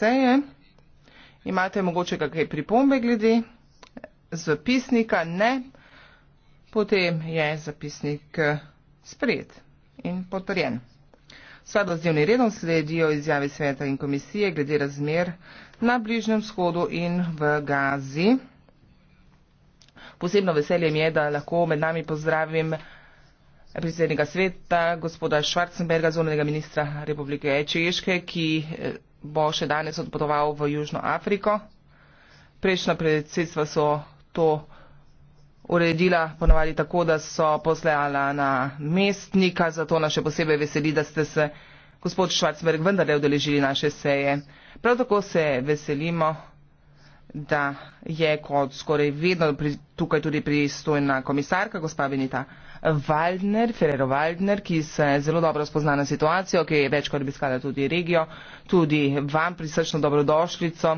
seje. Imate mogoče kakaj pripombe glede zapisnika? Ne. Potem je zapisnik eh, sprejet in potrjen. Sledo z dnevnim redom sledijo izjave sveta in komisije glede razmer na Bližnem shodu in v Gazi. Posebno veselje mi je, da lahko med nami pozdravim predsednika sveta, gospoda Schwarzenberga, zunanjega ministra Republike Češke, ki eh, bo še danes odpotoval v Južno Afriko. Prejšnja predsedstva so to uredila ponovadi tako, da so poslejala na mestnika, zato nas še posebej veseli, da ste se, gospod Švarcberg, vendarle odeležili naše seje. Prav tako se veselimo, da je kot skoraj vedno pri, tukaj tudi pristojna komisarka, gospa Benita. Waldner, Ferrero Waldner, ki se zelo dobro spozna na situacijo, ki je večkrat obiskala tudi regijo, tudi vam prisrčno dobrodošljico.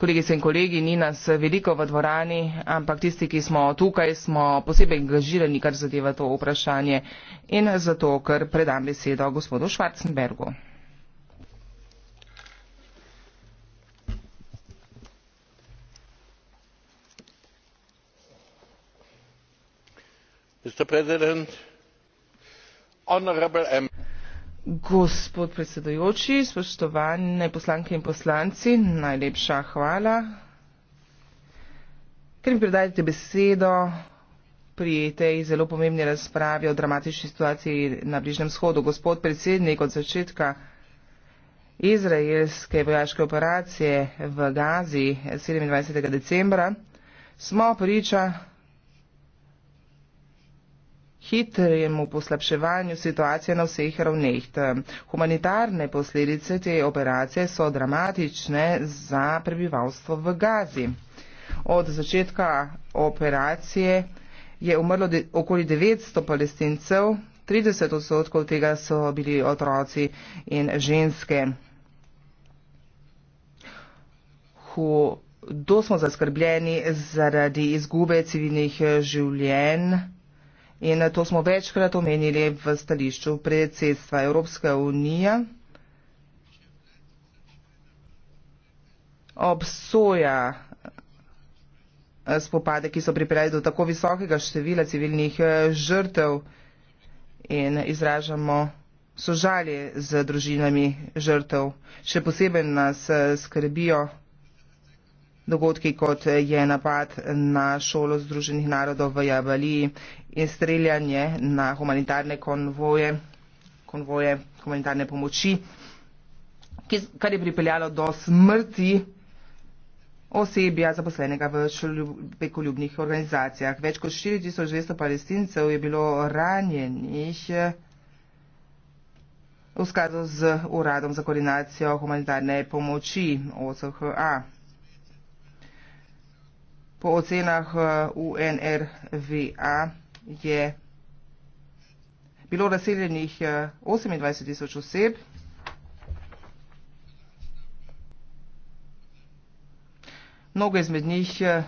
Kolegice in kolegi, ni nas veliko v dvorani, ampak tisti, ki smo tukaj, smo posebej angažirani, kar zadeva to vprašanje in zato, ker predam besedo gospodu Schwarzenbergu. gospod predsedujoči spoštovane poslanke in poslanci najlepša hvala ker mi predajate besedo pri tej zelo pomembni razpravi o dramatični situaciji na bližnjem vzhodu gospod predsednik od začetka izraelske vojaške operacije v gazi sedemindvajset decembra smo priča hitremu poslabševanju situacije na vseh ravneh. Humanitarne posledice te operacije so dramatične za prebivalstvo v Gazi. Od začetka operacije je umrlo de, okoli 900 palestincev, 30 odstotkov tega so bili otroci in ženske. Hudo smo zaskrbljeni zaradi izgube civilnih življenj. In eh, to smo večkrat omenili v stališču predsedstva Evropske unije. Obsoja eh, spopade, ki so pripeljali do tako visokega števila civilnih eh, žrtev in izražamo sožalje z družinami žrtev. Še posebej nas skrbijo dogodki, kot je napad na šolo Združenih narodov v Javaliji in streljanje na humanitarne konvoje, konvoje humanitarne pomoči, kar je pripeljalo do smrti osebja zaposlenega v človekoljubnih organizacijah. Več kot 4200 palestincev je bilo ranjenih v skladu z Uradom za koordinacijo humanitarne pomoči OCHA. Po ocenah eh, UNRVA je bilo razseljenih 28 eh, tisoč oseb. Mnogo izmed njih eh,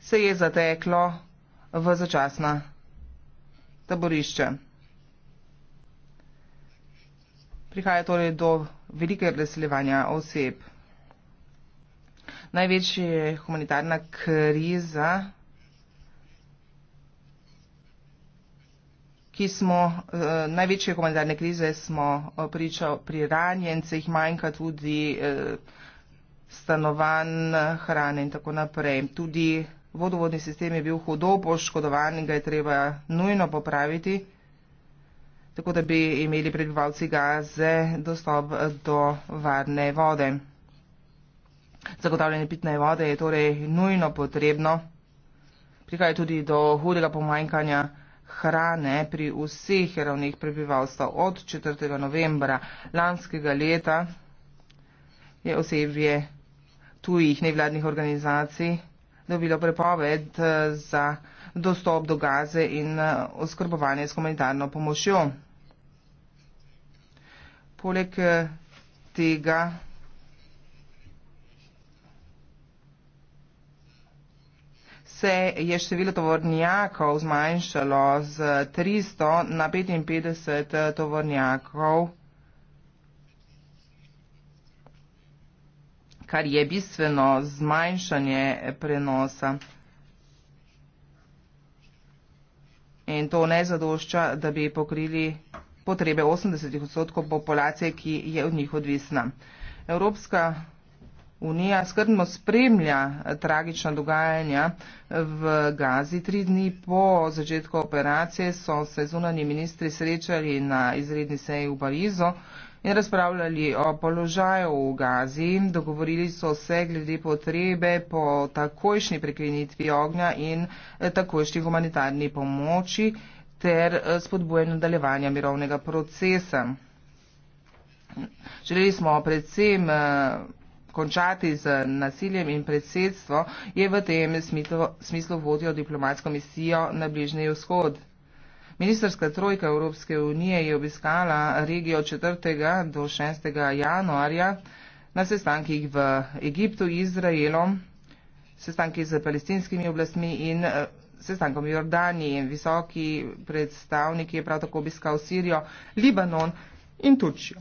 se je zateklo v začasna taborišča. Prihaja torej do velike razseljevanja oseb največja humanitarna kriza, ki smo, eh, največje humanitarne krize smo eh, pričali pri ranjencih, manjka tudi eh, stanovanj, hrane in tako naprej. Tudi vodovodni sistem je bil hudo poškodovan in ga je treba nujno popraviti, tako da bi imeli prebivalci gaze dostop do varne vode. Zagotavljanje pitne vode je torej nujno potrebno. Prihaja tudi do hudega pomanjkanja hrane pri vseh ravnih prebivalstva. Od 4. novembra lanskega leta je osebje tujih nevladnih organizacij dobilo prepoved eh, za dostop do gaze in eh, oskrbovanje s humanitarno pomočjo. Poleg eh, tega se je število tovornjakov zmanjšalo z 300 na 55 eh, tovornjakov. kar je bistveno zmanjšanje prenosa. In to ne zadošča, da bi pokrili potrebe 80 odstotkov populacije, ki je od njih odvisna. Evropska Unija skrbno spremlja tragična dogajanja v Gazi. Tri dni po začetku operacije so se zunani ministri srečali na izredni seji v Parizu in razpravljali o položaju v Gazi. Dogovorili so se glede potrebe po takojšnji prekinitvi ognja in takojšnji humanitarni pomoči ter spodbuje nadaljevanja mirovnega procesa. Želeli smo predvsem eh, končati z nasiljem in predsedstvo, je v tem smislu vodil diplomatsko misijo na Bližnji vzhod. Ministrska trojka Evropske unije je obiskala regijo 4. do 6. januarja na sestankih v Egiptu, Izraelu, sestankih z palestinskimi oblastmi in eh, sestankom v Jordaniji. Visoki predstavnik je prav tako obiskal Sirijo, Libanon in Turčijo.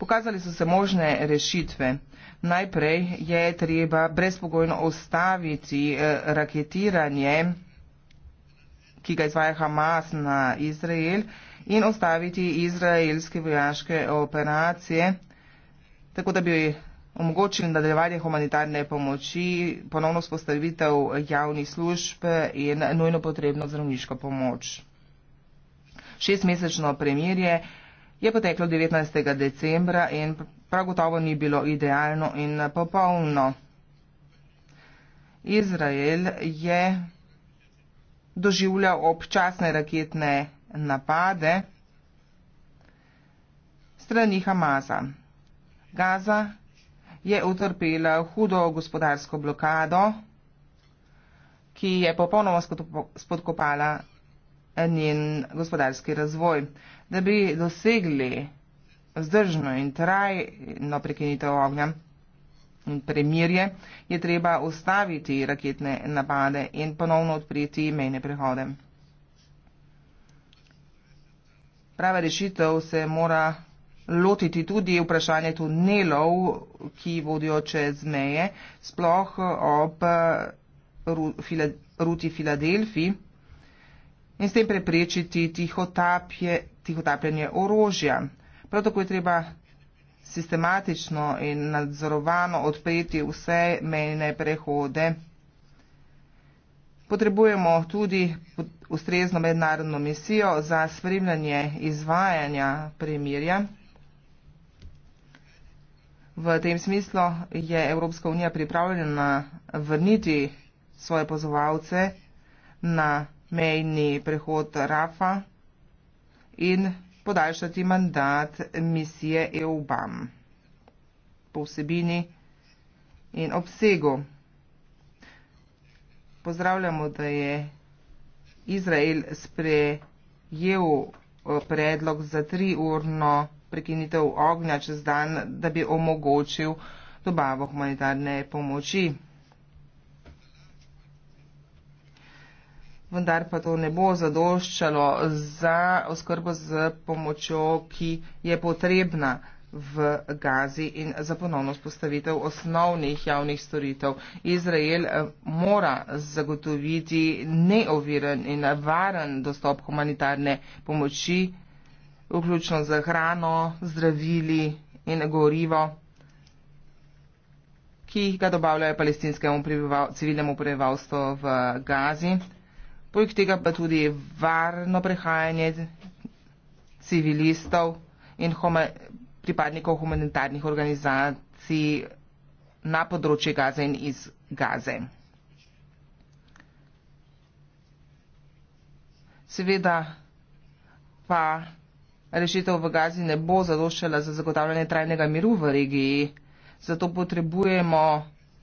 Pokazali so se možne rešitve. Najprej je treba brezpogojno ostaviti eh, raketiranje, ki ga izvaja Hamas na Izrael, in ostaviti izraelske vojaške operacije, tako da bi omogočili nadaljevanje humanitarne pomoči, ponovno spostavitev javnih služb in nujno potrebno zdravniško pomoč. Šestmesečno premirje je poteklo 19. decembra in prav gotovo ni bilo idealno in popolno. Izrael je doživljal občasne raketne napade strani Hamaza. Gaza je utrpela hudo gospodarsko blokado, ki je popolnoma spodkopala njen gospodarski razvoj da bi dosegli vzdržno in trajno prekinitev ognja in premirje, je treba ustaviti raketne napade in ponovno odpriti mejne prehode. Prava rešitev se mora lotiti tudi vprašanje tunelov, ki vodijo čez meje, sploh ob ruti Filadelfi in s tem preprečiti tiho tapje tihotapljanje orožja. Prav tako je treba sistematično in nadzorovano odpreti vse mejne prehode. Potrebujemo tudi ustrezno mednarodno misijo za spremljanje izvajanja premirja. V tem smislu je Evropska unija pripravljena vrniti svoje pozovalce na mejni prehod Rafa in podaljšati mandat misije EUBAM. Po vsebini in obsegu. Pozdravljamo, da je Izrael sprejel eh, predlog za tri urno prekinitev ognja čez dan, da bi omogočil dobavo humanitarne pomoči. vendar pa to ne bo zadoščalo za oskrbo z pomočjo, ki je potrebna v Gazi in za ponovno spostavitev osnovnih javnih storitev. Izrael eh, mora zagotoviti neoviren in varen dostop humanitarne pomoči, vključno z hrano, zdravili in gorivo, ki ga dobavljajo palestinskemu prebival, civilnemu prebivalstvu v Gazi. Poleg tega pa tudi varno prehajanje civilistov in huma, pripadnikov humanitarnih organizacij na področje Gaze in iz Gaze. Seveda pa rešitev v Gazi ne bo zadoščala za zagotavljanje trajnega miru v regiji, zato potrebujemo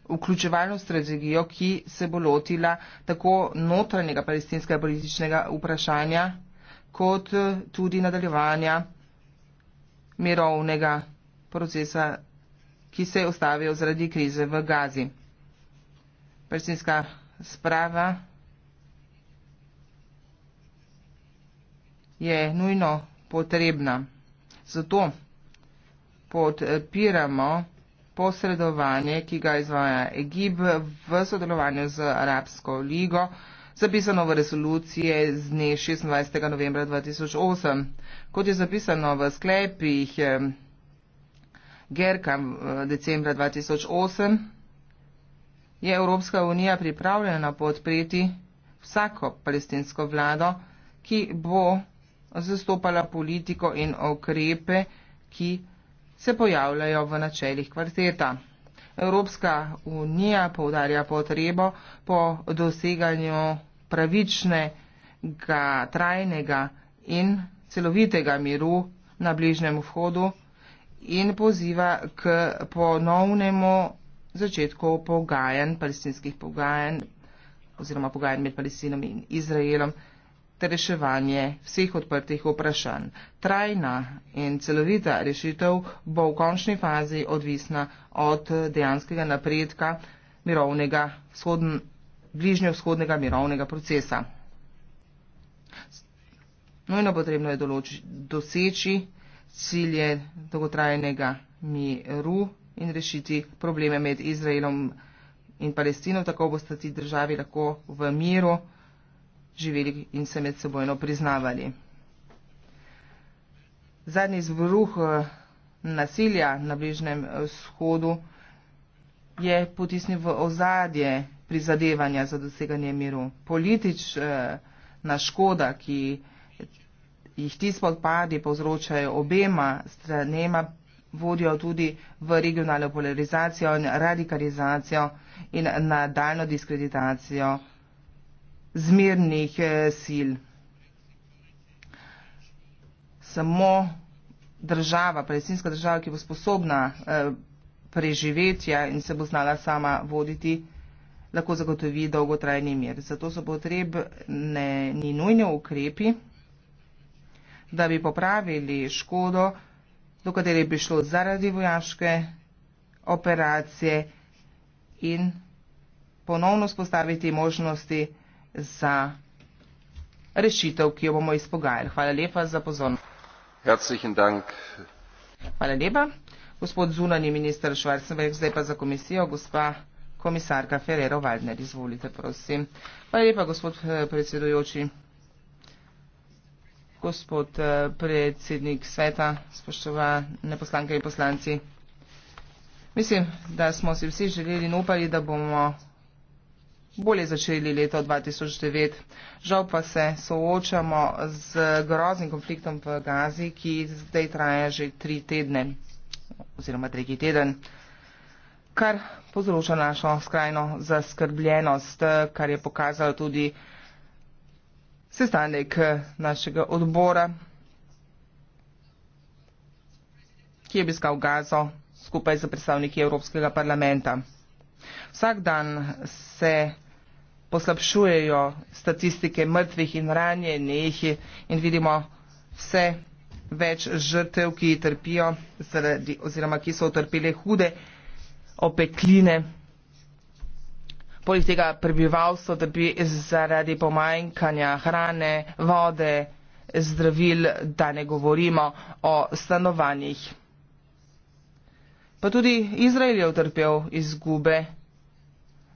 vključevalno strategijo, ki se bo lotila tako notranjega palestinskega političnega vprašanja, kot eh, tudi nadaljevanja mirovnega procesa, ki se je ustavil zaradi krize v Gazi. Palestinska sprava je nujno potrebna. Zato podpiramo, posredovanje, ki ga izvaja Egip v sodelovanju z Arabsko ligo, zapisano v resoluciji z dne 26. novembra 2008. Kot je zapisano v sklepih eh, Gerka eh, decembra 2008, je Evropska unija pripravljena podpreti vsako palestinsko vlado, ki bo zastopala politiko in okrepe, ki bo se pojavljajo v načeljih kvarteta. Evropska unija povdarja potrebo po doseganju pravičnega, trajnega in celovitega miru na bližnjem vhodu in poziva k ponovnemu začetku pogajanj, palestinskih pogajanj oziroma pogajanj med Palestinom in Izraelom ter reševanje vseh odprtih vprašanj. Trajna in celovita rešitev bo v končni fazi odvisna od dejanskega napredka mirovnega vzhodn, bližnjo-vzhodnega mirovnega procesa. Nojno potrebno je določi, doseči cilje dolgotrajnega miru in rešiti probleme med Izraelom in Palestino, tako bo stati državi lahko v miru živeli in se med sebojno priznavali. Zadnji izbruh eh, nasilja na Bližnjem eh, vzhodu je potisnil v ozadje prizadevanja za doseganje miru. Politična eh, škoda, ki jih ti spodpadi povzročajo obema stranema, vodijo tudi v regionalno polarizacijo in radikalizacijo in nadaljno diskreditacijo zmernih eh, sil. Samo država, palestinska država, ki bo sposobna eh, preživetja in se bo znala sama voditi, lahko zagotovi dolgotrajni mir. Zato so potrebne ni nujne ukrepi, da bi popravili škodo, do katere bi šlo zaradi vojaške operacije in ponovno spostaviti možnosti, za rešitev, ki jo bomo izpogajali. Hvala lepa za pozornost. Hvala lepa. Gospod zunani minister Švarcenberg, zdaj pa za komisijo, gospa komisarka Ferrero Waldner, izvolite, prosim. Hvala lepa, gospod eh, predsedujoči. Gospod eh, predsednik sveta, spoštovane poslanke in poslanci. Mislim, da smo si vsi želeli in upali, da bomo bolje začeli leto 2009. Žal pa se soočamo z groznim konfliktom v Gazi, ki zdaj traja že tri tedne oziroma tretji teden, kar povzroča našo skrajno zaskrbljenost, kar je pokazal tudi sestanek našega odbora, ki je obiskal Gazo skupaj z predstavniki Evropskega parlamenta. Vsak dan se poslabšujejo statistike mrtvih in ranjenih in vidimo vse več žrtev, ki trpijo zaradi, oziroma ki so utrpile hude opekline. Poleg tega prebivalstvo trpi zaradi pomanjkanja hrane, vode, zdravil, da ne govorimo o stanovanjih. Pa tudi Izrael je utrpel izgube.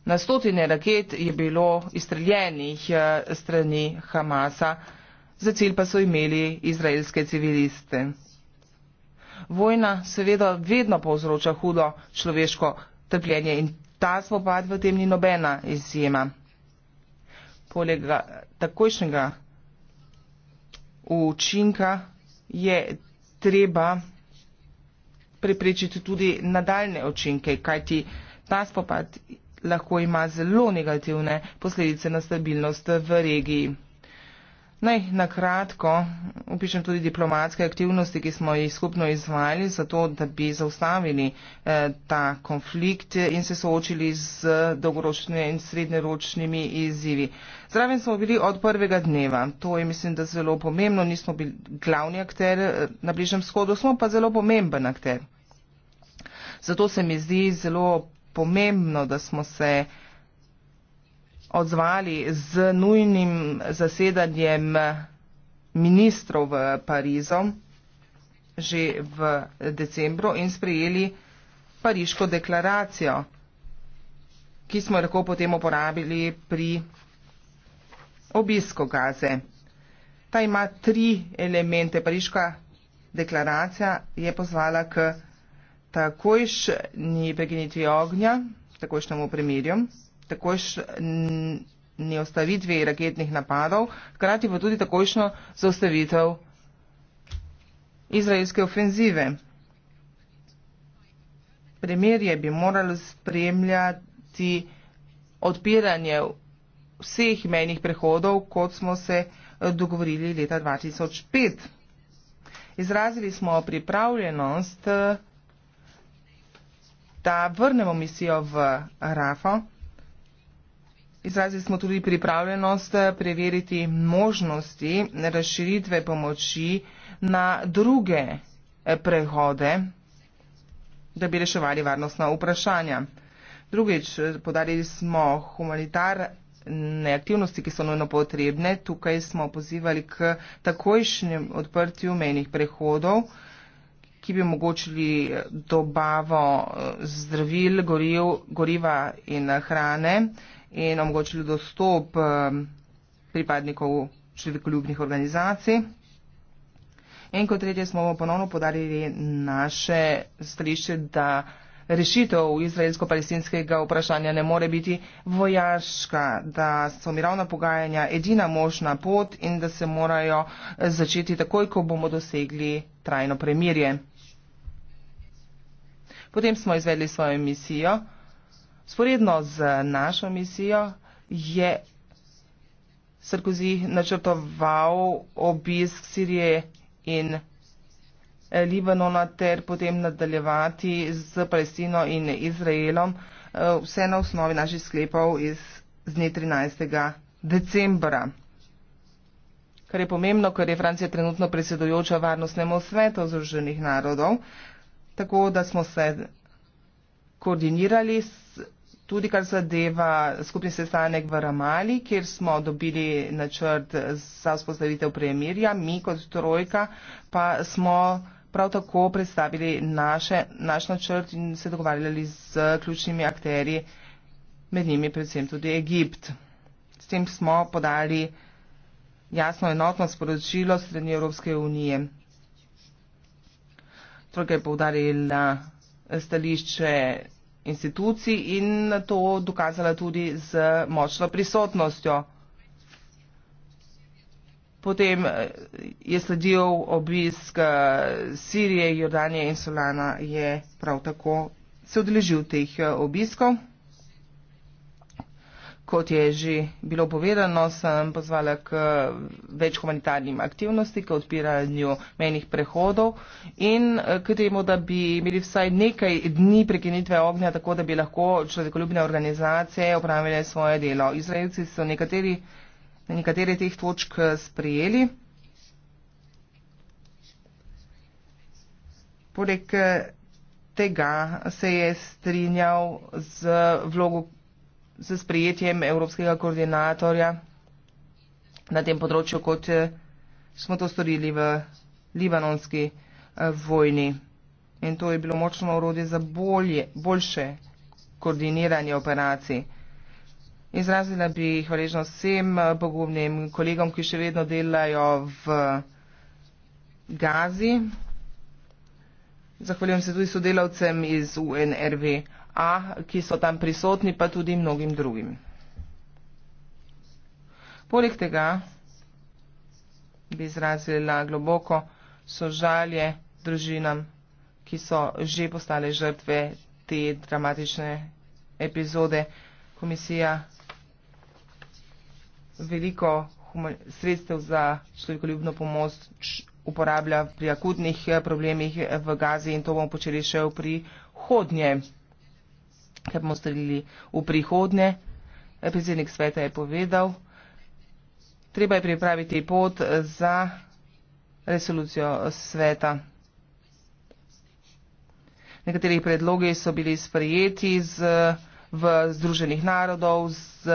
Na stotine raket je bilo izstreljenih eh, strani Hamasa, za cilj pa so imeli izraelske civiliste. Vojna seveda vedno povzroča hudo človeško trpljenje in ta spopad v tem ni nobena izjema. Poleg eh, takojšnjega učinka je treba preprečiti tudi nadaljne učinke, kajti ta spopad lahko ima zelo negativne posledice na stabilnost v regiji. Naj na kratko upišem tudi diplomatske aktivnosti, ki smo jih skupno izvajali, zato da bi zaustavili eh, ta konflikt in se soočili z dolgoročnimi in srednjeročnimi izzivi. Zraven smo bili od prvega dneva, to je mislim, da zelo pomembno, nismo bili glavni akter eh, na Bližnem shodu, smo pa zelo pomemben akter. Zato se mi zdi zelo pomembno, da smo se odzvali z nujnim zasedanjem ministrov v Parizu že v decembru in sprejeli Pariško deklaracijo, ki smo jo lahko potem uporabili pri obisko gaze. Ta ima tri elemente. Pariška deklaracija je pozvala k takojšnji preginitvi ognja, takojšnjemu premirju, takojšnji ostavitvi raketnih napadov, hkrati pa tudi takojšnjo zaustavitev izraelske ofenzive. Premirje bi moralo spremljati odpiranje vseh menjih prehodov, kot smo se eh, dogovorili leta 2005. Izrazili smo pripravljenost eh, da vrnemo misijo v Rafo. Izrazili smo tudi pripravljenost preveriti možnosti razširitve pomoči na druge eh, prehode, da bi reševali varnostna vprašanja. Drugič, podarili smo humanitarne aktivnosti, ki so nujno potrebne. Tukaj smo pozivali k takojšnjem odprtju menih prehodov ki bi omogočili eh, dobavo eh, zdravil, goriv, goriva in eh, hrane in omogočili dostop pripadnikov človekoljubnih organizacij. In kot tretje smo ponovno podarili naše stališče, da rešitev izraelsko-palestinskega vprašanja ne more biti vojaška, da so mirovna pogajanja edina možna pot in da se morajo začeti takoj, ko bomo dosegli trajno premirje. Potem smo izvedli svojo misijo. Sporedno z našo misijo je Sarkozy načrtoval obisk Sirije in Libanona ter potem nadaljevati z Palestino in Izraelom, eh, vse na osnovi naših sklepov iz dne 13. decembra. Kar je pomembno, ker je Francija trenutno predsedujoča varnostnemu svetu Združenih narodov, tako da smo se koordinirali s, tudi kar zadeva skupni sestanek v Ramali, kjer smo dobili načrt za vzpostavitev premirja, mi kot trojka pa smo prav tako predstavili naše, naš načrt in se dogovarjali z ključnimi akteri, med njimi predvsem tudi Egipt. S tem smo podali jasno enotno sporočilo strani Evropske unije to, kar je povdarila stališče institucij in to dokazala tudi z močno prisotnostjo. Potem eh, je sledil obisk eh, Sirije, Jordanije in Solana je prav tako se odležil teh eh, obiskov. Kot je že bilo povedano, sem pozvala k več humanitarnim aktivnosti, k odpiranju menih prehodov in eh, k temu, da bi imeli vsaj nekaj dni prekinitve ognja, tako da bi lahko človekoljubne organizacije opravile svoje delo. Izraelci so nekateri, nekatere teh točk eh, sprejeli. Poleg eh, tega se je strinjal z vlogo s sprejetjem evropskega koordinatorja na tem področju, kot eh, smo to storili v libanonski eh, vojni. In to je bilo močno urodje za bolje, boljše koordiniranje operacij. Izrazila bi hvaležnost vsem eh, pogumnim kolegom, ki še vedno delajo v Gazi. Zahvaljujem se tudi sodelavcem iz UNRV. A, ki so tam prisotni, pa tudi mnogim drugim. Poleg tega bi izrazila globoko sožalje družinam, ki so že postale žrtve te dramatične epizode. Komisija veliko sredstev za človekoljubno pomoč uporablja pri akutnih problemih v Gazi in to bomo počeli še v prihodnje kaj bomo storili v prihodnje. Predsednik sveta je povedal, treba je pripraviti pot za resolucijo sveta. Nekateri predlogi so bili sprejeti z, v Združenih narodov z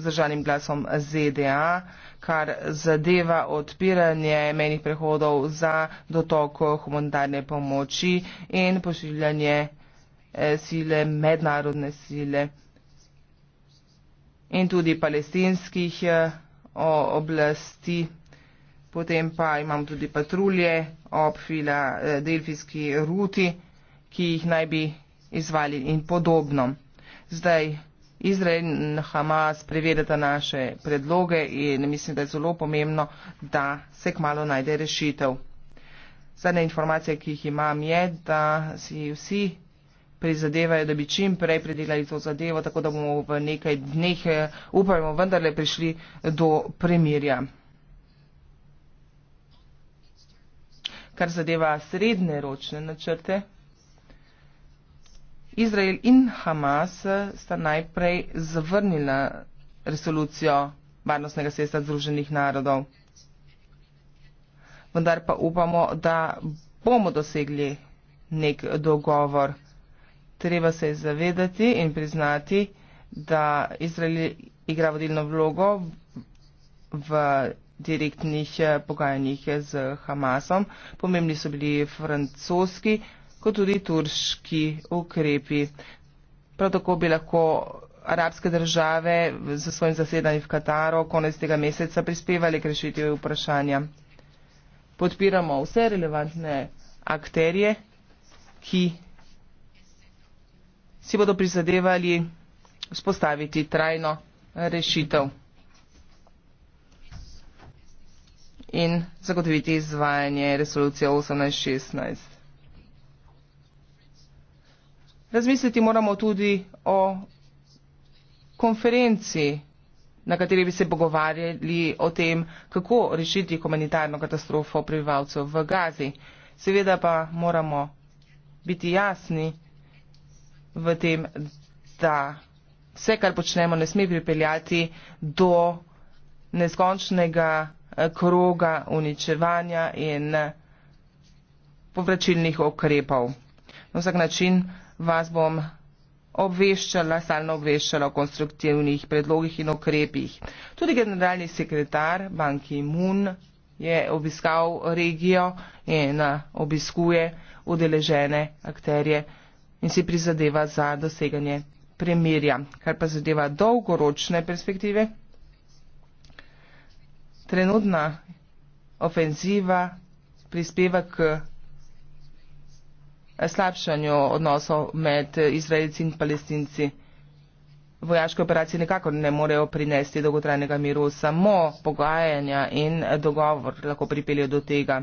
zažanim glasom ZDA, kar zadeva odpiranje menih prehodov za dotok humanitarne pomoči in pošiljanje Eh, sile, mednarodne sile in tudi palestinskih eh, oblasti. Potem pa imam tudi patrulje ob fila eh, delfijski ruti, ki jih naj bi izvali in podobno. Zdaj, Izrael in Hamas preverjata naše predloge in mislim, da je zelo pomembno, da se kmalo najde rešitev. Zadnja informacija, ki jih imam, je, da si vsi prizadevajo, da bi čim prej predelali to zadevo, tako da bomo v nekaj dneh, eh, upajmo, vendarle prišli do premirja. Kar zadeva srednje ročne načrte, Izrael in Hamas eh, sta najprej zavrnila resolucijo Varnostnega sestva Združenih narodov. Vendar pa upamo, da bomo dosegli nek dogovor treba se je zavedati in priznati, da Izrael igra vodilno vlogo v direktnih eh, pogajanjih z Hamasom. Pomembni so bili francoski, kot tudi turški ukrepi. Prav tako bi lahko arabske države z svojim zasedanjem v Kataru konec tega meseca prispevali k rešitvi vprašanja. Podpiramo vse relevantne akterje, ki si bodo prizadevali vzpostaviti trajno rešitev in zagotoviti izvajanje resolucije 1816. Razmisliti moramo tudi o konferenci, na kateri bi se pogovarjali o tem, kako rešiti humanitarno katastrofo prebivalcev v Gazi. Seveda pa moramo biti jasni, v tem, da vse, kar počnemo, ne sme pripeljati do neskončnega eh, kroga uničevanja in povračilnih okrepov. Na vsak način vas bom obveščala, stalno obveščala o konstruktivnih predlogih in okrepih. Tudi generalni sekretar Banki Moon je obiskal regijo in eh, obiskuje udeležene akterje in si prizadeva za doseganje premirja. Kar pa zadeva dolgoročne perspektive, trenutna ofenziva prispeva k slabšanju odnosov med Izraelci in Palestinci. Vojaške operacije nikakor ne morejo prinesti dolgotrajnega miru, samo pogajanja in dogovor lahko pripeljejo do tega.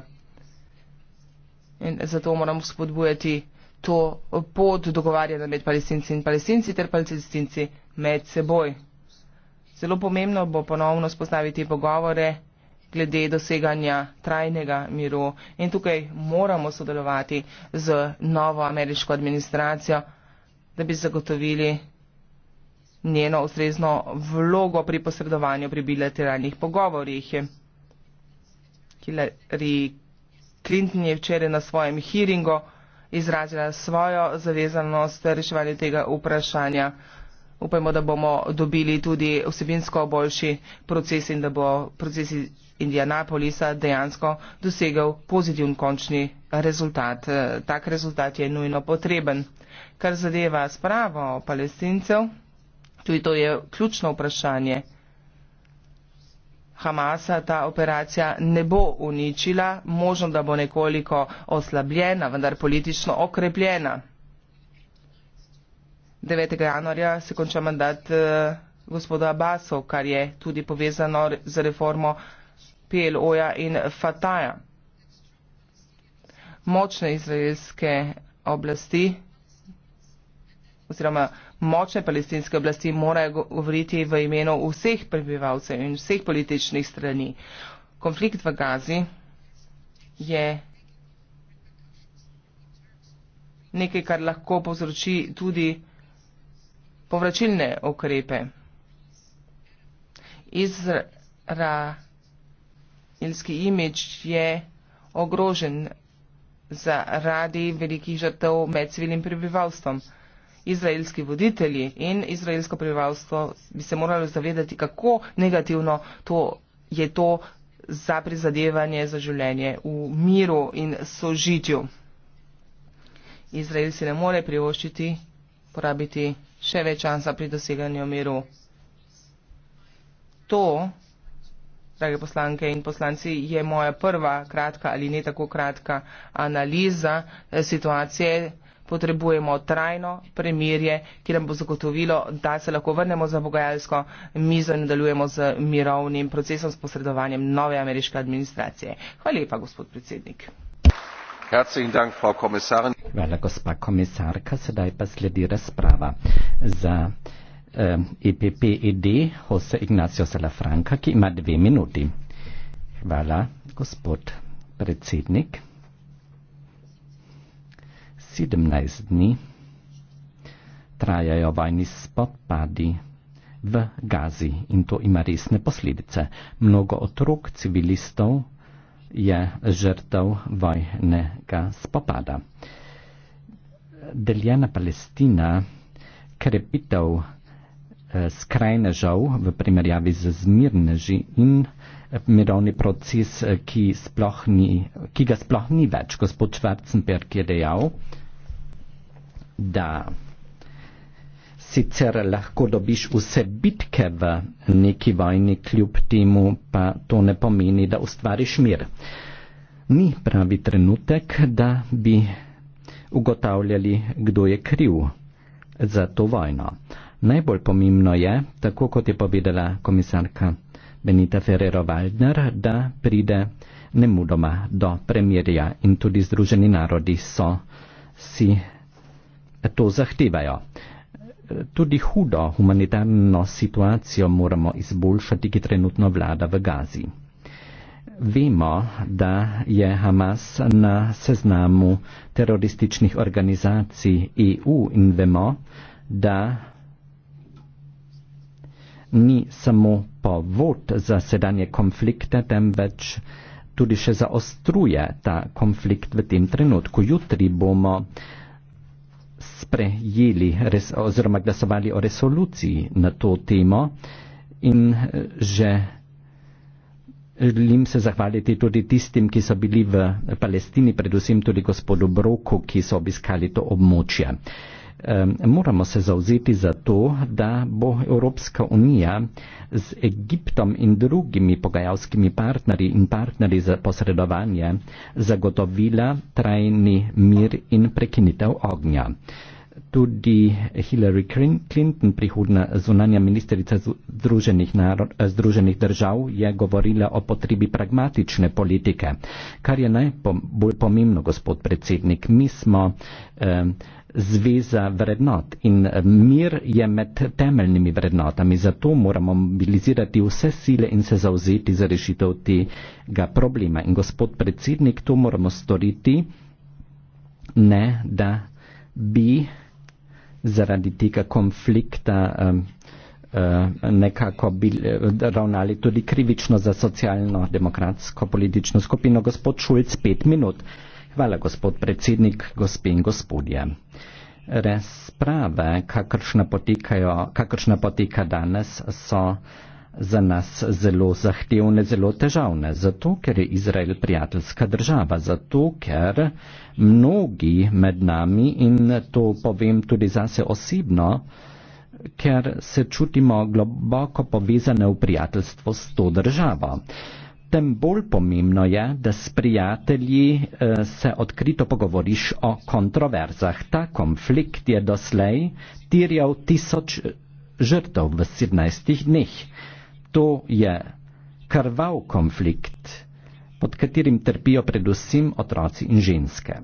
In zato moramo spodbujati to pot dogovarjanja med palestinci in palestinci ter palestinci med seboj. Zelo pomembno bo ponovno spostaviti pogovore glede doseganja trajnega miru in tukaj moramo sodelovati z novo ameriško administracijo, da bi zagotovili njeno ustrezno vlogo pri posredovanju pri bilateralnih pogovorjih. Hillary Clinton je včeraj na svojem hearingu izrazila svojo zavezanost reševanju tega vprašanja. Upajmo, da bomo dobili tudi vsebinsko boljši proces in da bo proces Indianapolisa dejansko dosegel pozitiven končni rezultat. E, tak rezultat je nujno potreben. Kar zadeva spravo palestincev, tudi to je ključno vprašanje. Hamasa ta operacija ne bo uničila, možno, da bo nekoliko oslabljena, vendar politično okrepljena. 9. januarja se konča mandat eh, gospoda Abaso, kar je tudi povezano z reformo PLO-ja in Fataja. Močne izraelske oblasti oziroma močne palestinske oblasti morajo govoriti v imenu vseh prebivalcev in vseh političnih strani. Konflikt v Gazi je nekaj, kar lahko povzroči tudi povračilne okrepe. Izraelski imič je ogrožen zaradi velikih žrtev med civilnim prebivalstvom izraelski voditelji in izraelsko prebivalstvo bi se morali zavedati, kako negativno to je to za prizadevanje za življenje v miru in sožitju. Izrael si ne more privoščiti, porabiti še več časa pri doseganju miru. To, drage poslanke in poslanci, je moja prva kratka ali ne tako kratka analiza eh, situacije potrebujemo trajno premirje, ki nam bo zagotovilo, da se lahko vrnemo za bogajalsko mizo in nadaljujemo z mirovnim procesom s posredovanjem nove ameriške administracije. Hvala lepa, gospod predsednik. Herzlichen Dank, Frau Kommissarin. Hvala, gospa komisarka. Sedaj pa sledi razprava za eh, EPPED Jose Ignacio Salafranca, ki ima dve minuti. Hvala, gospod predsednik. 17 dni trajajo vojni spopadi v Gazi in to ima resne posledice. Mnogo otrok civilistov je žrtev vojnega spopada. Deljena Palestina, krepitev eh, skrajnežev v primerjavi z zmirneži in eh, mirovni proces, eh, ki, sploh ni, ki ga sploh ni več, gospod Schwarzenberg je dejal, da sicer lahko dobiš vse bitke v neki vojni, kljub temu pa to ne pomeni, da ustvariš mir. Ni pravi trenutek, da bi ugotavljali, kdo je kriv za to vojno. Najbolj pomembno je, tako kot je povedala komisarka Benita Ferrero-Waldner, da pride nemudoma do premirja in tudi Združeni narodi so si to zahtevajo. Tudi hudo humanitarno situacijo moramo izboljšati, ki trenutno vlada v Gazi. Vemo, da je Hamas na seznamu terorističnih organizacij EU in vemo, da ni samo povod za sedanje konflikte, temveč tudi še zaostruje ta konflikt v tem trenutku. Jutri bomo sprejeli res, oziroma glasovali o resoluciji na to temo in eh, že želim se zahvaliti tudi tistim, ki so bili v Palestini, predvsem tudi gospodu Broku, ki so obiskali to območje moramo se zauzeti za to, da bo Evropska unija z Egiptom in drugimi pogajalskimi partnerji in partnerji za posredovanje zagotovila trajni mir in prekinitev ognja. Tudi Hillary Clinton, prihodna zunanja ministrica Združenih, narod, eh, Združenih držav, je govorila o potrebi pragmatične politike. Kar je najbolj pomembno, gospod predsednik, mi smo eh, zveza vrednot in eh, mir je med temeljnimi vrednotami. Zato moramo mobilizirati vse sile in se zauzeti za rešitev tega problema. In gospod predsednik, to moramo storiti, ne da bi zaradi tega konflikta eh, eh, nekako bi ravnali tudi krivično za socialno demokratsko politično skupino. Gospod Šulc, pet minut. Hvala, gospod predsednik, gospe in gospodje. Razprave, kakršna poteka danes, so za nas zelo zahtevne, zelo težavne, zato ker je Izrael prijateljska država, zato ker mnogi med nami, in to povem tudi zase osebno, ker se čutimo globoko povezane v prijateljstvo s to državo tem bolj pomembno je, da s prijatelji eh, se odkrito pogovoriš o kontroverzah. Ta konflikt je doslej tirjal tisoč eh, žrtev v 17 dneh. To je krval konflikt, pod katerim trpijo predvsem otroci in ženske.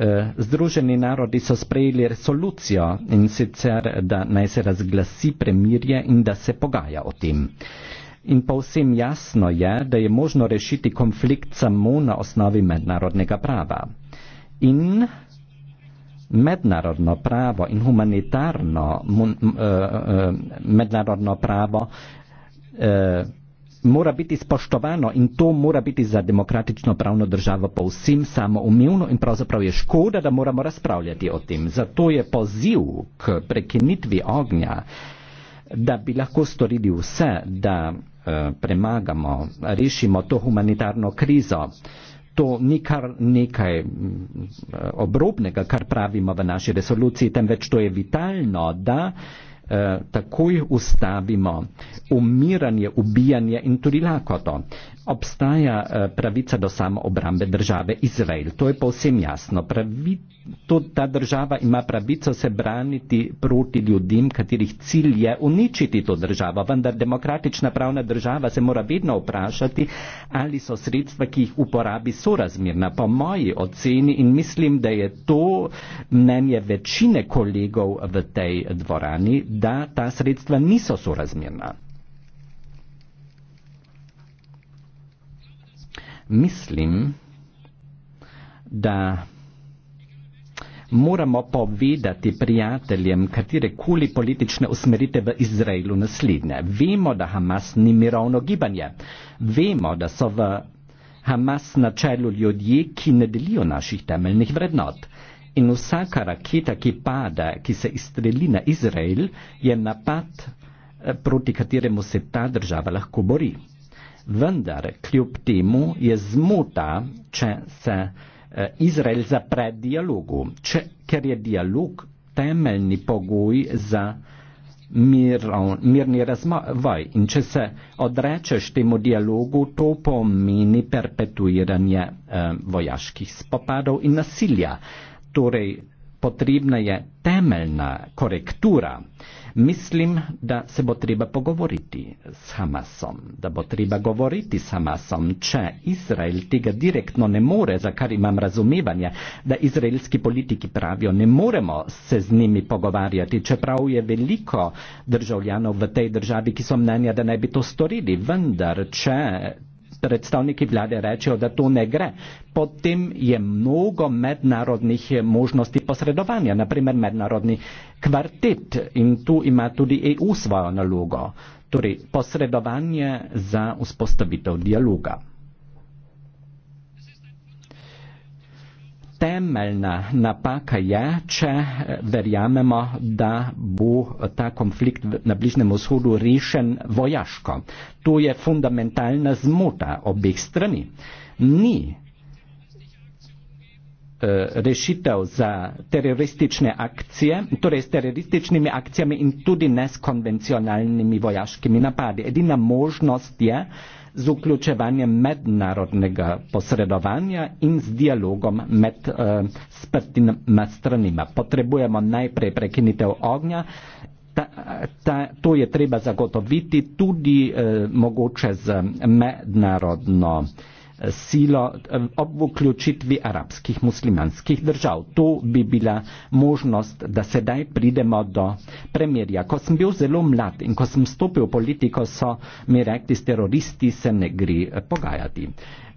Eh, Združeni narodi so sprejeli resolucijo in sicer, da naj se razglasi premirje in da se pogaja o tem. In povsem jasno je, da je možno rešiti konflikt samo na osnovi mednarodnega prava. In mednarodno pravo in humanitarno mun, uh, uh, mednarodno pravo uh, mora biti spoštovano in to mora biti za demokratično pravno državo povsem samoumevno in pravzaprav je škoda, da moramo razpravljati o tem. Zato je poziv k prekinitvi ognja, da bi lahko storili vse, da eh, premagamo, rešimo to humanitarno krizo. To ni kar nekaj mm, eh, obrobnega, kar pravimo v naši resoluciji, temveč to je vitalno, da eh, Eh, takoj ustavimo umiranje, ubijanje in tudi lakoto obstaja eh, pravica do samoobrambe države Izrael. To je povsem jasno. Pravi, to, ta država ima pravico se braniti proti ljudem, katerih cilj je uničiti to državo. Vendar demokratična pravna država se mora vedno vprašati, ali so sredstva, ki jih uporabi, sorazmirna. Po moji oceni in mislim, da je to mnenje večine kolegov v tej dvorani, da ta sredstva niso sorazmirna. mislim, da moramo povedati prijateljem katere kuli politične usmerite v Izraelu naslednje. Vemo, da Hamas ni mirovno gibanje. Vemo, da so v Hamas na čelu ljudje, ki ne delijo naših temeljnih vrednot. In vsaka raketa, ki pada, ki se izstreli na Izrael, je napad, eh, proti kateremu se ta država lahko bori vendar kljub temu je zmota, če se eh, Izrael zapre dialogu, če, ker je dialog temeljni pogoj za mir, mirni razvoj. In če se odrečeš temu dialogu, to pomeni perpetuiranje eh, vojaških spopadov in nasilja. Torej, potrebna je temeljna korektura. Eh, Mislim, da se bo treba pogovoriti s Hamasom, da bo treba govoriti s Hamasom, če Izrael tega direktno ne more, za kar imam razumevanje, da izraelski politiki pravijo, ne moremo se z njimi pogovarjati, čeprav je veliko državljanov v tej državi, ki so mnenja, da naj bi to storili, vendar če predstavniki vlade rečejo, da to ne gre, potem je mnogo mednarodnih možnosti posredovanja, naprimer mednarodni kvartet in tu ima tudi EU svojo nalogo, torej posredovanje za vzpostavitev dialoga. temeljna napaka je, če eh, verjamemo, da bo ta konflikt na Bližnem vzhodu rešen vojaško. To je fundamentalna zmota obeh strani. Ni eh, rešitev za teroristične akcije, torej s terorističnimi akcijami in tudi ne s konvencionalnimi vojaškimi napadi. Edina možnost je, z vključevanjem mednarodnega posredovanja in z dialogom med eh, sprtima stranima. Potrebujemo najprej prekinitev ognja, ta, ta, to je treba zagotoviti tudi eh, mogoče z mednarodno eh, silo eh, ob vključitvi arabskih muslimanskih držav. To bi bila možnost, da sedaj pridemo do premirja. Ko sem bil zelo mlad in ko sem stopil v politiko, so mi rekli, s teroristi se ne gre eh, pogajati.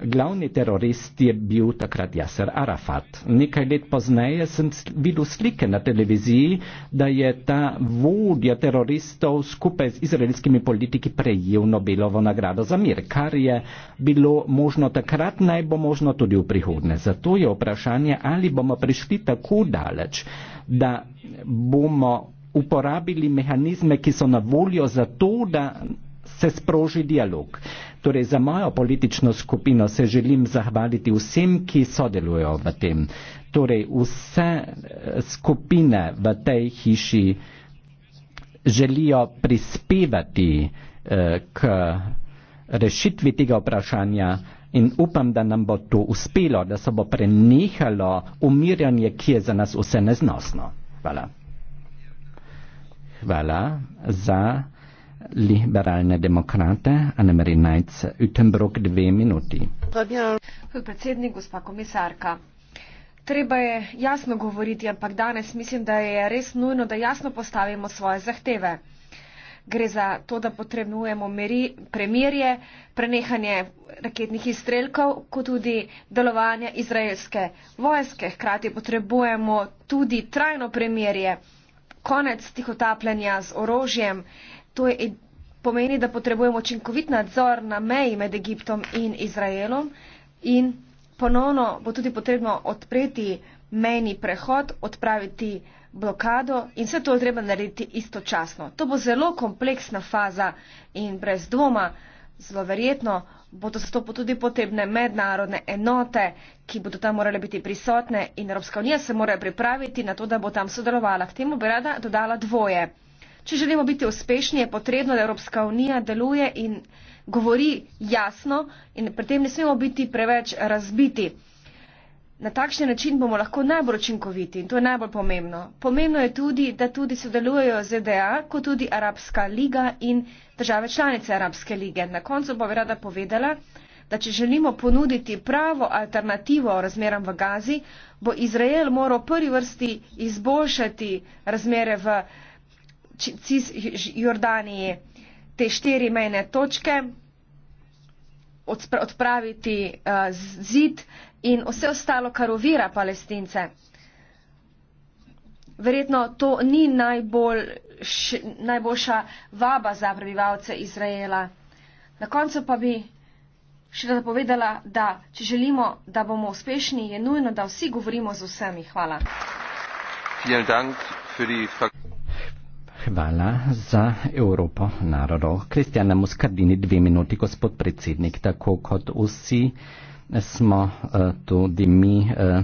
Glavni terorist je bil takrat Jasser Arafat. Nekaj let pozneje sem videl slike na televiziji, da je ta vodja teroristov skupaj z izraelskimi politiki prejel Nobelovo nagrado za mir, kar je bilo možno takrat, naj bo možno tudi v prihodnje. Zato je vprašanje, ali bomo prišli tako daleč, da bomo uporabili mehanizme, ki so na voljo za to, da se sproži dialog. Torej, za mojo politično skupino se želim zahvaliti vsem, ki sodelujo v tem. Torej, vse eh, skupine v tej hiši želijo prispevati eh, k rešitvi tega vprašanja in upam, da nam bo to uspelo, da se bo prenehalo umirjanje, ki je za nas vse neznosno. Hvala. Hvala za liberalne demokrate Anemarie Neitz Utenbrock dve minuti. Predsednik, gospa komisarka. Treba je jasno govoriti, ampak danes mislim, da je res nujno, da jasno postavimo svoje zahteve. Gre za to, da potrebujemo meri, premirje, prenehanje raketnih izstrelkov, kot tudi delovanje izraelske vojske. Hkrati potrebujemo tudi trajno premirje, konec tihotapljanja z orožjem, To je, pomeni, da potrebujemo očinkovit nadzor na meji med Egiptom in Izraelom in ponovno bo tudi potrebno odpreti mejni prehod, odpraviti blokado in vse to je treba narediti istočasno. To bo zelo kompleksna faza in brez dvoma zelo verjetno bodo za to tudi potrebne mednarodne enote, ki bodo tam morale biti prisotne in Evropska unija se mora pripraviti na to, da bo tam sodelovala. K temu bi rada dodala dvoje. Če želimo biti uspešni, je potrebno, da Evropska unija deluje in govori jasno in pri tem ne smemo biti preveč razbiti. Na takšen način bomo lahko najbolj učinkoviti in to je najbolj pomembno. Pomembno je tudi, da tudi sodelujejo ZDA, kot tudi Arabska liga in države članice Arabske lige. Na koncu bo rada povedala, da če želimo ponuditi pravo alternativo razmeram v Gazi, bo Izrael moral v prvi vrsti izboljšati razmere v Gazi. Cisjordaniji te štiri mejne točke, odpraviti eh, zid in vse ostalo, kar ovira palestince. Verjetno to ni najboljš, najboljša vaba za prebivalce Izraela. Na koncu pa bi še da povedala, da če želimo, da bomo uspešni, je nujno, da vsi govorimo z vsemi. Hvala. Vielen Dank für die Frage. Hvala za Evropo narodov. Kristjan Muskardini, dve minuti, gospod predsednik, tako kot vsi smo eh, tudi mi eh,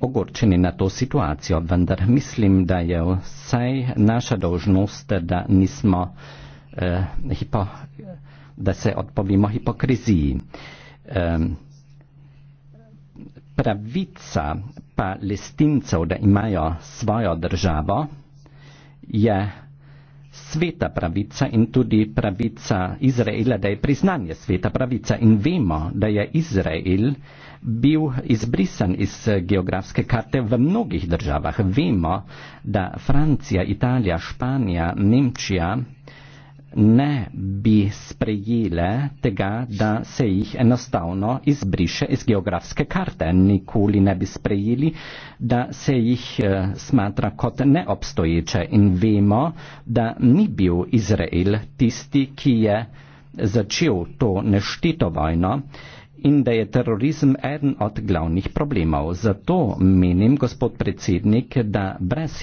ogorčeni na to situacijo, vendar mislim, da je vsaj naša dožnost, da nismo eh, hipo, da se odpovimo hipokriziji. Pravica palestincev, da imajo svojo državo, je sveta pravica in tudi pravica Izraela, da je priznanje sveta pravica in vemo, da je Izrael bil izbrisan iz geografske karte v mnogih državah. Vemo, da Francija, Italija, Španija, Nemčija, ne bi sprejele tega, da se jih enostavno izbriše iz geografske karte. Nikoli ne bi sprejeli, da se jih eh, smatra kot neobstoječe in vemo, da ni bil Izrael tisti, ki je začel to neštito vojno. Uh, in da je terorizem eden od glavnih problemov. Zato menim, gospod predsednik, da brez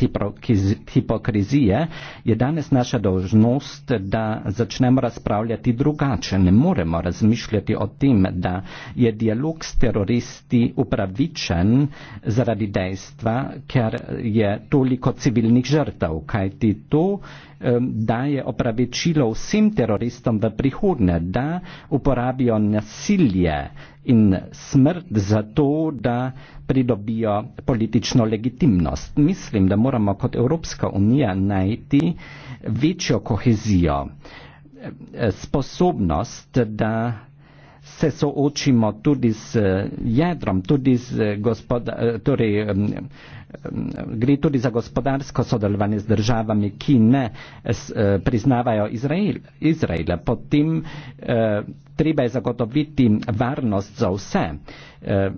hipokrizije je danes naša dožnost, da začnemo razpravljati drugače. Ne moremo razmišljati o tem, da je dialog s teroristi upravičen zaradi dejstva, ker je toliko civilnih žrtev, kajti to uh, daje opravičilo vsem teroristom v prihodnje, da uporabijo nasilje in smrt za to, da pridobijo politično legitimnost. Mislim, da moramo kot Evropska unija najti večjo kohezijo, sposobnost, da se soočimo tudi z jedrom, tudi z gospodarstvom. Torej, gre tudi za gospodarsko sodelovanje z državami, ki ne eh, priznavajo Izrael, Izraela. Potem eh, treba je zagotoviti varnost za vse. Eh,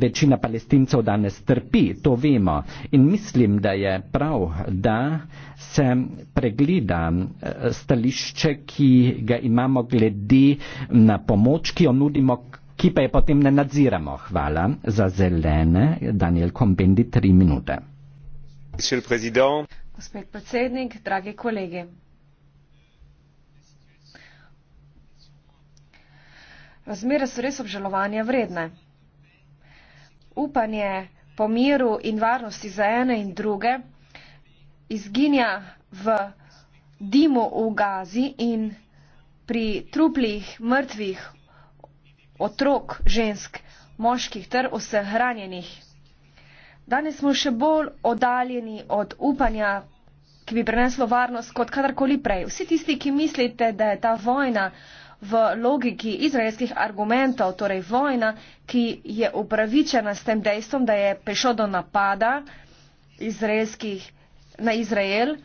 večina palestincev danes trpi, to vemo. In mislim, da je prav, da se pregleda stališče, ki ga imamo glede na pomoč, ki jo nudimo ki pa je potem ne nadziramo. Hvala za zelene, Daniel Kombendi, tri minute. Gospod predsednik, dragi kolegi. Razmere so res obžalovanja vredne. Upanje po miru in varnosti za ene in druge izginja v dimu v gazi in pri truplih mrtvih otrok, žensk, moških ter vseh ranjenih. Danes smo še bolj oddaljeni od upanja, ki bi preneslo varnost kot kadarkoli prej. Vsi tisti, ki mislite, da je ta vojna v logiki izraelskih argumentov, torej vojna, ki je upravičena s tem dejstvom, da je prišlo do napada izraelskih na Izrael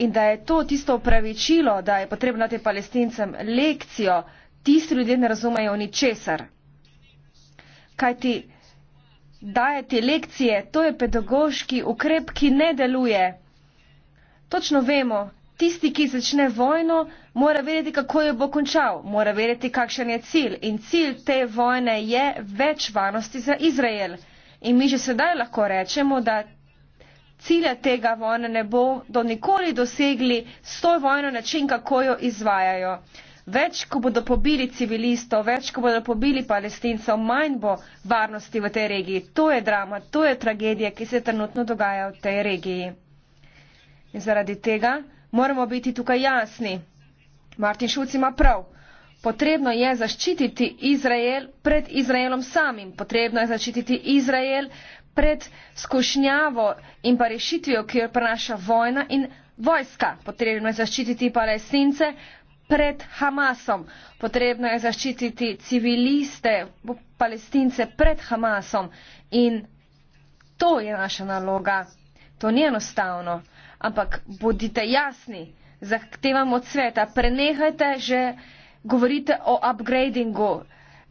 in da je to tisto upravičilo, da je potrebno te palestincem lekcijo, tisti ljudje ne razumejo ničesar. Kaj ti dajeti lekcije, to je pedagoški ukrep, ki ne deluje. Točno vemo, tisti, ki začne vojno, mora vedeti, kako jo bo končal, mora vedeti, kakšen je cilj. In cilj te vojne je več varnosti za Izrael. In mi že sedaj lahko rečemo, da cilja tega vojna ne bo do nikoli dosegli s to vojno način, kako jo izvajajo. Več, ko bodo pobili civilistov, več, ko bodo pobili palestincev, manj bo varnosti v tej regiji. To je drama, to je tragedija, ki se trenutno dogaja v tej regiji. In zaradi tega moramo biti tukaj jasni. Martin Šulc ima prav. Potrebno je zaščititi Izrael pred Izraelom samim. Potrebno je zaščititi Izrael pred skušnjavo in pa rešitvijo, ki jo prenaša vojna in vojska. Potrebno je zaščititi palestince pred Hamasom. Potrebno je zaščititi civiliste, palestince pred Hamasom in to je naša naloga. To ni enostavno, ampak bodite jasni, zahtevamo od sveta, prenehajte že govorite o upgradingu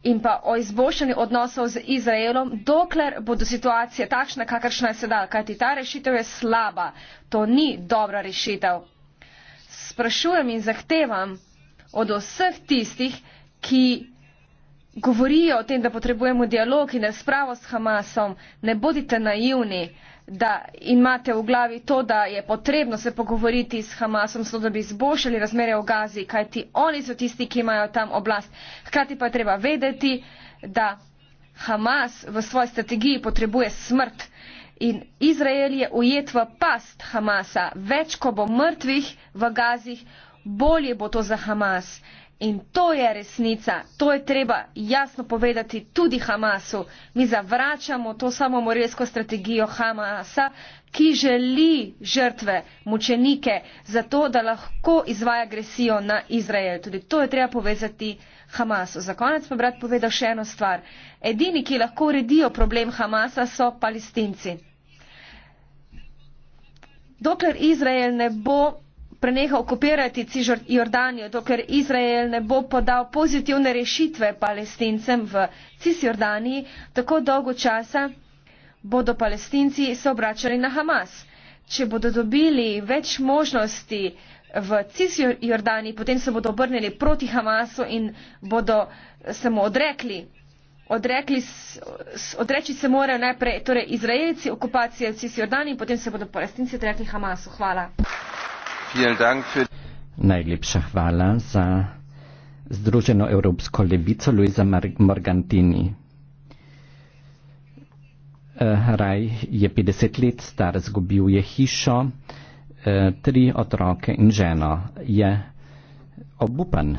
in pa o izboljšanju odnosov z Izraelom, dokler bodo situacije takšne, kakršna je sedaj, kajti ta rešitev je slaba, to ni dobra rešitev. Sprašujem in zahtevam, od vseh tistih, ki govorijo o tem, da potrebujemo dialog in razpravo s Hamasom, ne bodite naivni, da imate v glavi to, da je potrebno se pogovoriti s Hamasom, zato da bi izboljšali razmere v Gazi, kajti oni so tisti, ki imajo tam oblast. Hkrati pa je treba vedeti, da Hamas v svoji strategiji potrebuje smrt. In Izrael je ujet v past Hamasa. Več, ko bo mrtvih v Gazih, bolje bo to za Hamas. In to je resnica, to je treba jasno povedati tudi Hamasu. Mi zavračamo to samomorilsko strategijo Hamasa, ki želi žrtve, mučenike, zato da lahko izvaja agresijo na Izrael. Tudi to je treba povezati Hamasu. Za konec pa brat povedal še eno stvar. Edini, ki lahko uredijo problem Hamasa, so palestinci. Dokler Izrael ne bo preneha okupirati Cisjordanijo, dokler Izrael ne bo podal pozitivne rešitve palestincem v Cisjordaniji, tako dolgo časa bodo palestinci se obračali na Hamas. Če bodo dobili več možnosti v Cisjordaniji, potem se bodo obrnili proti Hamasu in bodo se mu odrekli. Odrekli, odreči se morajo najprej torej Izraelci okupacije v Cisjordaniji, potem se bodo palestinci odrekli Hamasu. Hvala. Najlepša hvala za Združeno evropsko lebico Luisa Morgantini. Eh, raj je 50 let star, zgubil je hišo, eh, tri otroke in ženo. Je obupan.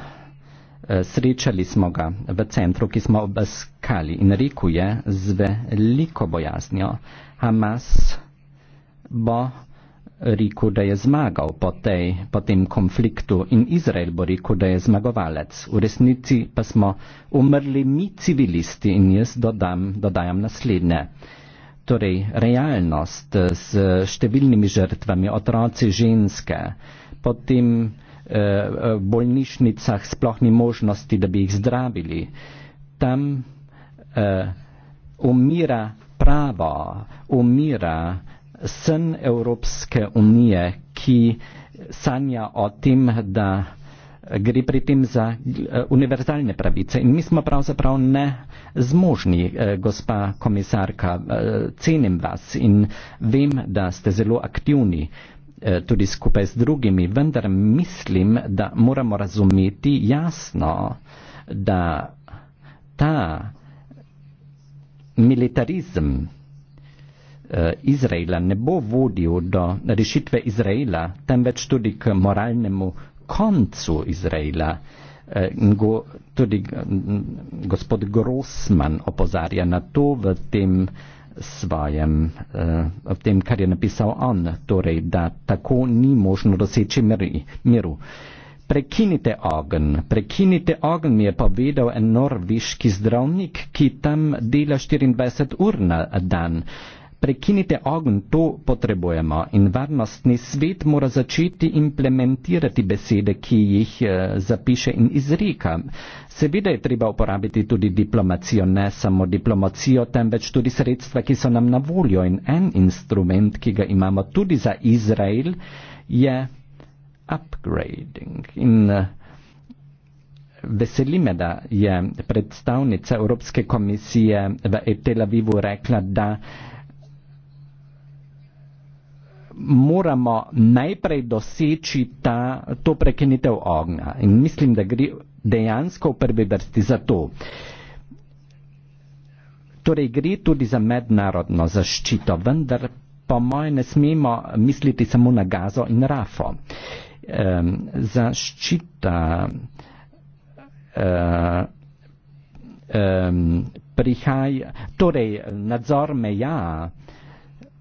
Eh, srečali smo ga v centru, ki smo obaskali in rekuje z veliko bojaznjo. Hamas bo rekel, da je zmagal po, tej, po tem konfliktu in Izrael bo rekel, da je zmagovalec. V resnici pa smo umrli mi civilisti in jaz dodam, dodajam naslednje. Torej, realnost eh, s številnimi žrtvami, otroci, ženske, potem v eh, eh, bolnišnicah sploh ni možnosti, da bi jih zdravili. Tam eh, umira pravo, umira eh, sen Evropske unije, ki sanja o tem, da gre pri tem za eh, univerzalne pravice. In mi smo pravzaprav ne zmožni, eh, gospa komisarka, eh, cenim vas in vem, da ste zelo aktivni tudi skupaj z drugimi, vendar mislim, da moramo razumeti jasno, da ta militarizem, Eh, Izraela, ne bo vodil do rešitve Izraela, temveč tudi k moralnemu koncu Izraela. Eh, Go, tudi mm, gospod Grossman opozarja na to v tem svojem, eh, v tem, kar je napisal on, torej, da tako ni možno doseči miru. Prekinite ogen, prekinite ogen, mi je povedal en norviški zdravnik, ki tam dela 24 ur na dan prekinite ogen, to potrebujemo. In varnostni svet mora začeti implementirati besede, ki jih eh, zapiše in izreka. Seveda je treba uporabiti tudi diplomacijo, ne samo diplomacijo, temveč tudi sredstva, ki so nam na voljo. In en instrument, ki ga imamo tudi za Izrael, je upgrading. In eh, Veseli me, da je predstavnica Evropske komisije v Tel Avivu rekla, da moramo najprej doseči ta, to prekinitev ognja. In mislim, da gre dejansko v prvi vrsti za to. Torej, gre tudi za mednarodno zaščito, vendar po moje ne smemo misliti samo na gazo in rafo. E, zaščita e, e, prihaja, torej nadzor meja, e,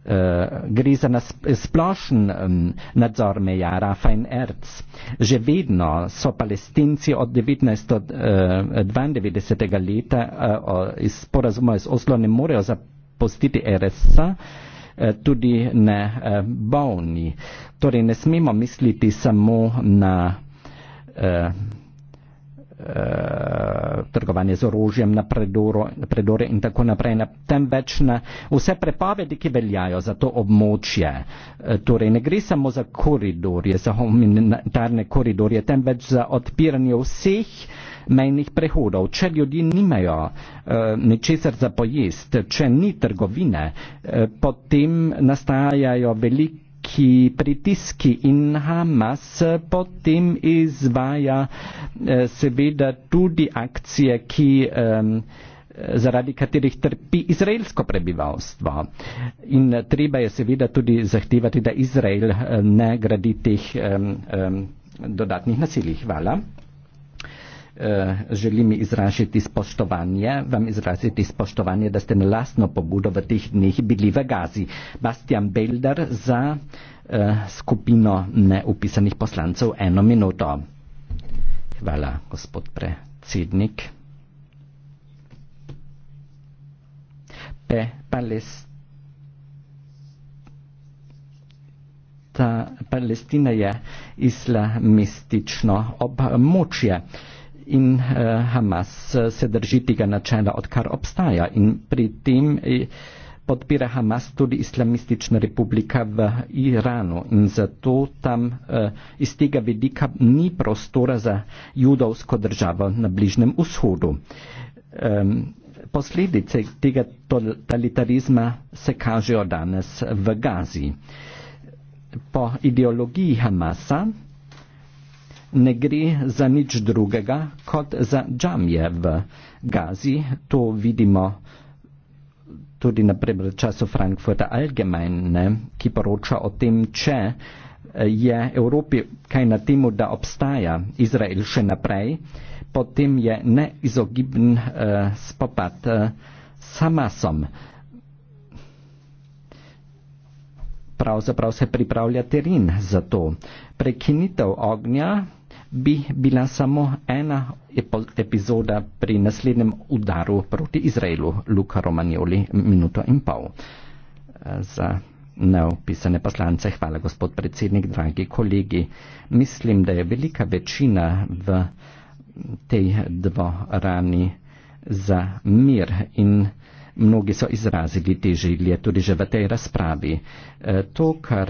Eh, gre za nas, splošen um, nadzor meja Rafajn Erc. Že vedno so palestinci od 1992. Uh, eh, leta uh, iz sporazuma iz Oslo ne morejo zapustiti RSA, tudi ne eh, bolni. Torej ne smemo misliti samo na eh, Eh, trgovanje z orožjem na predore in tako naprej, temveč na vse prepovedi, ki veljajo za to območje. Eh, torej ne gre samo za koridorje, za humanitarne koridorje, temveč za odpiranje vseh mejnih prehodov. Če ljudje nimajo eh, ničesar za pojest, če ni trgovine, potem nastajajo velike neki pritiski in Hamas potem izvaja eh, seveda tudi akcije, ki zaradi katerih trpi izraelsko prebivalstvo. In treba je seveda tudi zahtevati, da Izrael eh, ne gradi teh um, um, dodatnih nasilij. Hvala. Eh, želim izražiti spoštovanje, vam izraziti spoštovanje, da ste na lastno pobudo v teh dneh bili v Gazi. Bastian Belder za eh, skupino neupisanih poslancev eno minuto. Hvala, gospod predsednik. Pe Palestina je islamistično območje in eh, Hamas eh, se drži tega načela, odkar obstaja. In pri tem eh, podpira Hamas tudi islamistična republika v Iranu. In zato tam eh, iz tega vidika ni prostora za judovsko državo na Bližnem vzhodu. Um, posledice tega totalitarizma se kažejo danes v Gazi. Po ideologiji Hamasa ne gre za nič drugega kot za džamije v Gazi. To vidimo tudi na primer času Frankfurta Allgemeine, ki poroča o tem, če eh, je Evropi kaj na temu, da obstaja Izrael še naprej, potem je neizogiben uh, eh, spopad uh, s Hamasom. Pravzaprav se pripravlja teren za to. Prekinitev ognja bi bila samo ena epizoda pri naslednjem udaru proti Izraelu, Luka Romanjoli, minuto in pol. Za neopisane poslance, hvala gospod predsednik, dragi kolegi. Mislim, da je velika večina v tej dvorani za mir in mnogi so izrazili te želje tudi že v tej razpravi. E, to, kar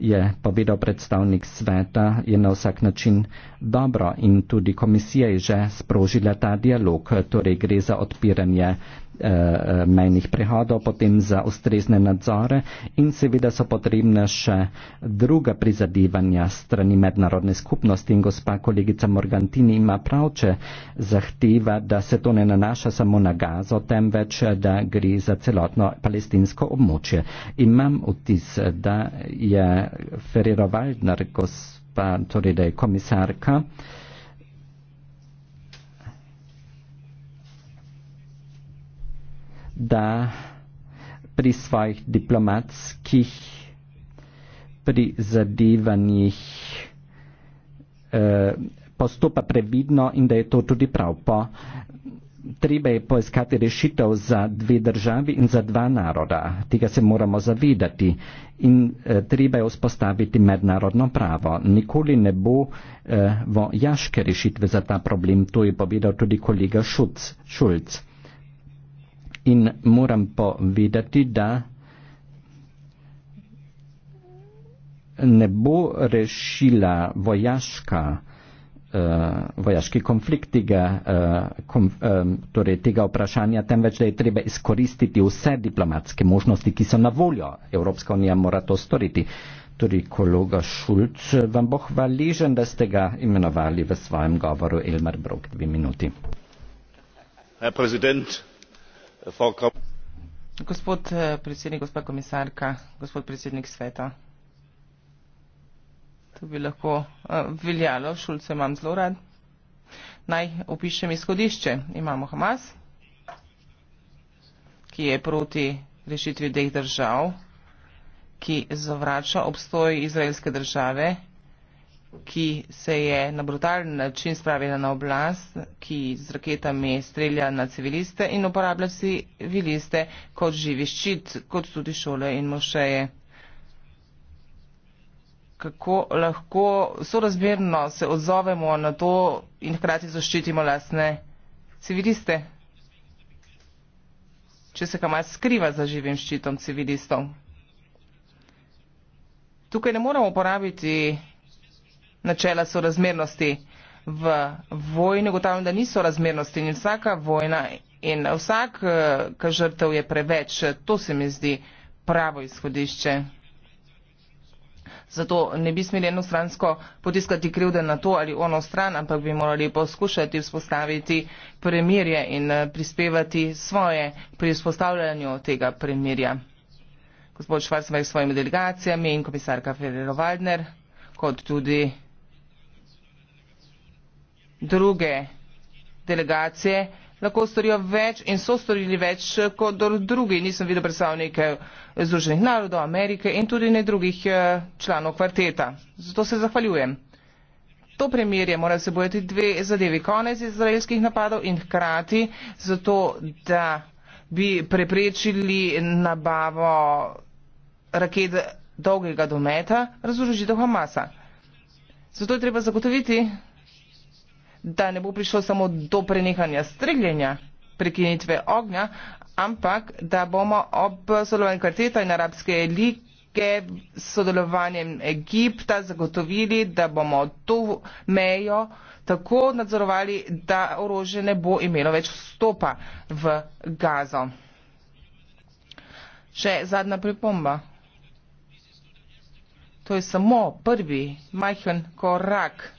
je povedal predstavnik sveta, je na vsak način dobro in tudi komisija je že sprožila ta dialog, torej gre za odpiranje Eh, eh, mejnih prihodov, potem za ustrezne nadzore in seveda so potrebna še druga prizadevanja strani mednarodne skupnosti in gospa kolegica Morgantini ima prav, če zahteva, da se to ne nanaša samo na gazo, temveč da gre za celotno palestinsko območje. Imam vtis, da je Ferrero Waldner, gospa, torej da je komisarka, eh, da pri svojih diplomatskih prizadevanjih eh, postopa previdno in da je to tudi prav. Po, treba je poiskati rešitev za dve državi in za dva naroda. Tega se moramo zavedati. In eh, treba je vzpostaviti mednarodno pravo. Nikoli ne bo eh, vojaške rešitve za ta problem. To je povedal tudi kolega Šulc in moram pa vedeti, da ne bo rešila vojaška, uh, vojaški konflikt tega, uh, konf, uh, torej tega vprašanja, temveč da je treba izkoristiti vse diplomatske možnosti, ki so na voljo. Evropska unija mora to storiti. Torej, kolega Šulc, vam bo hvaležen, da ste ga imenovali v svojem govoru Elmar Brok, dve minuti. Herr Präsident, Frau Kom gospod eh, predsednik, gospa komisarka, gospod predsednik sveta. To bi lahko uh, veljalo, Šulce imam zelo rad. Naj opišem izhodišče. Imamo Hamas, ki je proti rešitvi dveh držav, ki zavrača obstoj izraelske države ki se je na brutalen način spravila na oblast, ki z raketami strelja na civiliste in uporablja civiliste kot živi ščit, kot tudi šole in mošeje. Kako lahko sorazmerno se odzovemo na to in hkrati zaščitimo lasne civiliste? Če se Hamas skriva za živim ščitom civilistov. Tukaj ne moramo uporabiti načela sorazmernosti v vojni, ugotavljam, da ni sorazmernosti in vsaka vojna in vsak, eh, ki žrtev je preveč, to se mi zdi pravo izhodišče. Zato ne bi smeli enostransko potiskati krivde na to ali ono stran, ampak bi morali poskušati vzpostaviti premirje in eh, prispevati svoje pri vzpostavljanju tega premirja. Gospod Švarcmajh s svojimi delegacijami in komisarka Ferrero Waldner, kot tudi druge delegacije lahko storijo več in so storili več kot drugi. Nisem videl predstavnike Združenih narodov, Amerike in tudi ne drugih eh, članov kvarteta. Zato se zahvaljujem. To premirje mora se bojati dve zadevi. Konec izraelskih napadov in hkrati zato, da bi preprečili nabavo raket dolgega dometa, razložitev Hamasa. Zato je treba zagotoviti da ne bo prišlo samo do prenehanja streljanja, prekinitve ognja, ampak da bomo ob sodelovanju kvarteta in arabske lige s sodelovanjem Egipta zagotovili, da bomo to mejo tako nadzorovali, da orožje ne bo imelo več vstopa v gazo. Še zadnja pripomba. To je samo prvi majhen korak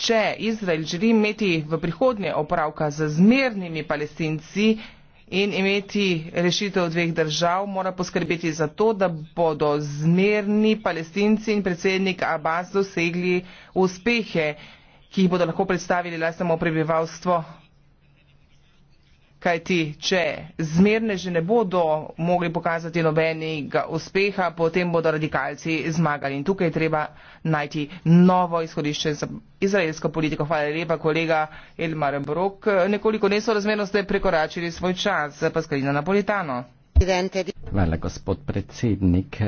če Izrael želi imeti v prihodnje opravka z zmernimi palestinci in imeti rešitev dveh držav, mora poskrbeti za to, da bodo zmerni palestinci in predsednik Abbas dosegli uspehe, ki jih bodo lahko predstavili le samo prebivalstvo kajti če zmerne že ne bodo mogli pokazati nobenega uspeha, potem bodo radikalci zmagali. In tukaj treba najti novo izhodišče za izraelsko politiko. Hvala lepa, kolega Elmar Brok. Nekoliko nesorazmerno ste prekoračili svoj čas, pa skrina Napolitano. Hvala, gospod predsednik.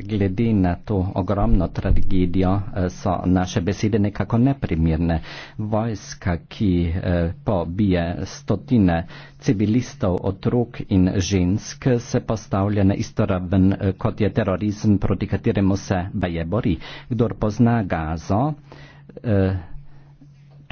Glede na to ogromno tragedijo eh, so naše besede nekako neprimirne. Vojska, ki eh, pobije stotine civilistov, otrok in žensk, se postavlja na isto raven, eh, kot je terorizem, proti kateremu se baje bori. Kdor pozna gazo,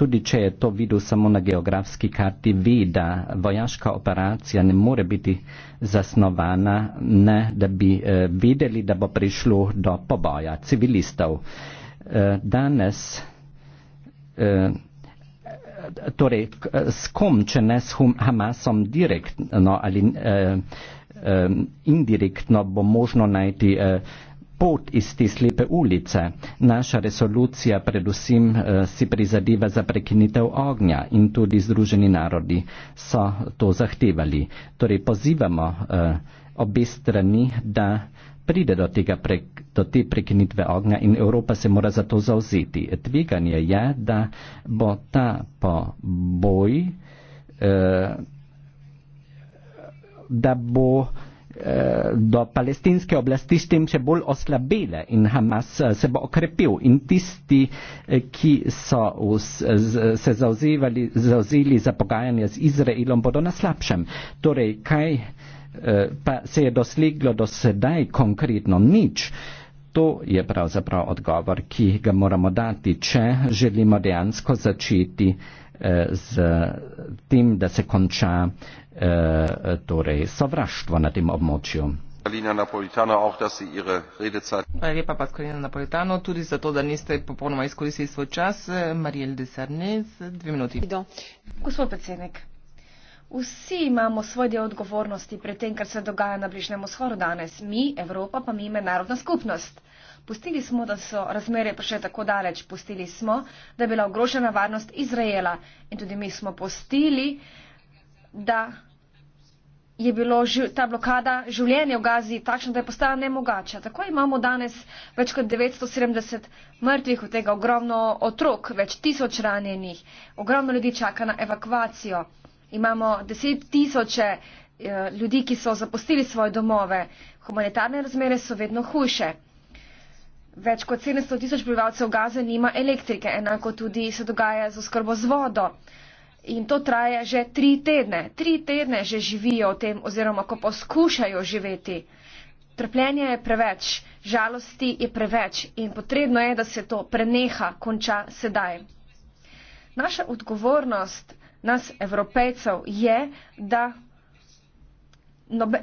tudi če je to videl samo na geografski karti, ve, da vojaška operacija ne more biti zasnovana, ne, da bi eh, videli, da bo prišlo do poboja civilistov. Eh, danes, eh, torej, s kom, če ne s Hamasom direktno ali eh, eh, indirektno, bo možno najti. Eh, pot iz te slepe ulice. Naša resolucija predvsem eh, si prizadeva za prekinitev ognja in tudi Združeni narodi so to zahtevali. Torej pozivamo eh, obe strani, da pride do, tega, prek, do te prekinitve ognja in Evropa se mora za to zauzeti. Tveganje je, da bo ta poboj, eh, da bo Eh, do palestinske oblasti s tem še bolj oslabile in Hamas eh, se bo okrepil in tisti, eh, ki so se zauzeli za pogajanje z Izraelom, bodo na slabšem. Torej, kaj pa se je dosleglo do sedaj konkretno nič? To je pravzaprav odgovor, ki ga moramo dati, če želimo dejansko začeti z tem, da se konča eh, Eh, torej sovraštva na tem območju. Hvala lepa, Paskalina Napolitano, tudi zato, da niste popolnoma izkoristili svoj čas. Eh, Mariel Desarnez, dve minuti. Gospod predsednik, vsi imamo svoj del odgovornosti pred tem, kar se dogaja na bližnjem vzhodu danes. Mi, Evropa, pa mi mednarodna skupnost. Pustili smo, da so razmere prišle tako daleč. Pustili smo, da je bila ogrožena varnost Izraela. In tudi mi smo postili, da je bilo ta blokada življenja v Gazi takšna, da je postala nemogoča. Tako imamo danes več kot 970 mrtvih od tega, ogromno otrok, več tisoč ranjenih, ogromno ljudi čaka na evakuacijo. Imamo deset tisoče eh, ljudi, ki so zapustili svoje domove. Humanitarne razmere so vedno hujše. Več kot 700 tisoč prebivalcev Gaze nima elektrike, enako tudi se dogaja z oskrbo z vodo. In to traja že tri tedne. Tri tedne že živijo v tem, oziroma ko poskušajo živeti. Trpljenje je preveč, žalosti je preveč in potrebno je, da se to preneha, konča sedaj. Naša odgovornost nas, evropejcev, je, da nobe,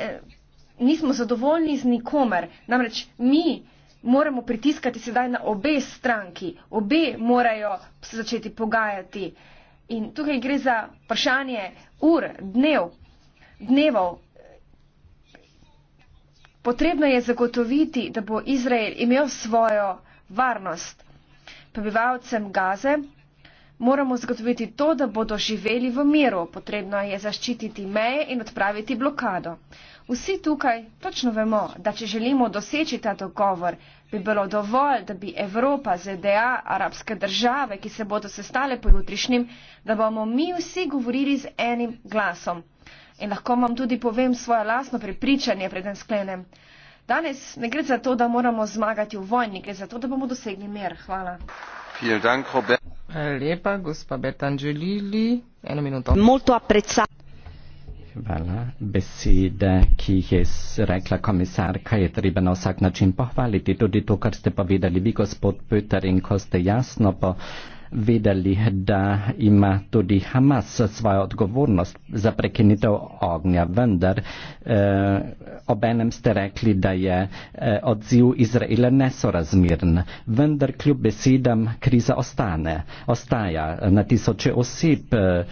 nismo zadovoljni z nikomer. Namreč mi moramo pritiskati sedaj na obe stranki. Obe morajo začeti pogajati. Uh, In tukaj gre za vprašanje ur, dnev, dnevov. Potrebno je zagotoviti, da bo Izrael imel svojo varnost prebivalcem Gaze, moramo zagotoviti to, da bodo živeli v miru. Potrebno je zaščititi meje in odpraviti blokado. Vsi tukaj točno vemo, da če želimo doseči ta dogovor, bi bilo dovolj, da bi Evropa, ZDA, arabske države, ki se bodo sestale po jutrišnjem, da bomo mi vsi govorili z enim glasom. In lahko vam tudi povem svoje lasno prepričanje, preden sklenem. Danes ne gre za to, da moramo zmagati v vojni, gre za to, da bomo dosegli mir. Hvala. Vielen Dank, Robert lepa, gospa Betanželjili, eno minuto. Molto apprezzam. Hvala. Besede, ki jih je rekla komisarka, je treba na vsak način pohvaliti. Tudi to, kar ste povedali vi, gospod Pöter, in ko ste jasno po. Pa videli, da ima tudi Hamas svojo odgovornost za prekinitev ognja, vendar eh, obenem ste rekli, da je eh, odziv Izraela nesorazmiren. Vendar kljub besedam kriza ostane, ostaja na tisoče oseb. Eh,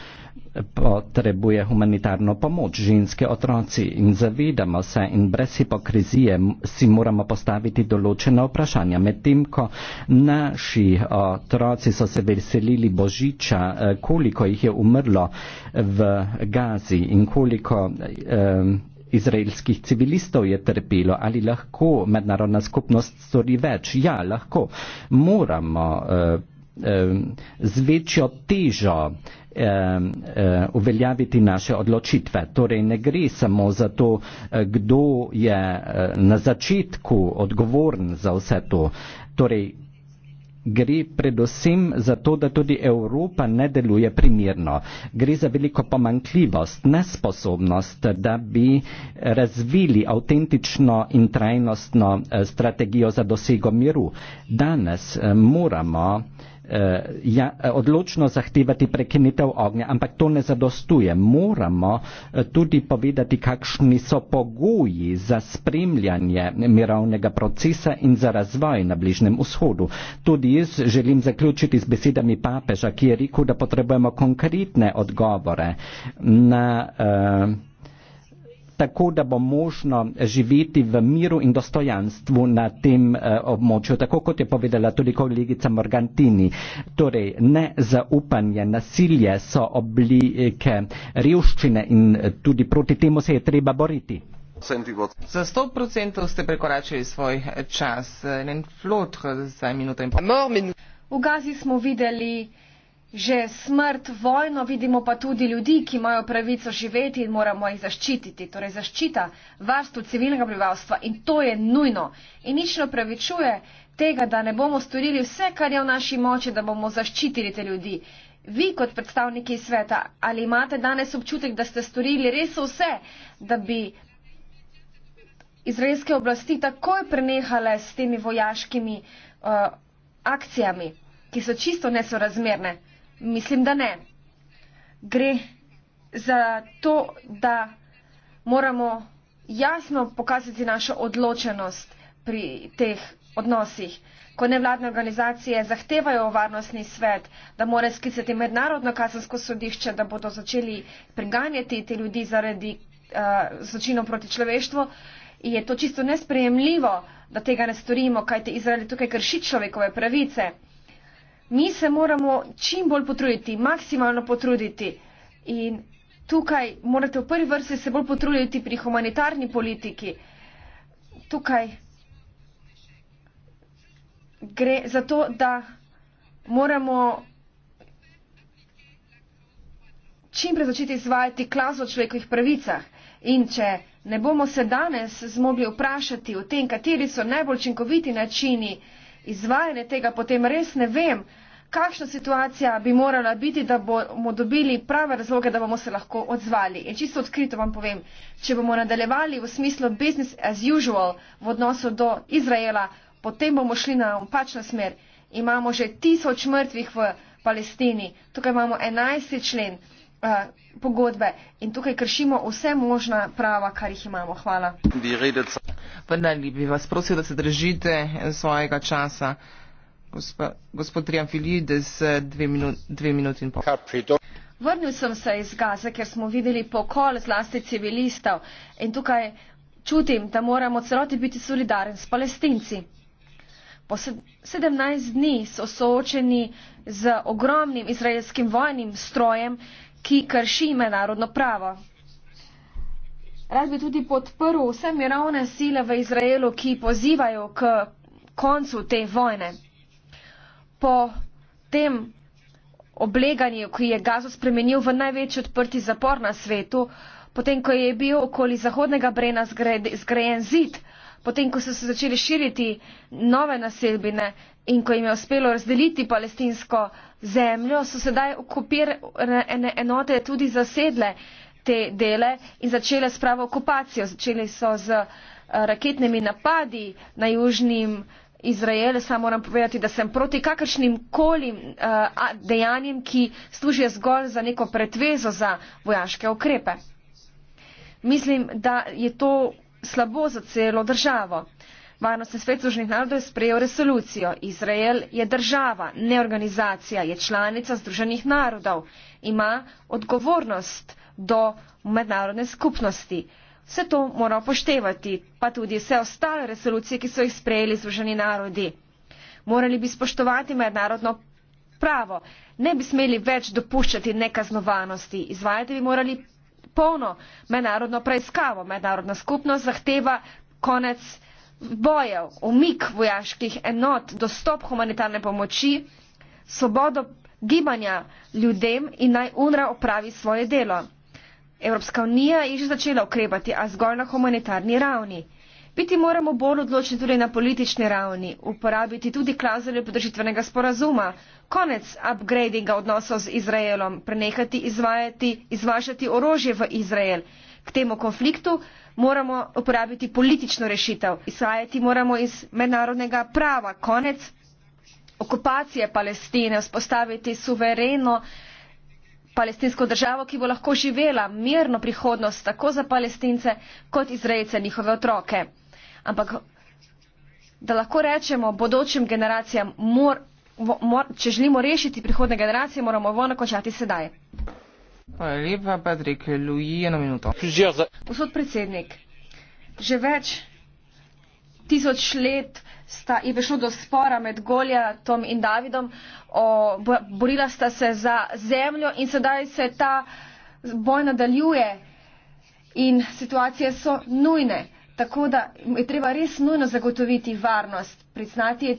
potrebuje humanitarno pomoč, ženske otroci in zavedamo se in brez hipokrizije si moramo postaviti določena vprašanja. Medtem, ko naši otroci so se veselili Božiča, e, koliko jih je umrlo v Gazi in koliko e, izraelskih civilistov je trpelo, ali lahko mednarodna skupnost stori več? Ja, lahko. Moramo e, z večjo težo uh, uveljaviti naše odločitve. Torej ne gre samo za to, eh, kdo je eh, na začetku odgovoren za vse to. Torej, gre predvsem za to, da tudi Evropa ne deluje primirno. Gre za veliko pomankljivost, nesposobnost, da bi razvili avtentično in trajnostno strategijo za dosego miru. Danes moramo uh, eh, ja, eh, odločno zahtevati prekinitev ognja, ampak to ne zadostuje. Moramo eh, tudi povedati, kakšni so pogoji za spremljanje mirovnega procesa in za razvoj na Bližnem vzhodu. Tudi jaz želim zaključiti z besedami papeža, ki je rekel, da potrebujemo konkretne odgovore na. Eh, tako da bo možno živeti v miru in dostojanstvu na tem eh, območju, tako kot je povedala tudi kolegica Morgantini. Torej, nezaupanje, nasilje so oblike revščine in eh, tudi proti temu se je treba boriti. Za 100% ste prekoračili svoj čas. Flotre, in... V Gazi smo videli že smrt, vojno, vidimo pa tudi ljudi, ki imajo pravico živeti in moramo jih zaščititi. Torej zaščita, varstvo civilnega prebivalstva in to je nujno. In nič ne opravičuje tega, da ne bomo storili vse, kar je v naši moči, da bomo zaščitili te ljudi. Vi kot predstavniki sveta, ali imate danes občutek, da ste storili res vse, da bi izraelske oblasti takoj prenehale s temi vojaškimi uh, akcijami, ki so čisto nesorazmerne? Mislim, da ne. Gre za to, da moramo jasno pokazati našo odločenost pri teh odnosih. Ko nevladne organizacije zahtevajo varnostni svet, da mora sklicati mednarodno kazansko sodišče, da bodo začeli preganjati te ljudi zaradi uh, zločinov proti človeštvu, je to čisto nesprejemljivo, da tega ne storimo, kajte Izrael tukaj krši človekove pravice mi se moramo čim bolj potruditi, maksimalno potruditi. In tukaj morate v prvi vrsti se bolj potruditi pri humanitarni politiki. Tukaj gre za to, da moramo čim prej začeti izvajati klas o človekovih pravicah. In če ne bomo se danes zmogli vprašati o tem, kateri so najbolj učinkoviti načini, izvajanje tega, potem res ne vem, kakšna situacija bi morala biti, da bomo dobili prave razloge, da bomo se lahko odzvali. In čisto odkrito vam povem, če bomo nadaljevali v smislu business as usual v odnosu do Izraela, potem bomo šli na pačno smer. Imamo že tisoč mrtvih v Palestini. Tukaj imamo 11. člen. Eh, pogodbe in tukaj kršimo vse možna prava, kar jih imamo. Hvala. Vendar bi vas prosil, da se držite svojega časa. Gospa, gospod Triamfilides, dve, minu, dve minuti in pol. Vrnil sem se iz Gaze, ker smo videli pokol zlasti civilistov in tukaj čutim, da moramo celoti biti solidarni s palestinci. Po 17 dni so soočeni z ogromnim izraelskim vojnim strojem, ki krši mednarodno pravo. Rad bi tudi podprl vse mirovne sile v Izraelu, ki pozivajo k koncu te vojne. Po tem obleganju, ki je Gazo spremenil v največji odprti zapor na svetu, potem, ko je bil okoli Zahodnega brena zgrajen zid, potem, ko so se začeli širiti nove naselbine, in ko jim je uspelo razdeliti palestinsko zemljo, so sedaj okupirane enote tudi zasedle te dele in začele s pravo okupacijo. Začeli so z eh, raketnimi napadi na južnim Izrael. Samo moram povedati, da sem proti kakršnim koli eh, dejanjem, ki služijo zgolj za neko pretvezo za vojaške ukrepe. Mislim, da je to slabo za celo državo. Varnostni svet Združenih narodov je sprejel resolucijo. Izrael je država, ne organizacija, je članica Združenih narodov, ima odgovornost do mednarodne skupnosti. Vse to mora poštevati, pa tudi vse ostale resolucije, ki so jih sprejeli Združeni narodi. Morali bi spoštovati mednarodno pravo, ne bi smeli več dopuščati nekaznovanosti, izvajati bi morali polno mednarodno preiskavo. Mednarodna skupnost zahteva konec bojev, omik vojaških enot, dostop humanitarne pomoči, svobodo gibanja ljudem in naj UNRA opravi svoje delo. Evropska unija je že začela ukrepati, a zgolj na humanitarni ravni. Biti moramo bolj odločni tudi na politični ravni, uporabiti tudi klauzule podržitvenega sporazuma, konec upgradinga odnosov z Izraelom, prenehati izvajati, izvažati orožje v Izrael k temu konfliktu, moramo uporabiti politično rešitev. Izhajati moramo iz mednarodnega prava. Konec okupacije Palestine, vzpostaviti suvereno palestinsko državo, ki bo lahko živela mirno prihodnost tako za palestince kot izrejce njihove otroke. Ampak da lahko rečemo bodočim generacijam, mor, mor, če želimo rešiti prihodne generacije, moramo vojno končati sedaj. Hvala lepa, Patrik. Luji, eno minuto. Gospod predsednik, že več tisoč let sta, je prišlo do spora med Goljatom in Davidom. O, borila sta se za zemljo in sedaj se ta boj nadaljuje in situacije so nujne. Tako da je treba res nujno zagotoviti varnost. Priznati je,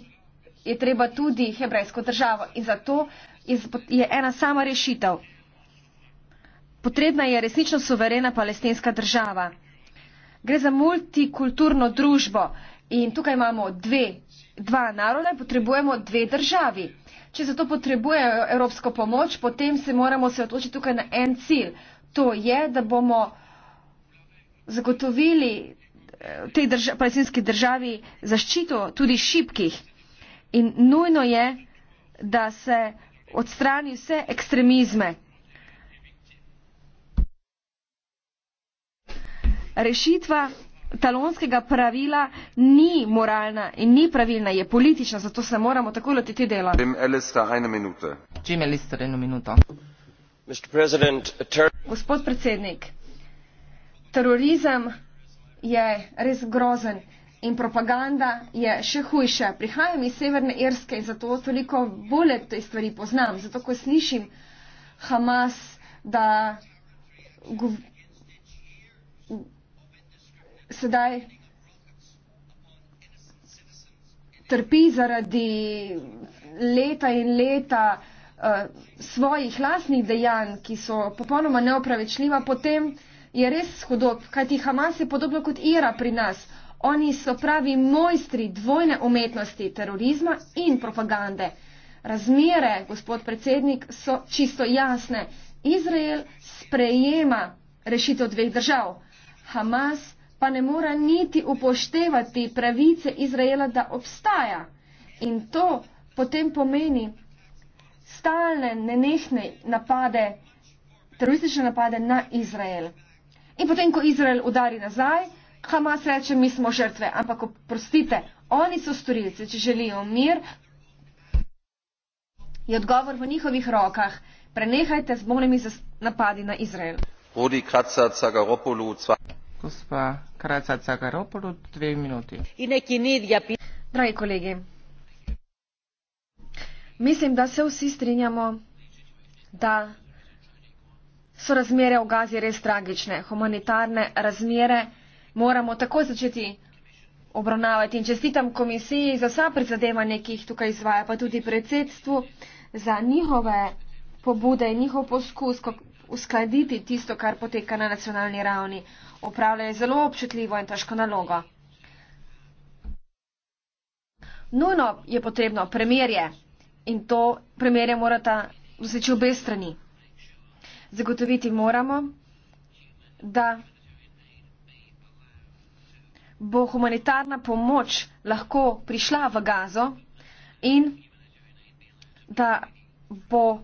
je treba tudi hebrejsko državo in zato je, je ena sama rešitev. Potrebna je resnično suverena palestinska država. Gre za multikulturno družbo in tukaj imamo dve, dva naroda in potrebujemo dve državi. Če za to potrebujejo evropsko pomoč, potem se moramo se odločiti tukaj na en cilj. To je, da bomo zagotovili eh, tej drža, palestinski državi zaščito tudi šibkih. In nujno je, da se odstrani vse ekstremizme. rešitva talonskega pravila ni moralna in ni pravilna, je politična, zato se moramo tako lotiti dela. Gospod predsednik, terorizem je res grozen in propaganda je še hujša. Prihajam iz Severne Irske in zato toliko bolje te stvari poznam. Zato, ko slišim Hamas, da sedaj trpi zaradi leta in leta uh, svojih lastnih dejanj, ki so popolnoma neopravičljiva, potem je res hudob, kajti Hamas je podobno kot Ira pri nas. Oni so pravi mojstri dvojne umetnosti terorizma in propagande. Razmere, gospod predsednik, so čisto jasne. Izrael sprejema rešitev dveh držav. Hamas pa ne more niti upoštevati pravice Izraela, da obstaja. In to potem pomeni stalne, nenehne napade, teroristične napade na Izrael. In potem, ko Izrael udari nazaj, Hamas reče, mi smo žrtve, ampak oprostite, oni so storilci, če želijo mir, je odgovor v njihovih rokah. Prenehajte z bolnimi napadi na Izrael. Rudi Kratzer, Zagaropolu, 20. Dragi kolegi, mislim, da se vsi strinjamo, da so razmere v Gazi res tragične. Humanitarne razmere moramo tako začeti obravnavati. In čestitam komisiji za vsa prizadevanja, ki jih tukaj izvaja, pa tudi predsedstvu za njihove pobude in njihov poskus uskladiti tisto, kar poteka na nacionalni ravni upravljali zelo občutljivo in težko nalogo. Nujno je potrebno premirje in to premirje morata doseči obe strani. Zagotoviti moramo, da bo humanitarna pomoč lahko prišla v gazo in da bo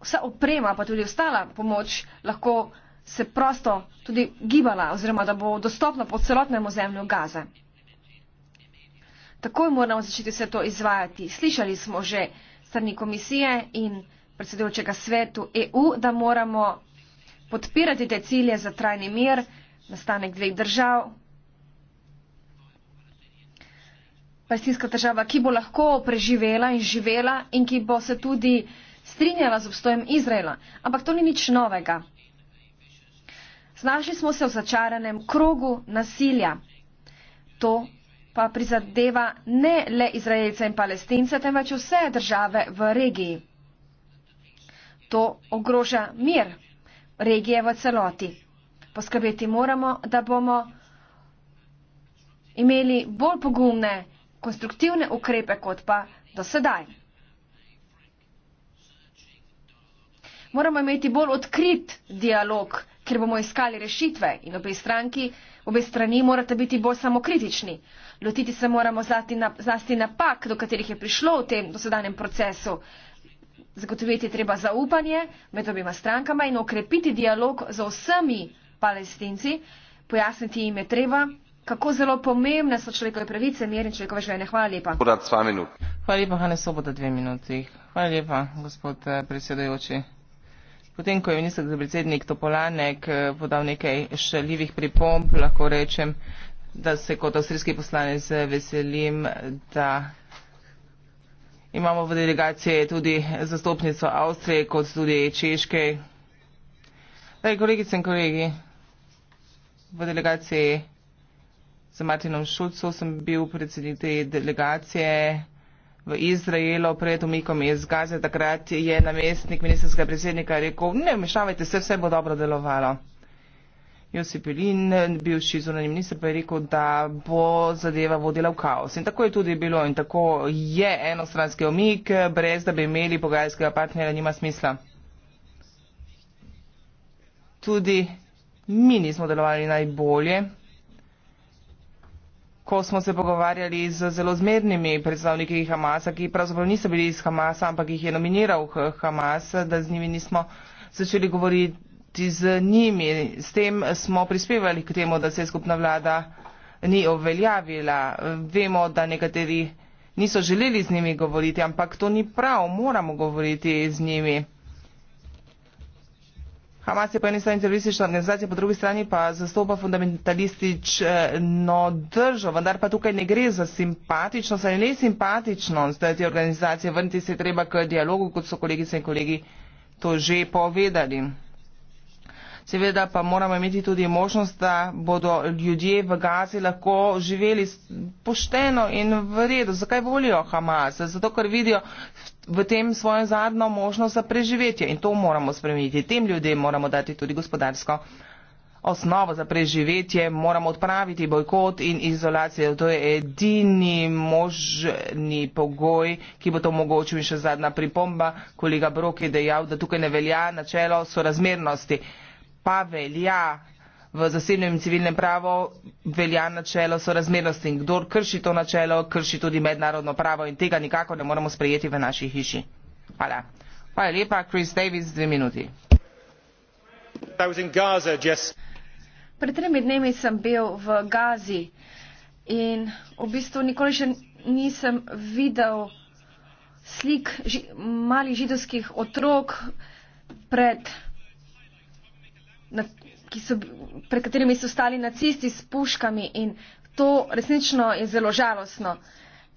vsa oprema, pa tudi ostala pomoč lahko prišla se prosto tudi gibala oziroma da bo dostopna po celotnemu zemlju Gaze. Takoj moramo začeti vse to izvajati. Slišali smo že strani komisije in predsedujočega svetu EU, da moramo podpirati te cilje za trajni mir, nastanek dveh držav. Palestinska država, ki bo lahko preživela in živela in ki bo se tudi strinjala z obstojem Izraela. Ampak to ni nič novega. Znašli smo se v začaranem krogu nasilja. To pa prizadeva ne le Izraelce in Palestince, temveč vse države v regiji. To ogroža mir regije v celoti. Poskrbeti moramo, da bomo imeli bolj pogumne, konstruktivne ukrepe kot pa do sedaj. Moramo imeti bolj odkrit dialog ker bomo iskali rešitve in obe stranki, obe strani morate biti bolj samokritični. Lotiti se moramo zlasti napak, na do katerih je prišlo v tem dosedanjem procesu. Zagotoviti je treba zaupanje med obima strankama in okrepiti dialog z vsemi palestinci. Pojasniti jim je treba, kako zelo pomembne so človekove pravice, mir in človekove življenje. Hvala lepa. Hvala lepa, Hane Soboda, dve minuti. Hvala lepa, gospod eh, predsedajoči. Potem, ko je minister za predsednik Topolanek eh, podal nekaj šaljivih pripomb, lahko rečem, da se kot avstrijski poslanec veselim, da imamo v delegaciji tudi zastopnico Avstrije kot tudi Češke. Daj, kolegice in kolegi, v delegaciji za Martinom Šulcu sem bil predsednik te delegacije v Izraelu pred umikom iz Gaze. Takrat je namestnik ministrskega predsednika rekel, ne vmešavajte se, vse bo dobro delovalo. Josip Jelin, bivši zunanji minister, pa je rekel, da bo zadeva vodila v kaos. In tako je tudi bilo in tako je enostranski omik, brez da bi imeli pogajalskega partnera, nima smisla. Tudi mi nismo delovali najbolje ko smo se pogovarjali z zelo zmernimi predstavniki Hamasa, ki pravzaprav niso bili iz Hamasa, ampak jih je nominiral Hamas, da z njimi nismo začeli govoriti z njimi. S tem smo prispevali k temu, da se je skupna vlada ni obveljavila. Vemo, da nekateri niso želeli z njimi govoriti, ampak to ni prav, moramo govoriti z njimi. Hamas je po eni strani teroristična organizacija, po drugi strani pa zastopa fundamentalistično držo, vendar pa tukaj ne gre za simpatičnost ali nesimpatičnost te organizacije. Vrniti se je treba k dialogu, kot so kolegice in kolegi to že povedali. Seveda pa moramo imeti tudi možnost, da bodo ljudje v Gazi lahko živeli pošteno in v redu. Zakaj volijo Hamas? Zato, ker vidijo v tem svojo zadnjo možnost za preživetje. In to moramo spremeniti. Tem ljudem moramo dati tudi gospodarsko osnovo za preživetje. Moramo odpraviti bojkot in izolacijo. To je edini možni pogoj, ki bo to mogoče. In še zadnja pripomba, kolega Brok je dejal, da tukaj ne velja načelo sorazmernosti. Pa velja v zasebnem in civilnem pravu velja načelo sorazmernosti in kdor krši to načelo, krši tudi mednarodno pravo in tega nikako ne moremo sprejeti v naši hiši. Hvala. Hvala lepa, Chris Davis, dve minuti. Pred tremi dnemi sem bil v Gazi in v bistvu nikoli še nisem videl slik ži malih židovskih otrok pred ki so, pred katerimi so stali nacisti s puškami in to resnično je zelo žalostno.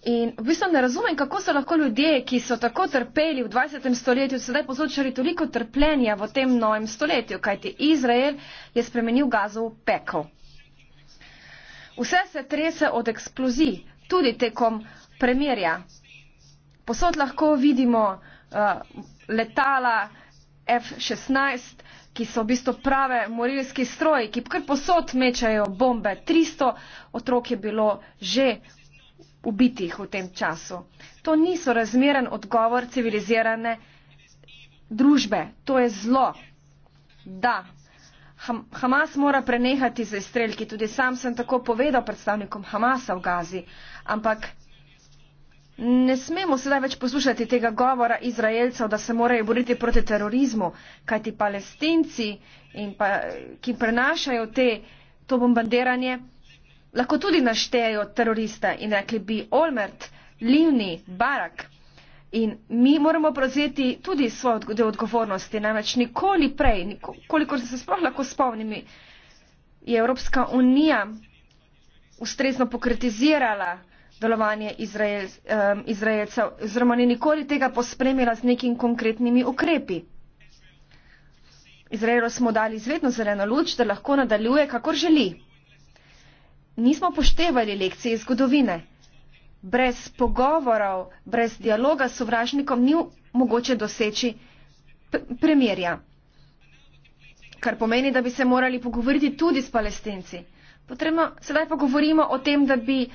In v bistvu ne razumem, kako so lahko ljudje, ki so tako trpeli v 20. stoletju, sedaj povzročali toliko trpljenja v tem novem stoletju, kajti Izrael je spremenil gazo v pekel. Vse se trese od eksplozij, tudi tekom premirja. Posod lahko vidimo uh, letala F-16, uh, ki so v bistvu prave morilski stroji, ki kar posod mečajo bombe. 300 otrok je bilo že ubitih v tem času. To niso razmeren odgovor civilizirane družbe. To je zlo. Da. Hamas mora prenehati z izstrelki. Tudi sam sem tako povedal predstavnikom Hamasa v Gazi. Ampak Ne smemo sedaj več poslušati tega govora Izraelcev, da se morajo boriti proti terorizmu, kajti palestinci, pa, ki prenašajo te, to bombardiranje, lahko tudi naštejo teroriste in rekli bi Olmert, Livni, Barak. In mi moramo prevzeti tudi svojo del odgovornosti, namreč nikoli prej, kolikor se sploh lahko spomnim, je Evropska unija ustrezno pokritizirala delovanje Izrael, um, Izraelcev, oziroma ni nikoli tega pospremila z nekim konkretnimi ukrepi. Izraelu smo dali izvedno zeleno luč, da lahko nadaljuje, kakor želi. Nismo poštevali lekcije zgodovine. Brez pogovorov, brez dialoga s sovražnikom ni mogoče doseči premirja. Kar pomeni, da bi se morali pogovoriti tudi s palestinci. Potrebno, sedaj pa govorimo o tem, da bi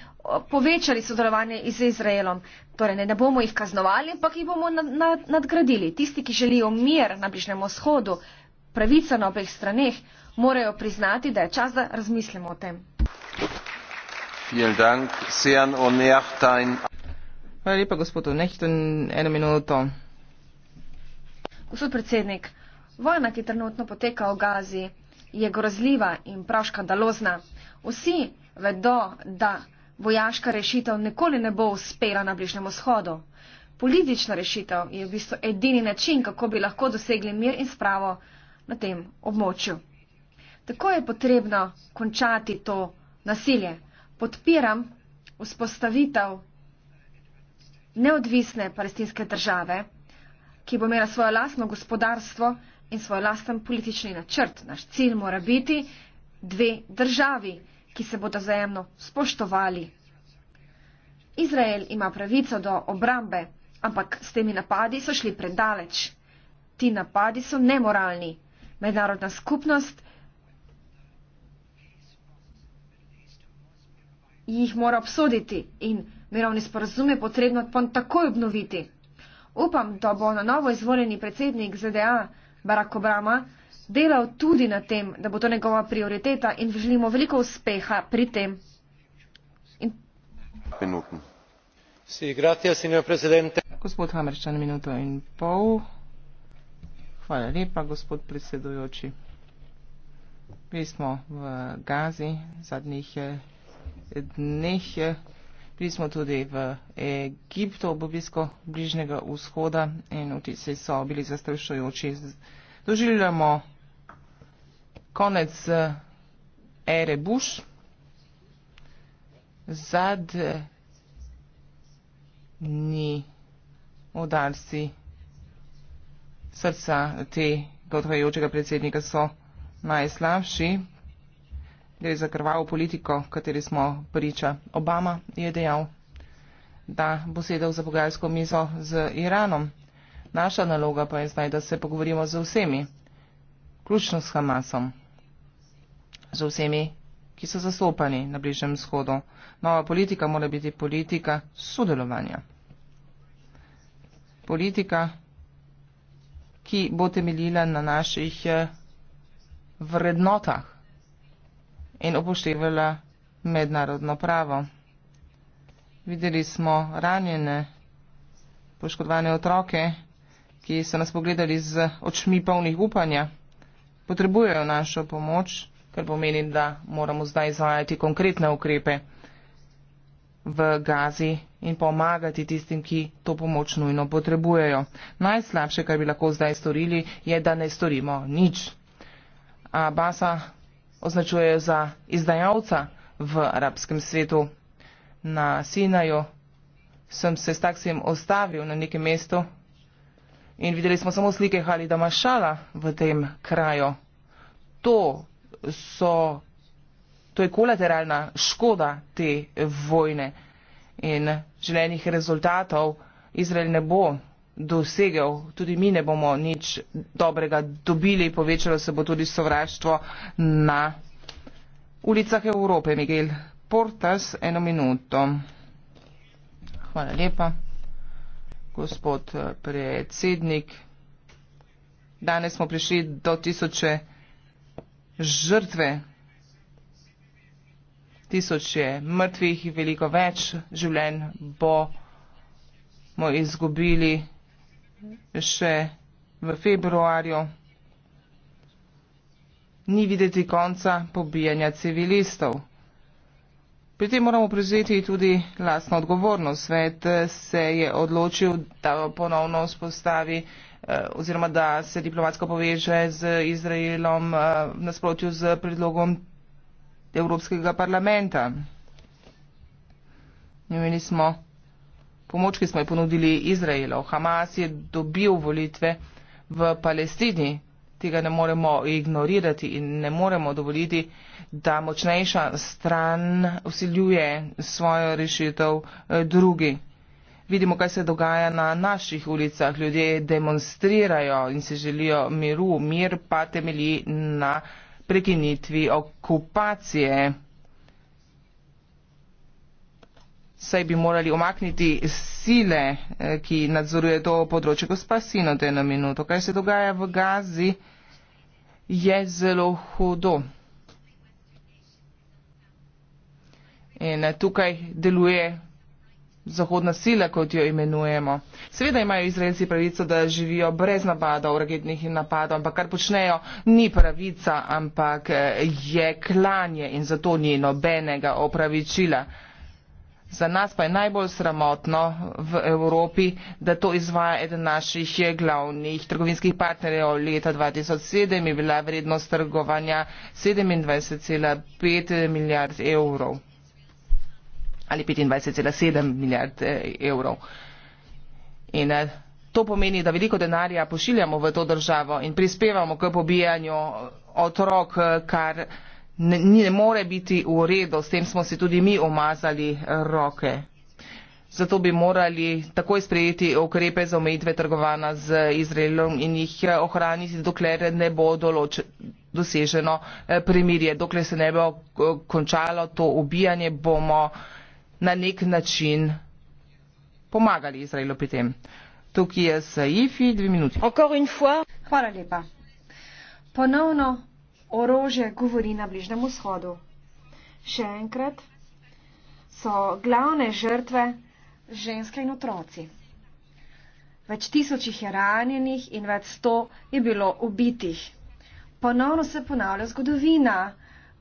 povečali sodelovanje z Izraelom. Torej, ne, ne bomo jih kaznovali, ampak jih bomo nad, nad, nadgradili. Tisti, ki želijo mir na Bližnjem vzhodu, pravica na obeh straneh, morajo priznati, da je čas, da razmislimo o tem. Hvala lepa, gospod Onehton. Eno minuto. Gospod predsednik, vojna, ki trenutno poteka v Gazi, je grozljiva in prav škandalozna. Vsi vedo, da vojaška rešitev nikoli ne bo uspela na Bližnjem vzhodu. Politična rešitev je v bistvu edini način, kako bi lahko dosegli mir in spravo na tem območju. Tako je potrebno končati to nasilje. Podpiram vzpostavitev neodvisne palestinske države, ki bo imela svoje lastno gospodarstvo, in svoj lasten politični načrt. Naš cilj mora biti dve državi, ki se bodo zajemno spoštovali. Izrael ima pravico do obrambe, ampak s temi napadi so šli predaleč. Ti napadi so nemoralni. Mednarodna skupnost jih mora obsoditi in mirovni sporazum je potrebno takoj obnoviti. Upam, da bo na novo izvoljeni predsednik ZDA Barack Obama, delal tudi na tem, da bo to njegova prioriteta in želimo veliko uspeha pri tem. In... Si, gracia, gospod Hamrčan, minuto in pol. Hvala lepa, gospod predsedujoči. Mi smo v Gazi zadnjih eh, dneh. Eh, Bili smo tudi v Egiptu, ob obisko bližnjega vzhoda in vtisi so bili zastrašujoči. Doživljamo konec ere Bush, zadnji udarci srca te potrajajočega predsednika so najslabši gre za krvavo politiko, kateri smo priča. Obama je dejal, da bo sedel za pogajalsko mizo z Iranom. Naša naloga pa je zdaj, da se pogovorimo z vsemi, ključno s Hamasom, z vsemi, ki so zastopani na Bližnem shodu. Nova politika mora biti politika sodelovanja. Politika, ki bo temeljila na naših eh, vrednotah in upoštevala mednarodno pravo. Videli smo ranjene, poškodovane otroke, ki so nas pogledali z očmi polnih upanja. Potrebujejo našo pomoč, kar pomeni, da moramo zdaj izvajati konkretne ukrepe v gazi in pomagati tistim, ki to pomoč nujno potrebujejo. Najslabše, kar bi lahko zdaj storili, je, da ne storimo nič. Abasa označujejo za izdajalca v arabskem svetu. Na Sinaju sem se s taksijem ostavil na nekem mestu in videli smo samo slike Halida Mašala v tem kraju. To, so, to je kolateralna škoda te vojne in željenih rezultatov Izrael ne bo dosegel, tudi mi ne bomo nič dobrega dobili, povečalo se bo tudi sovraštvo na ulicah Evrope. Miguel Portas, eno minuto. Hvala lepa, gospod eh, predsednik. Danes smo prišli do tisoče žrtve, tisoče mrtvih, veliko več življenj bomo izgubili še v februarju. Ni videti konca pobijanja civilistov. Pri tem moramo prevzeti tudi lasno odgovornost. Svet eh, se je odločil, da ponovno spostavi eh, oziroma da se diplomatsko poveže z Izraelom eh, v nasprotju z predlogom Evropskega parlamenta. Imeli smo pomoč, ki smo jo ponudili Izraelu. Hamas je dobil volitve v Palestini. Tega ne moremo ignorirati in ne moremo dovoliti, da močnejša stran usiljuje svojo rešitev eh, drugi. Vidimo, kaj se dogaja na naših ulicah. Ljudje demonstrirajo in se želijo miru. Mir pa temelji na prekinitvi okupacije. saj bi morali omakniti sile, eh, ki nadzoruje to področje. Gospa Sino, da je na minuto. Kaj se dogaja v Gazi, je zelo hudo. In eh, tukaj deluje zahodna sila, kot jo imenujemo. Seveda imajo izraelci pravico, da živijo brez napadov, raketnih napadov, ampak kar počnejo, ni pravica, ampak eh, je klanje in zato ni nobenega opravičila. Za nas pa je najbolj sramotno v Evropi, da to izvaja eden naših glavnih trgovinskih partnerjev. Leta 2007 je bila vrednost trgovanja 27,5 milijard evrov ali 25,7 milijard eh, evrov. In eh, to pomeni, da veliko denarja pošiljamo v to državo in prispevamo k pobijanju eh, otrok, kar ne, ne more biti v redu, s tem smo si tudi mi omazali eh, roke. Zato bi morali takoj sprejeti ukrepe za omejitve trgovanja z Izraelom in jih eh, ohraniti, dokler ne bo določ, doseženo eh, premirje. Dokler se ne bo končalo to ubijanje, bomo na nek način pomagali Izraelu pri tem. Tukaj je Saifi, dve minuti. Hvala lepa. Ponovno orože govori na Bližnem vzhodu. Še enkrat so glavne žrtve ženske in otroci. Več tisočih je ranjenih in več sto je bilo ubitih. Ponovno se ponavlja zgodovina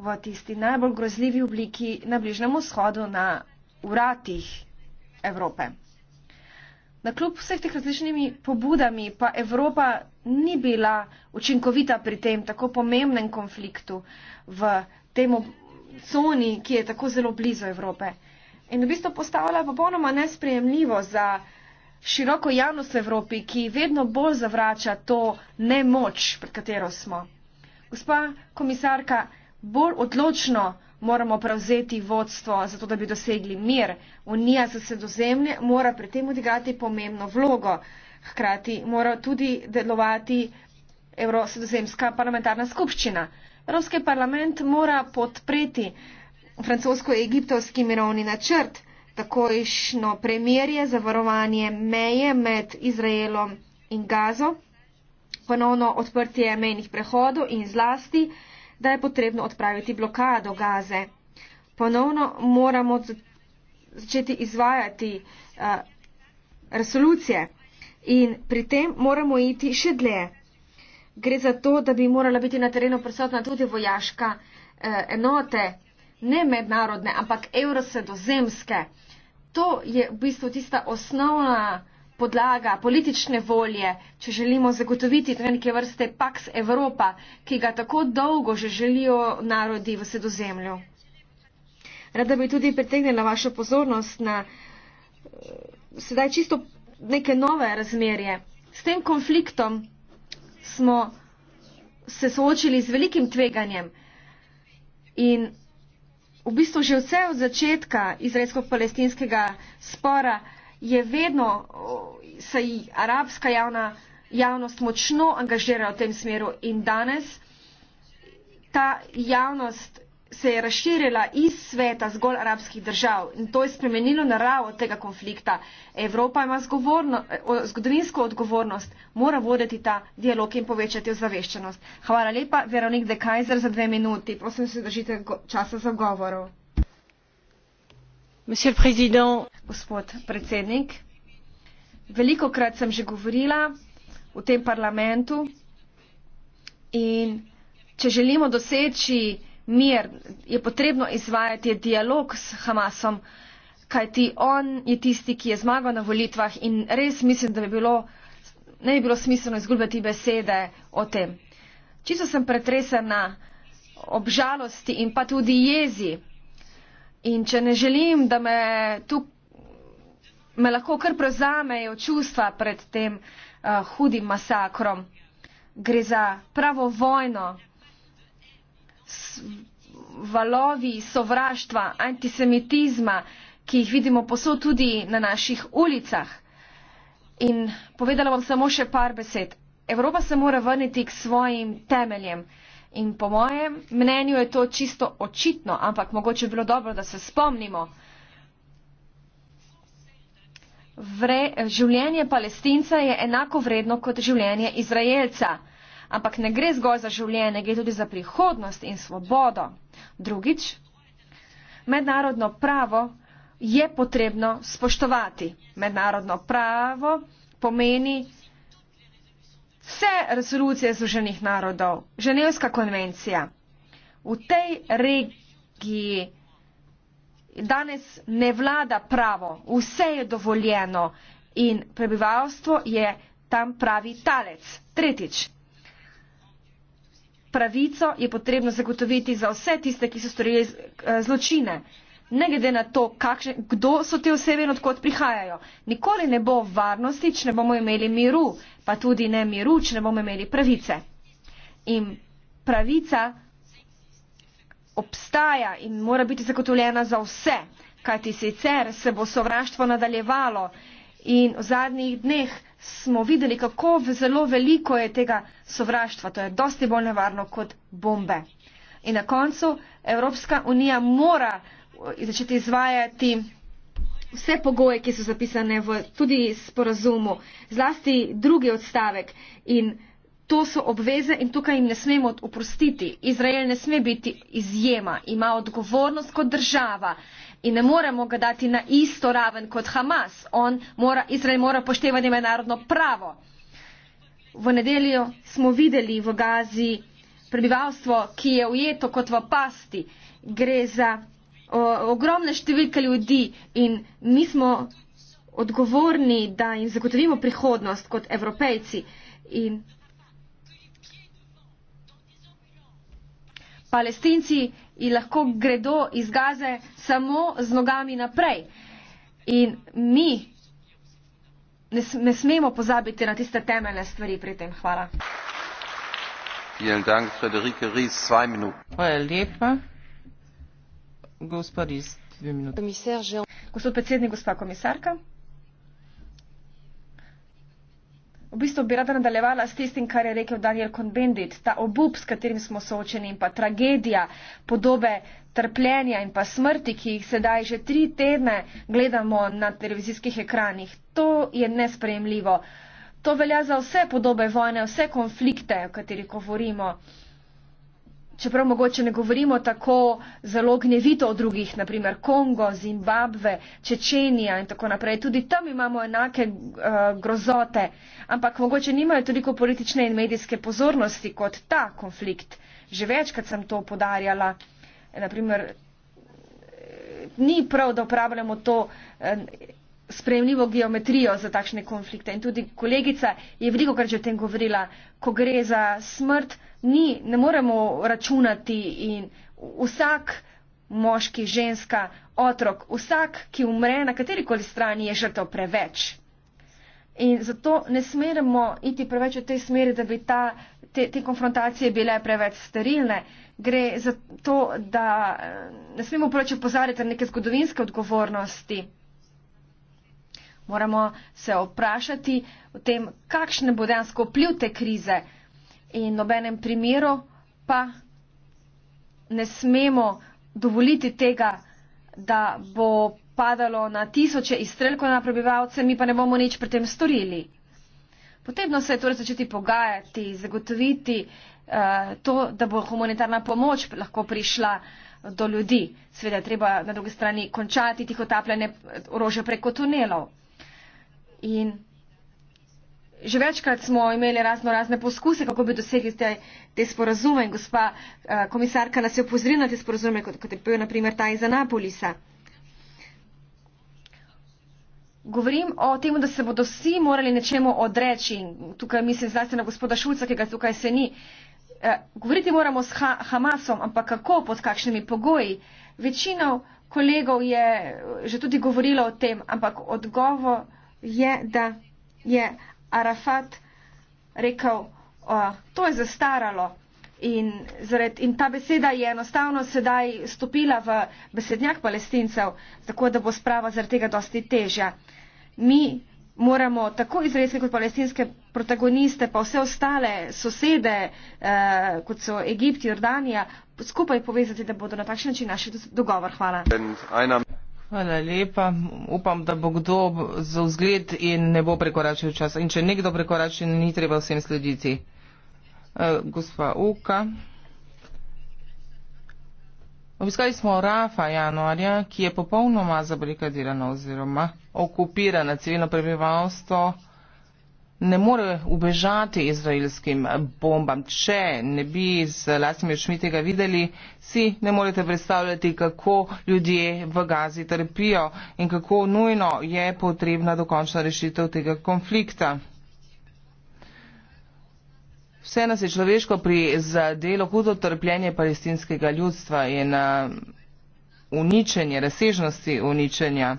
v tisti najbolj grozljivi obliki na Bližnem vzhodu na uratih Evrope da kljub vseh teh različnimi pobudami pa Evropa ni bila učinkovita pri tem tako pomembnem konfliktu v tem coni, ki je tako zelo blizu Evrope. In v bistvu postavlja popolnoma nesprejemljivo za široko javnost v Evropi, ki vedno bolj zavrača to nemoč, pred katero smo. Gospa komisarka, bolj odločno moramo prevzeti vodstvo, zato da bi dosegli mir. Unija za sredozemlje mora pri tem odigrati pomembno vlogo. Hkrati mora tudi delovati Evrosredozemska parlamentarna skupščina. Evropski parlament mora podpreti francosko-egiptovski mirovni načrt, takojšno premirje, zavarovanje meje med Izraelom in Gazo, ponovno odprtje mejnih prehodov in zlasti da je potrebno odpraviti blokado gaze. Ponovno moramo začeti izvajati eh, resolucije in pri tem moramo iti še dlje. Gre za to, da bi morala biti na terenu prisotna tudi vojaška eh, enote, ne mednarodne, ampak evrosedozemske. To je v bistvu tista osnovna podlaga politične volje, če želimo zagotoviti neke vrste Pax Evropa, ki ga tako dolgo že želijo narodi v sredozemlju. Rada bi tudi pritegnila vašo pozornost na eh, sedaj čisto neke nove razmerje. S tem konfliktom smo se soočili z velikim tveganjem in v bistvu že vse od začetka izraelsko-palestinskega spora je vedno se je arabska javna, javnost močno angažirala v tem smeru in danes ta javnost se je razširila iz sveta zgolj arabskih držav in to je spremenilo naravo tega konflikta. Evropa ima zgodovinsko odgovornost, mora voditi ta dialog in povečati ozaveščenost. Hvala lepa, Veronik de Kajzer, za dve minuti. Prosim, se držite časa za govorov velikokrat sem že govorila v tem parlamentu in če želimo doseči mir, je potrebno izvajati dialog s Hamasom, kajti on je tisti, ki je zmagal na volitvah in res mislim, da bi bilo, ne bi bilo smiselno izgubljati besede o tem. Čisto sem pretresena ob žalosti in pa tudi jezi. In če ne želim, da me tu me lahko kar prevzamejo čustva pred tem uh, hudim masakrom. Gre za pravo vojno, S valovi sovraštva, antisemitizma, ki jih vidimo posod tudi na naših ulicah. In povedala bom samo še par besed. Evropa se mora vrniti k svojim temeljem. Uh, In po mojem mnenju je to čisto očitno, ampak mogoče bi bilo dobro, da se spomnimo. Vre, življenje palestinca je enako vredno kot življenje izraelca. Ampak ne gre zgolj za življenje, gre tudi za prihodnost in svobodo. Drugič, mednarodno pravo je potrebno spoštovati. Mednarodno pravo pomeni vse resolucije Združenih narodov, Ženevska konvencija v tej regiji danes ne vlada pravo, vse je dovoljeno in prebivalstvo je tam pravi talec. Tretjič. Pravico je potrebno zagotoviti za vse tiste, ki so storili eh, zločine ne glede na to, kakšne, kdo so te osebe in odkot prihajajo. Nikoli ne bo varnosti, če ne bomo imeli miru, pa tudi ne miru, če ne bomo imeli pravice. In pravica obstaja in mora biti zagotovljena za vse, kajti sicer se bo sovraštvo nadaljevalo. In v zadnjih dneh smo videli, kako zelo veliko je tega sovraštva. To je dosti bolj nevarno kot bombe. In na koncu Evropska unija mora začeti izvajati vse pogoje, ki so zapisane v tudi sporazumu, zlasti drugi odstavek in To so obveze in tukaj jim ne smemo oprostiti. Izrael ne sme biti izjema, ima odgovornost kot država in ne moremo ga dati na isto raven kot Hamas. On mora, Izrael mora poštevati mednarodno pravo. V nedeljo smo videli v Gazi prebivalstvo, ki je ujeto kot v pasti. Gre za o, ogromna številka ljudi in mi smo odgovorni, da jim zagotovimo prihodnost kot evropejci. In palestinci lahko gredo iz gaze samo z nogami naprej. In mi ne, ne smemo pozabiti na tiste temeljne stvari pri tem. Hvala. Hvala lepa. Gospod predsednik, gospa komisarka. V bistvu bi rada nadaljevala s tistim, kar je rekel Daniel Kohn-Bendit, ta obup, s katerim smo soočeni in pa tragedija podobe trpljenja in pa smrti, ki jih sedaj že tri tedne gledamo na televizijskih ekranih. To je nesprejemljivo. To velja za vse podobe vojne, vse konflikte, o katerih govorimo. Ko čeprav mogoče ne govorimo tako zelo gnevito o drugih, naprimer Kongo, Zimbabve, Čečenija in tako naprej. Tudi tam imamo enake uh, grozote, ampak mogoče nimajo toliko politične in medijske pozornosti kot ta konflikt. Že večkrat sem to podarjala. Naprimer, eh, ni prav, da upravljamo to. Uh, sprejemljivo geometrijo za takšne konflikte. In tudi kolegica je veliko krat že o tem govorila, ko gre za smrt, ni, ne moremo računati in vsak moški, ženska, otrok, vsak, ki umre na katerikoli strani, je žrtev preveč. In zato ne smeremo iti preveč v tej smeri, da bi ta, te, te konfrontacije bile preveč sterilne. Gre za to, da eh, ne smemo preveč upozarjati na neke zgodovinske odgovornosti. Moramo se vprašati o tem, kakšne bo dejansko vpliv te krize in nobenem primeru pa ne smemo dovoliti tega, da bo padalo na tisoče izstrelkov na prebivalce, mi pa ne bomo nič pri tem storili. Potrebno se je torej začeti pogajati, zagotoviti uh, to, da bo humanitarna pomoč lahko prišla do ljudi. Sveda je treba na drugi strani končati tihotapljanje eh, orožja preko tunelov. In že večkrat smo imeli razno razne poskuse, kako bi dosegli te, te sporazume. In gospa eh, komisarka nas je upozorila na te sporazume, kot, kot je bil naprimer ta iz Anapolisa. Govorim o tem, da se bodo vsi morali nečemu odreči. Tukaj mislim zlasti na gospoda Šulca, ki ga tukaj se ni. Eh, govoriti moramo s ha Hamasom, ampak kako, pod kakšnimi pogoji. Večina kolegov je že tudi govorila o tem, ampak odgovor je, da je Arafat rekel, uh, to je zastaralo. In, zared, in ta beseda je enostavno sedaj stopila v besednjak palestincev, tako da bo sprava zaradi tega dosti težja. Mi moramo tako izraelske kot palestinske protagoniste, pa vse ostale sosede, eh, kot so Egipt, Jordanija, skupaj povezati, da bodo na takšen način našli dogovor. Hvala. Hvala lepa. Upam, da bo kdo za vzgled in ne bo prekoračil časa. In če nekdo prekorači, ni treba vsem slediti. Uh, gospa Uka. Obiskali smo Rafa januarja, ki je popolnoma zabrikadirana oziroma okupirana civilno prebivalstvo. Uh, ne more ubežati izraelskim bombam. Če ne bi z lastnimi očmi tega videli, si ne morete predstavljati, kako ljudje v Gazi trpijo in kako nujno je potrebna dokončna rešitev tega konflikta. Vse nas je človeško pri zadelo hudo trpljenje palestinskega ljudstva in uničenje, razsežnosti uničenja.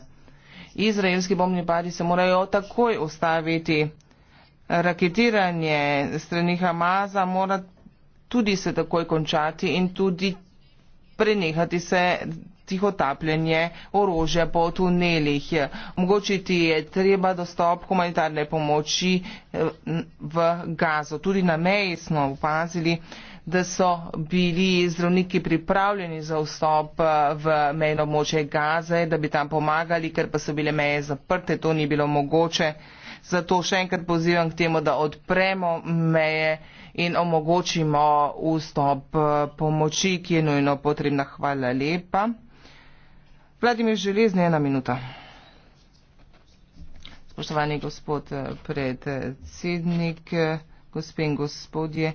Izraelski bombni padi se morajo takoj ustaviti raketiranje strani Hamaza mora tudi se takoj končati in tudi prenehati se tihotapljanje orožja po tunelih. Omogočiti je treba dostop humanitarne pomoči eh, v gazo. Tudi na meji smo opazili, da so bili zdravniki pripravljeni za vstop eh, v mejno območje gaze, da bi tam pomagali, ker pa so bile meje zaprte, to ni bilo mogoče. Zato še enkrat pozivam k temu, da odpremo meje in omogočimo vstop eh, pomoči, ki je nujno potrebna. Hvala lepa. Vladimir Železni, ena minuta. Spoštovani gospod eh, predsednik, eh, gospe in gospodje,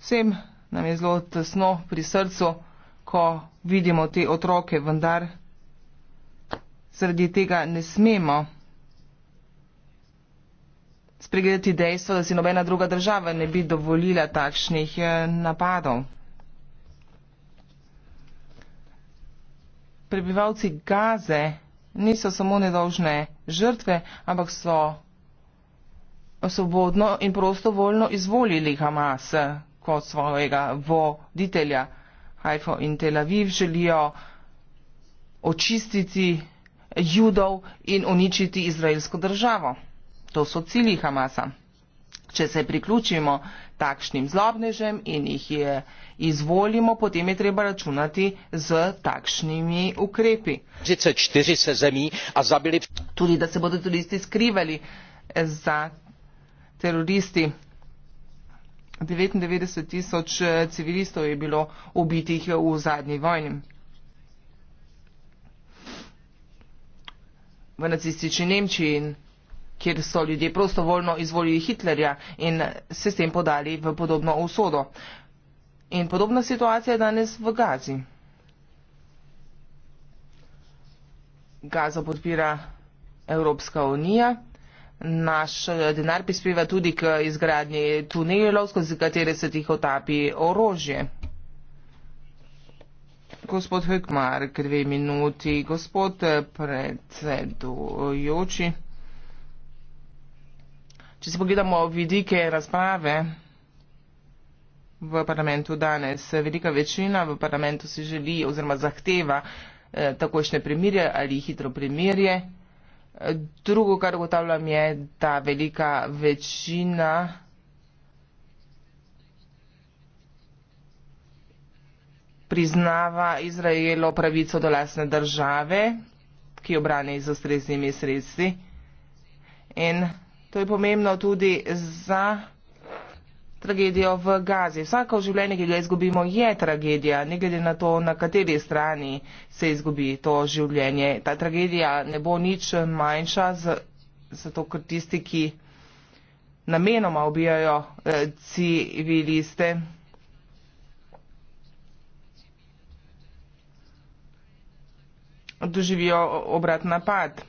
vsem nam je zelo tesno pri srcu, ko vidimo te otroke, vendar zaradi tega ne smemo spregledati dejstvo, da si nobena druga država ne bi dovolila takšnih eh, napadov. Prebivalci Gaze niso samo nedolžne žrtve, ampak so svobodno in prostovoljno izvolili Hamas eh, kot svojega voditelja. Haifa in Tel Aviv želijo očistiti judov in uničiti izraelsko državo. To so cilji Hamasa. Če se priključimo takšnim zlobnežem in jih je izvolimo, potem je treba računati z takšnimi ukrepi. Tudi da se bodo turisti skrivali za teroristi. 99 tisoč eh, civilistov je bilo ubitih v zadnji vojni. V nacistični Nemčiji in kjer so ljudje prostovoljno izvolili Hitlerja in se s tem podali v podobno usodo. In podobna situacija je danes v Gazi. Gazo podpira Evropska unija. Naš eh, denar prispeva tudi k izgradnji tunelov, skozi katere se tih otapi orožje. Gospod Hökmar, dve minuti. Gospod eh, predsedujoči. Če se pogledamo vidike razprave v parlamentu danes, velika večina v parlamentu si želi oziroma zahteva eh, takošne premirje ali hitro premirje. Drugo, kar ugotavljam, je, da velika večina priznava Izraelo pravico do lasne države, ki obrane z ustreznimi sredstvi in To je pomembno tudi za tragedijo v Gazi. Vsako življenje, ki ga izgubimo, je tragedija, ne glede na to, na kateri strani se izgubi to življenje. Ta tragedija ne bo nič manjša, zato ker tisti, ki namenoma ubijajo eh, civiliste, doživijo obrat napad.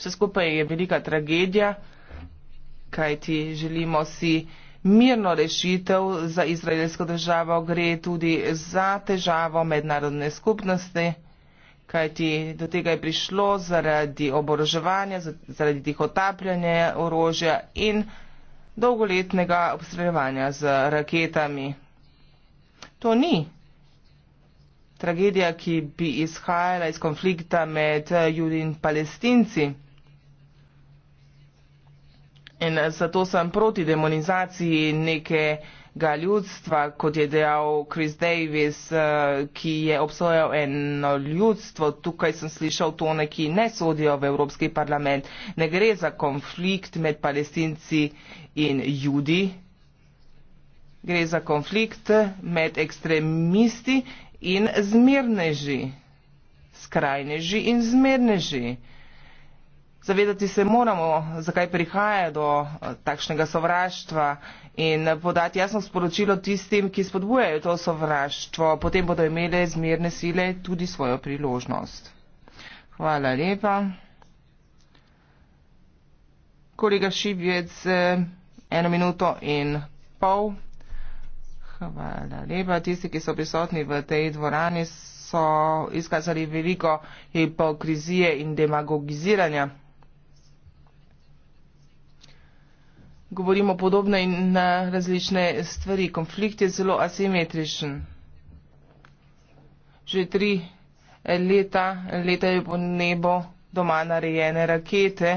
Vse skupaj je velika tragedija, kajti želimo si mirno rešitev za izraelsko državo, gre tudi za težavo mednarodne skupnosti, kajti do tega je prišlo zaradi oboroževanja, zaradi tih otapljanja orožja in dolgoletnega obstreljevanja z raketami. To ni tragedija, ki bi izhajala iz konflikta med ljudmi in palestinci. In eh, zato sem proti demonizaciji nekega ljudstva, kot je dejal Chris Davis, eh, ki je obsojal eno ljudstvo. Tukaj sem slišal tone, ki ne sodijo v Evropski parlament. Ne gre za konflikt med palestinci in judi. Gre za konflikt med ekstremisti in zmirneži. Skrajneži in zmirneži. Zavedati se moramo, zakaj prihaja do eh, takšnega sovraštva in podati jasno sporočilo tistim, ki spodbujajo to sovraštvo. Potem bodo imeli zmerne sile tudi svojo priložnost. Hvala lepa. Kolega Šibjec, eh, eno minuto in pol. Hvala lepa. Tisti, ki so prisotni v tej dvorani, so izkazali veliko hipokrizije in demagogiziranja. govorimo podobne in različne stvari. Konflikt je zelo asimetričen. Že tri leta letajo po nebo doma narejene rakete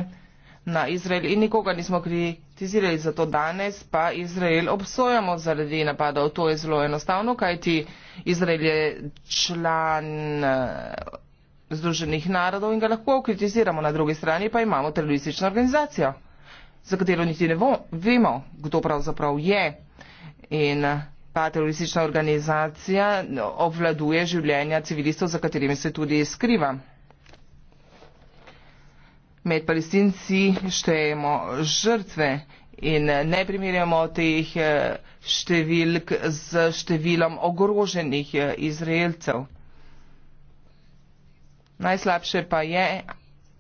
na Izrael in nikoga nismo kritizirali za to danes, pa Izrael obsojamo zaradi napadov. To je zelo enostavno, kajti Izrael je član eh, Združenih narodov in ga lahko kritiziramo, na drugi strani pa imamo teroristično organizacijo za katero niti ne vo, vemo, kdo pravzaprav je. In pa teroristična organizacija no, obvladuje življenja civilistov, za katerimi se tudi skriva. Med palestinci štejemo žrtve in ne primerjamo teh eh, številk z številom ogroženih eh, Izraelcev. Najslabše pa je,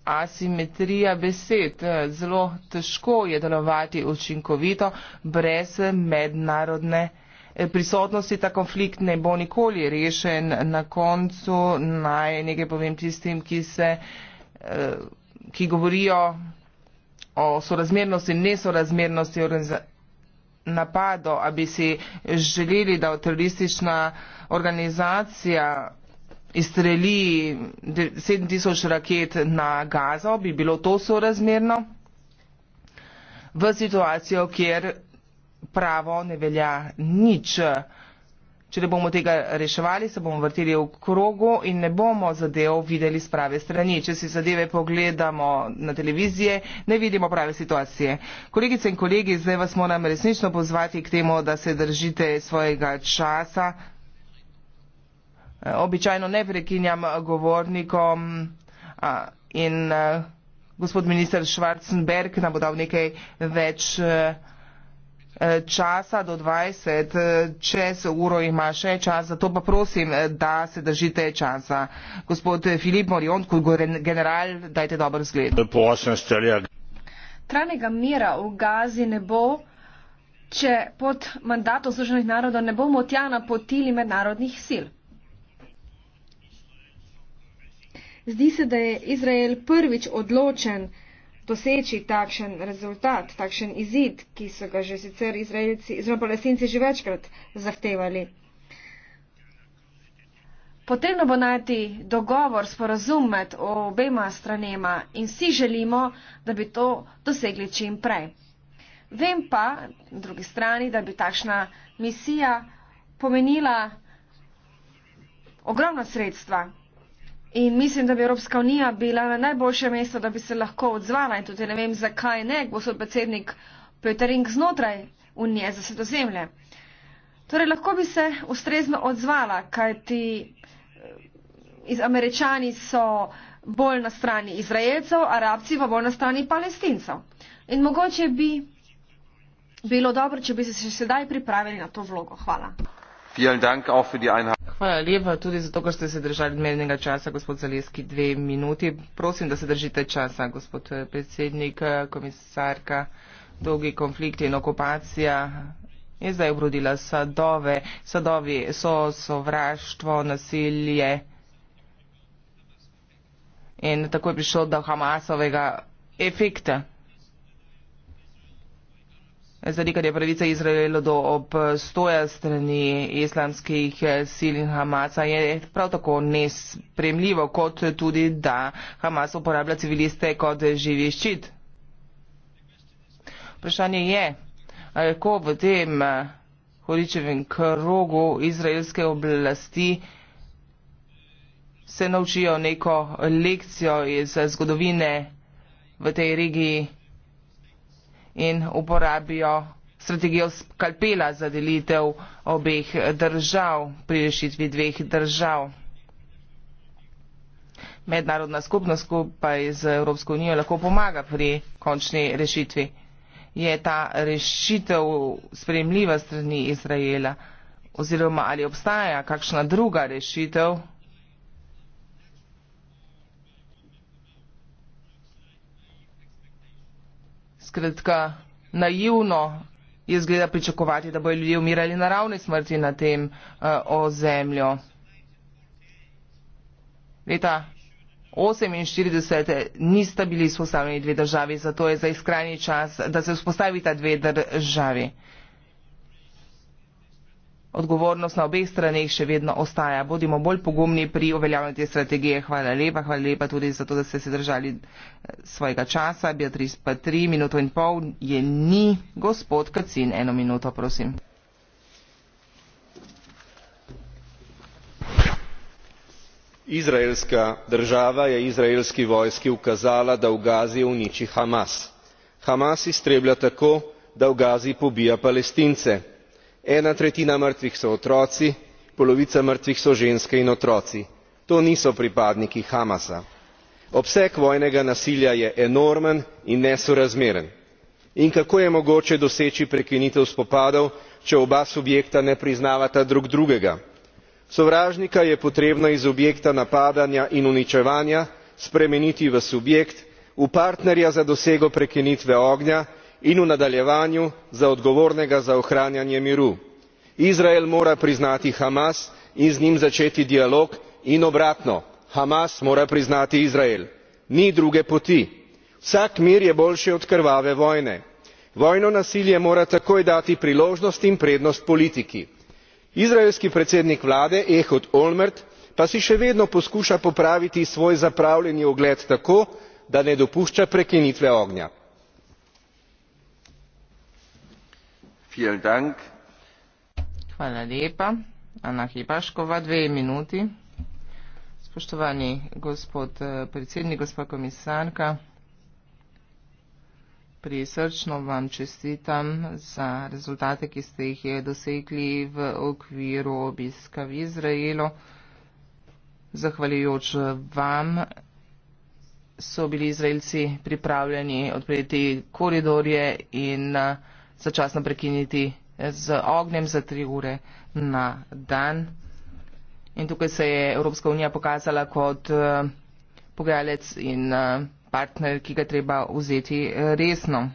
asimetrija besed. Zelo težko je delovati učinkovito brez mednarodne eh, prisotnosti. Ta konflikt ne bo nikoli rešen. Na koncu naj nekaj povem tistim, ki, se, eh, ki govorijo o sorazmernosti in nesorazmernosti napadov, a bi si želeli, da teroristična organizacija izstreli 7000 raket na Gazo, bi bilo to sorazmerno v situacijo, kjer pravo ne velja nič. Če ne bomo tega reševali, se bomo vrteli v krogu in ne bomo zadev videli z prave strani. Če si zadeve pogledamo na televizije, ne vidimo prave situacije. Kolegice in kolegi, zdaj vas moram resnično pozvati k temu, da se držite svojega časa. Eh, običajno ne prekinjam eh, govornikom in eh, gospod minister Schwarzenberg nam bo dal nekaj več časa do 20, čez uro ima še čas, zato pa prosim, da se držite časa. Gospod Filip Morion, kot general, dajte dober zgled. Tranega mira v Gazi ne bo, če pod mandatom Združenih narodov ne bomo tja napotili mednarodnih sil. Zdi se, da je Izrael prvič odločen doseči takšen rezultat, takšen izid, ki so ga že sicer Izraelci, oziroma palestinci že večkrat zahtevali. Potrebno bo najti dogovor, sporazum med obema stranema in vsi želimo, da bi to dosegli čim prej. Vem pa, na drugi strani, da bi takšna misija pomenila ogromna sredstva, In mislim, da bi Evropska unija bila na najboljše mesto, da bi se lahko odzvala. In tudi ne vem, zakaj ne, gospod predsednik Petering znotraj unije za sredozemlje. Torej, lahko bi se ustrezno odzvala, kajti eh, iz američani so bolj na strani izraelcev, arabci pa bolj na strani palestincev. In mogoče bi bilo dobro, če bi se še sedaj pripravili na to vlogo. Hvala. Hvala lepa tudi zato, ker ste se držali dnevnega časa, gospod Zaleski, dve minuti. Prosim, da se držite časa, gospod eh, predsednik, eh, komisarka. Dolgi konflikt in okupacija je zdaj obrodila sadove. Sadovi so sovraštvo, nasilje. In tako je prišlo do Hamasovega efekta zanikanje pravice Izraela do obstoja strani islamskih sil in Hamasa je prav tako nespremljivo, kot tudi, da Hamas uporablja civiliste kot živi ščit. Vprašanje je, ko v tem horičevem krogu izraelske oblasti se naučijo neko lekcijo iz zgodovine v tej regiji in uporabijo strategijo skalpela za delitev obeh držav pri rešitvi dveh držav. Mednarodna skupnost skupaj z Evropsko unijo lahko pomaga pri končni rešitvi. Je ta rešitev sprejemljiva strani Izraela oziroma ali obstaja kakšna druga rešitev? skratka, naivno je zgleda pričakovati, da bojo ljudje umirali naravne smrti na tem uh, ozemlju. Leta 1948 nista bili vzpostavljeni dve državi, zato je za izkrajni čas, da se vzpostavita dve državi odgovornost na obeh straneh še vedno ostaja. Bodimo bolj pogumni pri uveljavljanju te strategije. Hvala lepa, hvala lepa tudi za to, da ste se držali eh, svojega časa. Beatriz pa tri minuto in pol je ni. Gospod Kacin, eno minuto, prosim. Izraelska država je izraelski vojski ukazala, da v Gazi uniči Hamas. Hamas iztreblja tako, da v Gazi pobija palestince ena tretjina mrtvih so otroci polovica mrtvih so ženske in otroci to niso pripadniki hamasa obseg vojnega nasilja je enormen in nesorazmeren in kako je mogoče doseči prekinitev spopadov če oba subjekta ne priznavata drug drugega sovražnika je potrebno iz objekta napadanja in uničevanja spremeniti v subjekt v partnerja za dosego prekinitve ognja in v nadaljevanju za odgovornega za ohranjanje miru. izrael mora priznati hamas in z njim začeti dialog in obratno hamas mora priznati izrael. ni druge poti. vsak mir je boljši od krvave vojne. vojno nasilje mora takoj dati priložnost in prednost politiki. izraelski predsednik vlade ehud olmert pa si še vedno poskuša popraviti svoj zapravljeni ugled tako da ne dopušča prekinitve ognja. Hvala lepa. Ana Hibaškova, dve minuti. Spoštovani gospod eh, predsednik, gospod komisarka, prisrčno vam čestitam za rezultate, ki ste jih je eh, dosegli v okviru obiska v Izraelu. Zahvaljujoč eh, vam so bili Izraelci pripravljeni odpreti koridorje in začasno prekiniti z ognjem za tri ure na dan. In tukaj se je Evropska unija pokazala kot eh, pogajalec in eh, partner, ki ga treba vzeti eh, resno.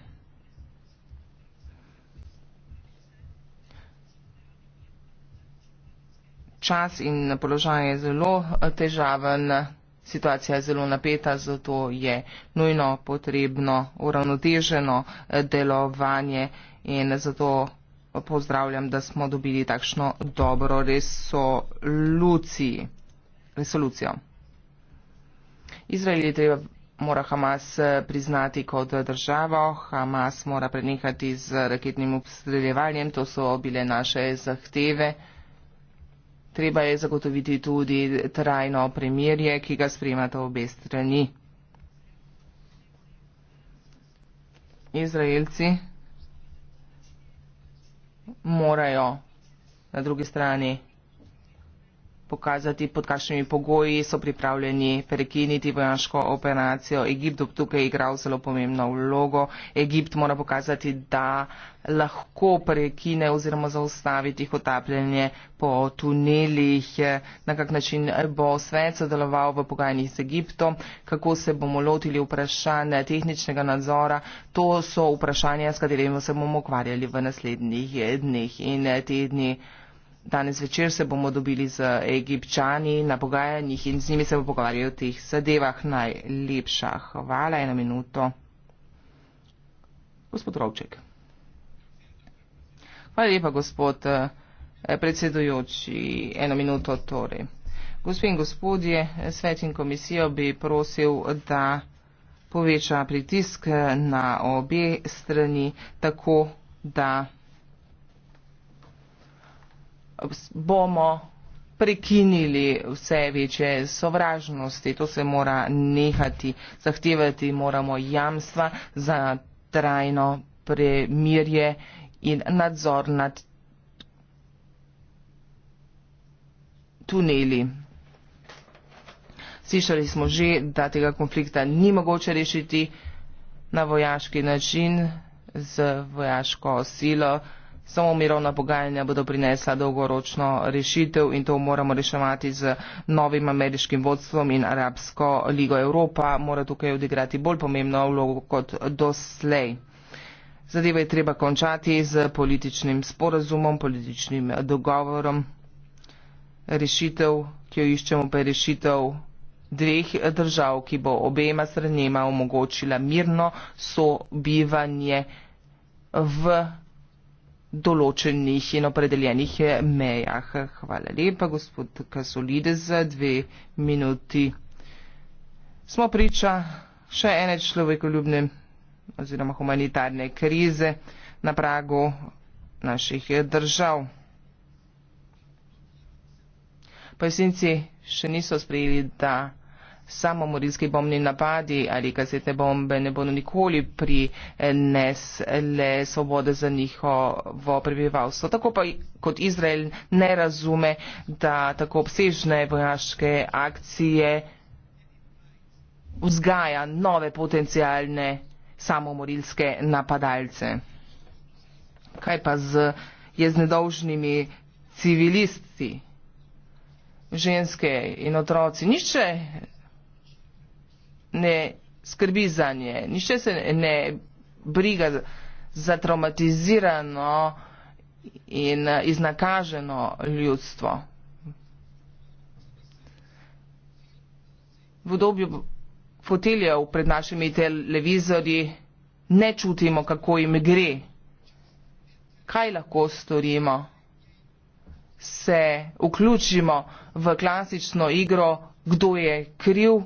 Čas in položaj je zelo težaven, situacija je zelo napeta, zato je nujno potrebno uravnoteženo eh, delovanje in zato pozdravljam, da smo dobili takšno dobro resolucijo. Izrael je treba, mora Hamas eh, priznati kot državo, Hamas mora prenehati z raketnim obstreljevanjem, to so bile naše zahteve treba je zagotoviti tudi trajno premirje, ki ga spremata obe strani. Izraelci morajo na drugi strani pokazati, pod kakšnimi pogoji so pripravljeni prekiniti vojaško operacijo. Egipt tukaj igral zelo pomembno vlogo. Egipt mora pokazati, da lahko prekine oziroma zaustaviti otapljanje po tunelih, na kak način bo svet sodeloval v pogajanjih z Egiptom, kako se bomo lotili vprašanj tehničnega nadzora. To so vprašanja, s katerimi se bomo ukvarjali v naslednjih dneh in tednih. Danes večer se bomo dobili z egipčani na pogajanjih in z njimi se bo pogovarjal o teh zadevah. Najlepša hvala, eno minuto. Gospod Rovček. Hvala lepa, gospod eh, predsedujoči, eno minuto torej. Gospod in gospodje, svet in komisijo bi prosil, da poveča pritisk eh, na obe strani tako, da bomo prekinili vse večje sovražnosti. To se mora nehati. Zahtevati moramo jamstva za trajno premirje in nadzor nad tuneli. Slišali smo že, da tega konflikta ni mogoče rešiti na vojaški način z vojaško silo. Samo mirovna pogajanja bodo prinesla dolgoročno rešitev in to moramo reševati z novim ameriškim vodstvom in Arabsko ligo Evropa mora tukaj odigrati bolj pomembno vlogo kot doslej. Zadeve je treba končati z političnim sporazumom, političnim dogovorom. Rešitev, ki jo iščemo, pa je rešitev dveh držav, ki bo obema stranima omogočila mirno sobivanje v določenih in opredeljenih mejah. Hvala lepa, gospod Kasolide, za dve minuti. Smo priča še ene človekoljubne oziroma humanitarne krize na pragu naših držav. Pojasnici še niso sprejeli, da samomorilski bombni napadi ali kasetne bombe ne bodo nikoli prinesle svobode za njihovo prebivalstvo. Tako pa kot Izrael ne razume, da tako obsežne vojaške akcije vzgaja nove potencijalne samomorilske napadalce. Kaj pa z jeznedolžnimi civilisti, ženske in otroci? Nišče ne skrbi za nje, nišče se ne briga za traumatizirano in eh, iznakaženo ljudstvo. V dobju foteljev pred našimi televizori ne čutimo, kako jim gre. Kaj lahko storimo? Se vključimo v klasično igro, kdo je kriv?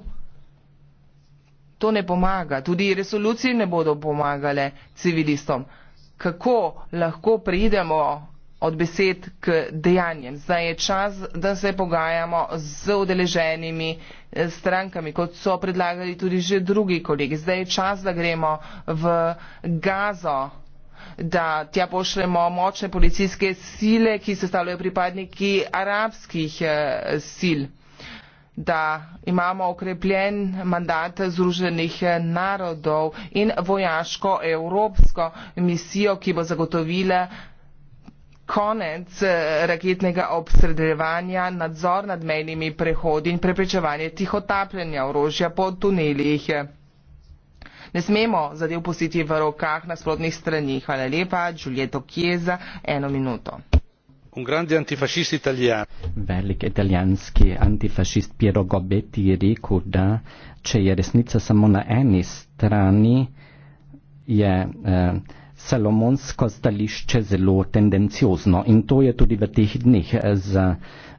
to ne pomaga. Tudi resolucije ne bodo pomagale civilistom. Kako lahko pridemo od besed k dejanjem? Zdaj je čas, da se pogajamo z udeleženimi eh, strankami, kot so predlagali tudi že drugi kolegi. Zdaj je čas, da gremo v gazo da tja pošljemo močne policijske sile, ki sestavljajo pripadniki arabskih eh, sil da imamo okrepljen mandat Združenih narodov in vojaško-evropsko misijo, ki bo zagotovila konec eh, raketnega obstredevanja, nadzor nad mejnimi prehodi in preprečevanje tihotapljenja orožja po tunelih. Ne smemo zadev pustiti v rokah nasprotnih strani. Hvala lepa, Giulietto Chiesa, eno minuto. Un grande antifascista italiano. Velik italijanski antifašist Piero Gobetti je rekel, da če je resnica samo na eni strani, je eh, salomonsko stališče zelo tendenciozno in to je tudi v teh dneh.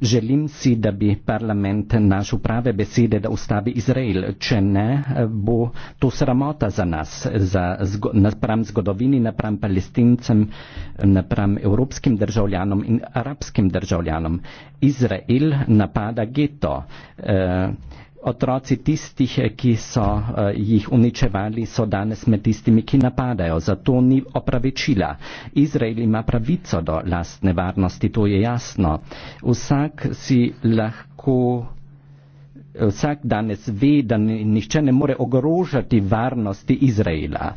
Želim si, da bi parlament našel prave besede, da ustavi Izrael. Če ne, bo to sramota za nas, za, napram zgodovini, napram palestincem, napram evropskim državljanom in arabskim državljanom. Izrael napada geto. Eh, otroci tistih, eh, ki so eh, jih uničevali, so danes med tistimi, ki napadajo. Zato ni opravičila. Izrael ima pravico do lastne varnosti, to je jasno. Vsak si lahko. Vsak danes ve, da nišče ne more ogrožati varnosti Izraela.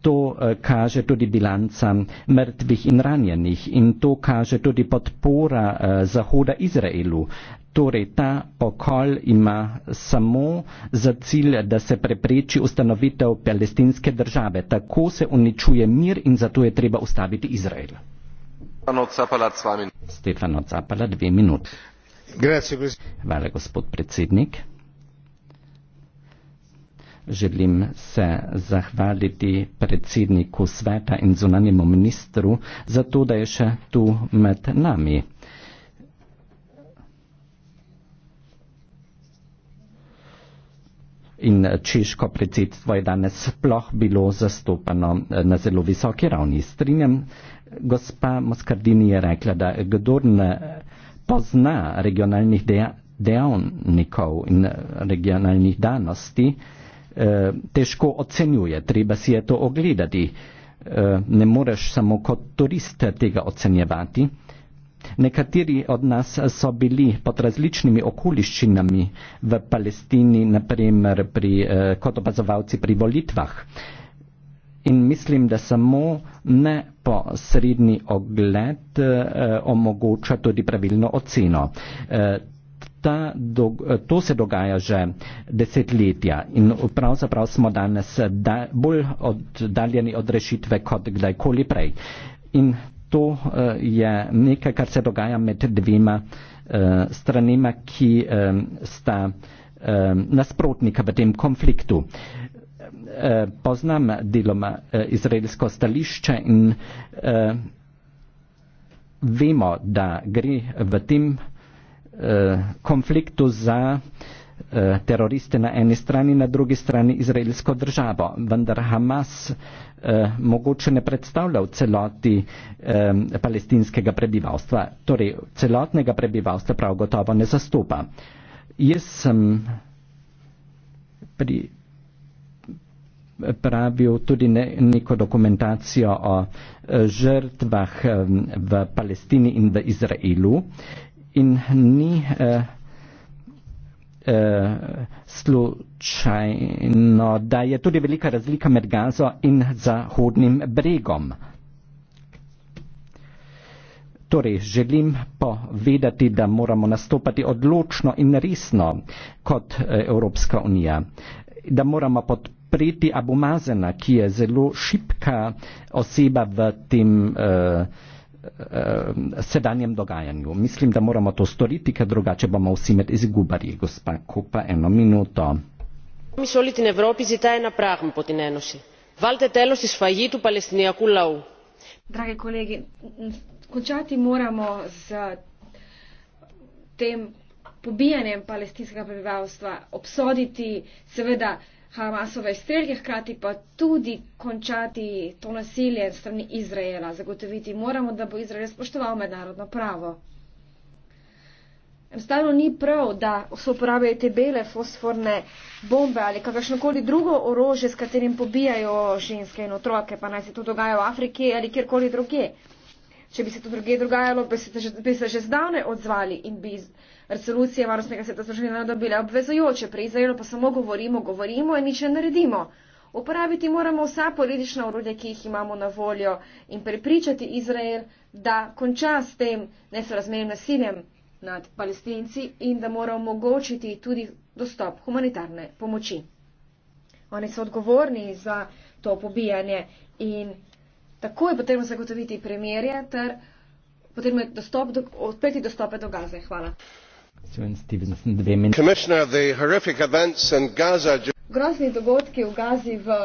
To eh, kaže tudi bilanca mrtvih in ranjenih in to kaže tudi podpora Zahoda Izraelu. Torej, ta pokol ima samo za cilj, da se prepreči ustanovitev palestinske države. Tako se uničuje mir in zato je treba ustaviti Izrael. Stefano Capala, dve minut. Grazie, Hvala, gospod predsednik. Želim se zahvaliti predsedniku sveta in zunanjemu ministru za to, da je še tu med nami. in češko predsedstvo je danes sploh bilo zastopano eh, na zelo visoki ravni. Strinjam, gospa Moskardini je rekla, da kdo ne pozna regionalnih dejavnikov in eh, regionalnih danosti, eh, težko ocenjuje, treba si je to ogledati. Ne moreš samo kot turist tega ocenjevati. Nekateri od nas so bili pod različnimi okoliščinami v Palestini, naprimer pri, eh, kot opazovalci pri volitvah. In mislim, da samo neposredni ogled eh, omogoča tudi pravilno oceno. Eh, Ta, to se dogaja že desetletja in pravzaprav smo danes da, bolj oddaljeni od rešitve kot kdajkoli prej. In to eh, je nekaj, kar se dogaja med dvema eh, stranima, ki eh, sta nasprotnika v tem konfliktu. Poznam deloma izraelsko stališče in vemo, da gre v tem konfliktu za teroriste na eni strani, na drugi strani izraelsko državo. Vendar Hamas eh, mogoče ne predstavlja v celoti eh, palestinskega prebivalstva, torej celotnega prebivalstva prav gotovo ne zastopa. Jaz sem pri pravil tudi ne, neko dokumentacijo o eh, žrtvah v Palestini in v Izraelu in ni eh, eh, slučajno, da je tudi velika razlika med Gazo in Zahodnim bregom. Torej, želim povedati, da moramo nastopati odločno in resno kot eh, Evropska unija, da moramo podpreti Abu Mazena, ki je zelo šipka oseba v tem eh, Eh, sedanjem dogajanju. Mislim, da moramo to storiti, ker drugače bomo vsi med izgubarji. Gospa Kupa, eno minuto. Mi soli tin Evropi zita ena pragma po tin enosi. Valte telo si sfaji tu palestinijaku lau. Dragi kolegi, končati moramo z tem pobijanjem palestinskega prebivalstva, obsoditi seveda Hamasove strelke, hkrati pa tudi končati to nasilje strani Izraela. Zagotoviti moramo, da bo Izrael spoštoval mednarodno pravo. Enostavno ni prav, da se uporabljajo te bele fosforne bombe ali kakršnokoli drugo orože, s katerim pobijajo ženske in otroke, pa naj se to dogaja v Afriki ali kjerkoli druge. Če bi se to druge dogajalo, bi se, bi se že zdavne odzvali in bi resolucije varnostnega sveta so še vedno dobile obvezojoče, pri Izraelu pa samo govorimo, govorimo in nič ne naredimo. Uporabiti moramo vsa politična urodja, ki jih imamo na voljo in prepričati Izrael, da konča s tem nesorazmernim nasiljem nad palestinci in da mora omogočiti tudi dostop humanitarne pomoči. Oni so odgovorni za to pobijanje in tako je potrebno zagotoviti premjerje ter potrebno je dostop do, odpreti dostope do gaze. Hvala grozni dogodki v Gazi v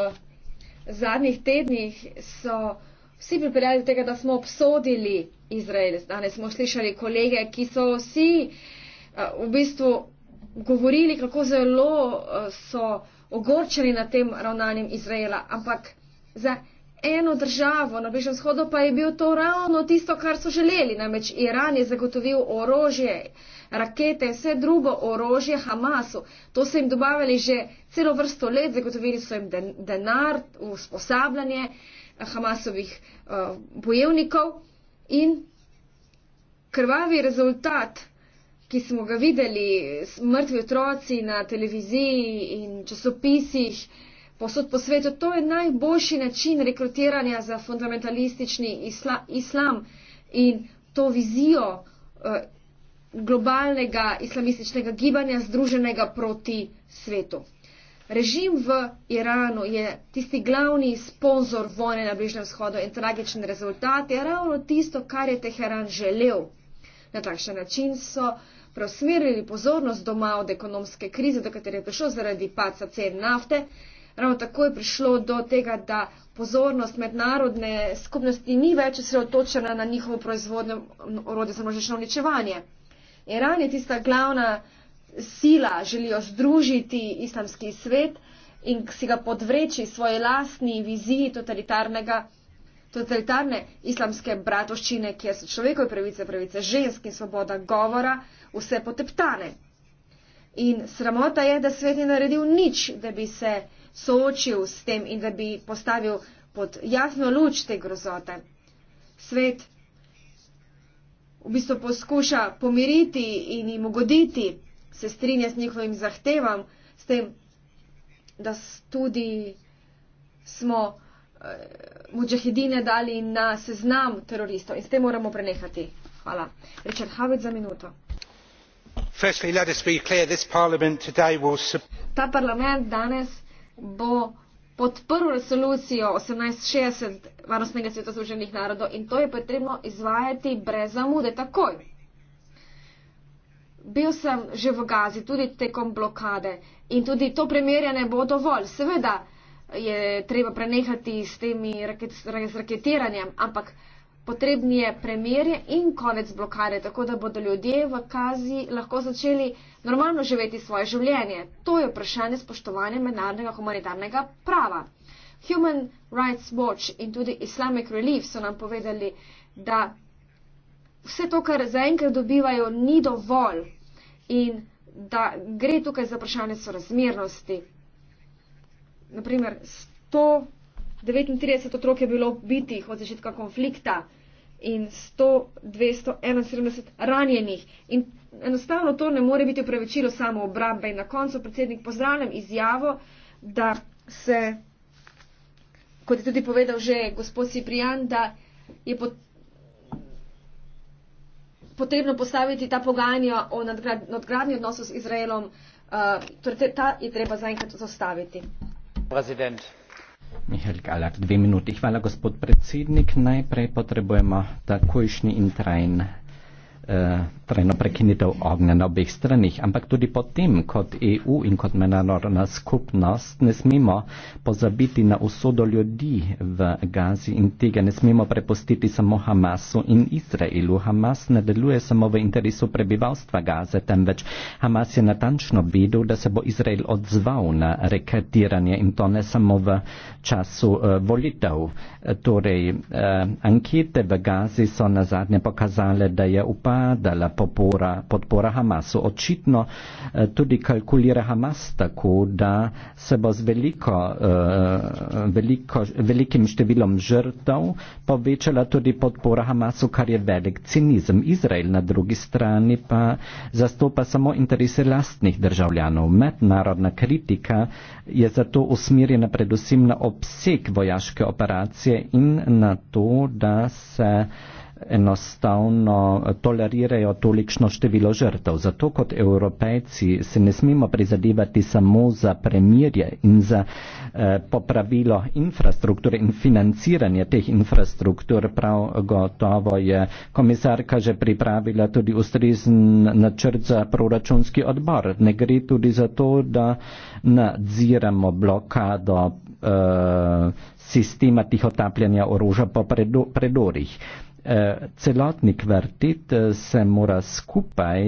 zadnjih tednih so vsi pripeljali do tega, da smo obsodili Izrael. Danes smo slišali kolege, ki so vsi eh, v bistvu govorili, kako zelo eh, so ogorčeni nad tem ravnanjem Izraela. Ampak za eno državo na Bližnem vzhodu, pa je bil to ravno tisto, kar so želeli. Namreč Iran je zagotovil orožje, rakete, vse drugo orožje Hamasu. To so jim dobavili že celo vrsto let, zagotovili so jim denar, usposabljanje eh, Hamasovih uh, bojevnikov in krvavi rezultat ki smo ga videli, mrtvi otroci na televiziji in časopisih, uh, posod po svetu. To je najboljši način rekrutiranja za fundamentalistični islam in to vizijo eh, globalnega islamističnega gibanja združenega proti svetu. Režim v Iranu je tisti glavni sponzor vojne na Bližnjem vzhodu in tragičen rezultat je ravno tisto, kar je Teheran želel. Na takšen način so preusmerili pozornost doma od ekonomske krize, do katere je prišlo zaradi paca cen nafte ravno tako je prišlo do tega, da pozornost mednarodne skupnosti ni več osredotočena na njihovo proizvodno orodje za množično uničevanje. Iran je tista glavna sila, želijo združiti islamski svet in si ga podvreči svoji lastni viziji totalitarnega totalitarne islamske bratovščine, kjer so človekove pravice, pravice žensk in svoboda govora, vse poteptane. In sramota je, da svet ni naredil nič, da bi se soočil s tem in da bi postavil pod jasno luč te grozote. Svet v bistvu poskuša pomiriti in jim ugoditi, se strinja s njihovim zahtevam, s tem, da tudi smo eh, mučahedine dali na seznam teroristov in s tem moramo prenehati. Hvala. Richard Havet za minuto. Firstly, let us be clear, this parliament today will Ta parlament danes bo podprl resolucijo 1860 Varnostnega sveta Združenih narodov in to je potrebno izvajati brez zamude, takoj. Bil sem že v Gazi, tudi tekom blokade in tudi to premirjanje bo dovolj. Seveda je treba prenehati s temi raket, raketiranjem, ampak potrebni je premirje in konec blokade, tako da bodo ljudje v kazi lahko začeli normalno živeti svoje življenje. To je vprašanje spoštovanja mednarodnega humanitarnega prava. Human Rights Watch in tudi Islamic Relief so nam povedali, da vse to, kar zaenkrat dobivajo, ni dovolj in da gre tukaj za vprašanje sorazmernosti. Naprimer, 100 39 otrok je bilo ubitih od začetka konflikta in 1271 ranjenih. In enostavno to ne more biti upravičilo samo obrambe. In na koncu predsednik pozdravljam izjavo, da se, kot je tudi povedal že gospod Siprijan, da je pot, potrebno postaviti ta pogajanja o nadgrad, nadgradni odnosu s Izraelom, uh, torej te, ta je treba zaenkrat zastaviti. President. Mihael Galar, dve minuti. Hvala, gospod predsednik. Najprej potrebujemo takojšnji in trajen. Uh, trajno prekinitev ognja na obeh stranih, ampak tudi potem, kot EU in kot mednarodna skupnost, ne smemo pozabiti na usodo ljudi v Gazi in tega ne smemo prepustiti samo Hamasu in Izraelu. Hamas ne deluje samo v interesu prebivalstva Gaze, temveč Hamas je natančno vedel, da se bo Izrael odzval na reketiranje in to ne samo v času uh, volitev. Torej, uh, ankete v Gazi so nazadnje pokazale, da je upadala popora, podpora Hamasu. Očitno eh, tudi kalkulira Hamas tako, da se bo z veliko, eh, veliko, velikim številom žrtev povečala tudi podpora Hamasu, kar je velik cinizem. Izrael na drugi strani pa zastopa samo interese lastnih državljanov. Mednarodna kritika je zato usmirjena predvsem na obseg vojaške operacije in na to, da se enostavno eh, tolerirajo tolikšno število žrtev. Zato kot evropejci se ne smemo prizadevati samo za premirje in za eh, popravilo infrastrukture in financiranje teh infrastruktur. Prav gotovo je komisarka že pripravila tudi ustrezen načrt za proračunski odbor. Ne gre tudi za to, da nadziramo blokado eh, sistema tihotapljanja orožja po predorih. Eh, celotni kvartet eh, se mora skupaj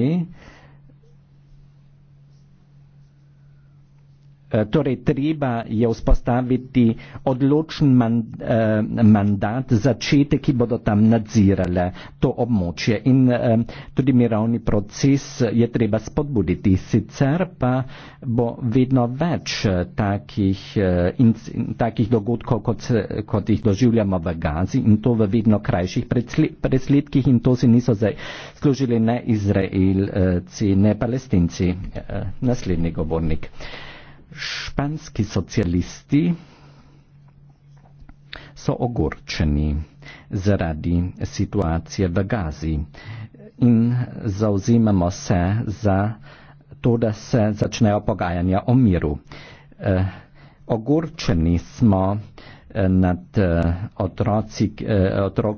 Eh, torej, treba je vzpostaviti odločen eh, mandat za čete, ki bodo tam nadzirale to območje. In eh, tudi mirovni proces je treba spodbuditi. Sicer pa bo vedno več takih, in, takih dogodkov, kot, kot jih doživljamo v Gazi in to v vedno krajših presledkih in to si niso zdaj služili ne Izraelci, ne Palestinci. Naslednji govornik španski socialisti so ogorčeni zaradi situacije v Gazi in zauzimamo se za to, da se začnejo pogajanja o miru. Eh, ogorčeni smo eh, nad eh, otroci, eh, otrok,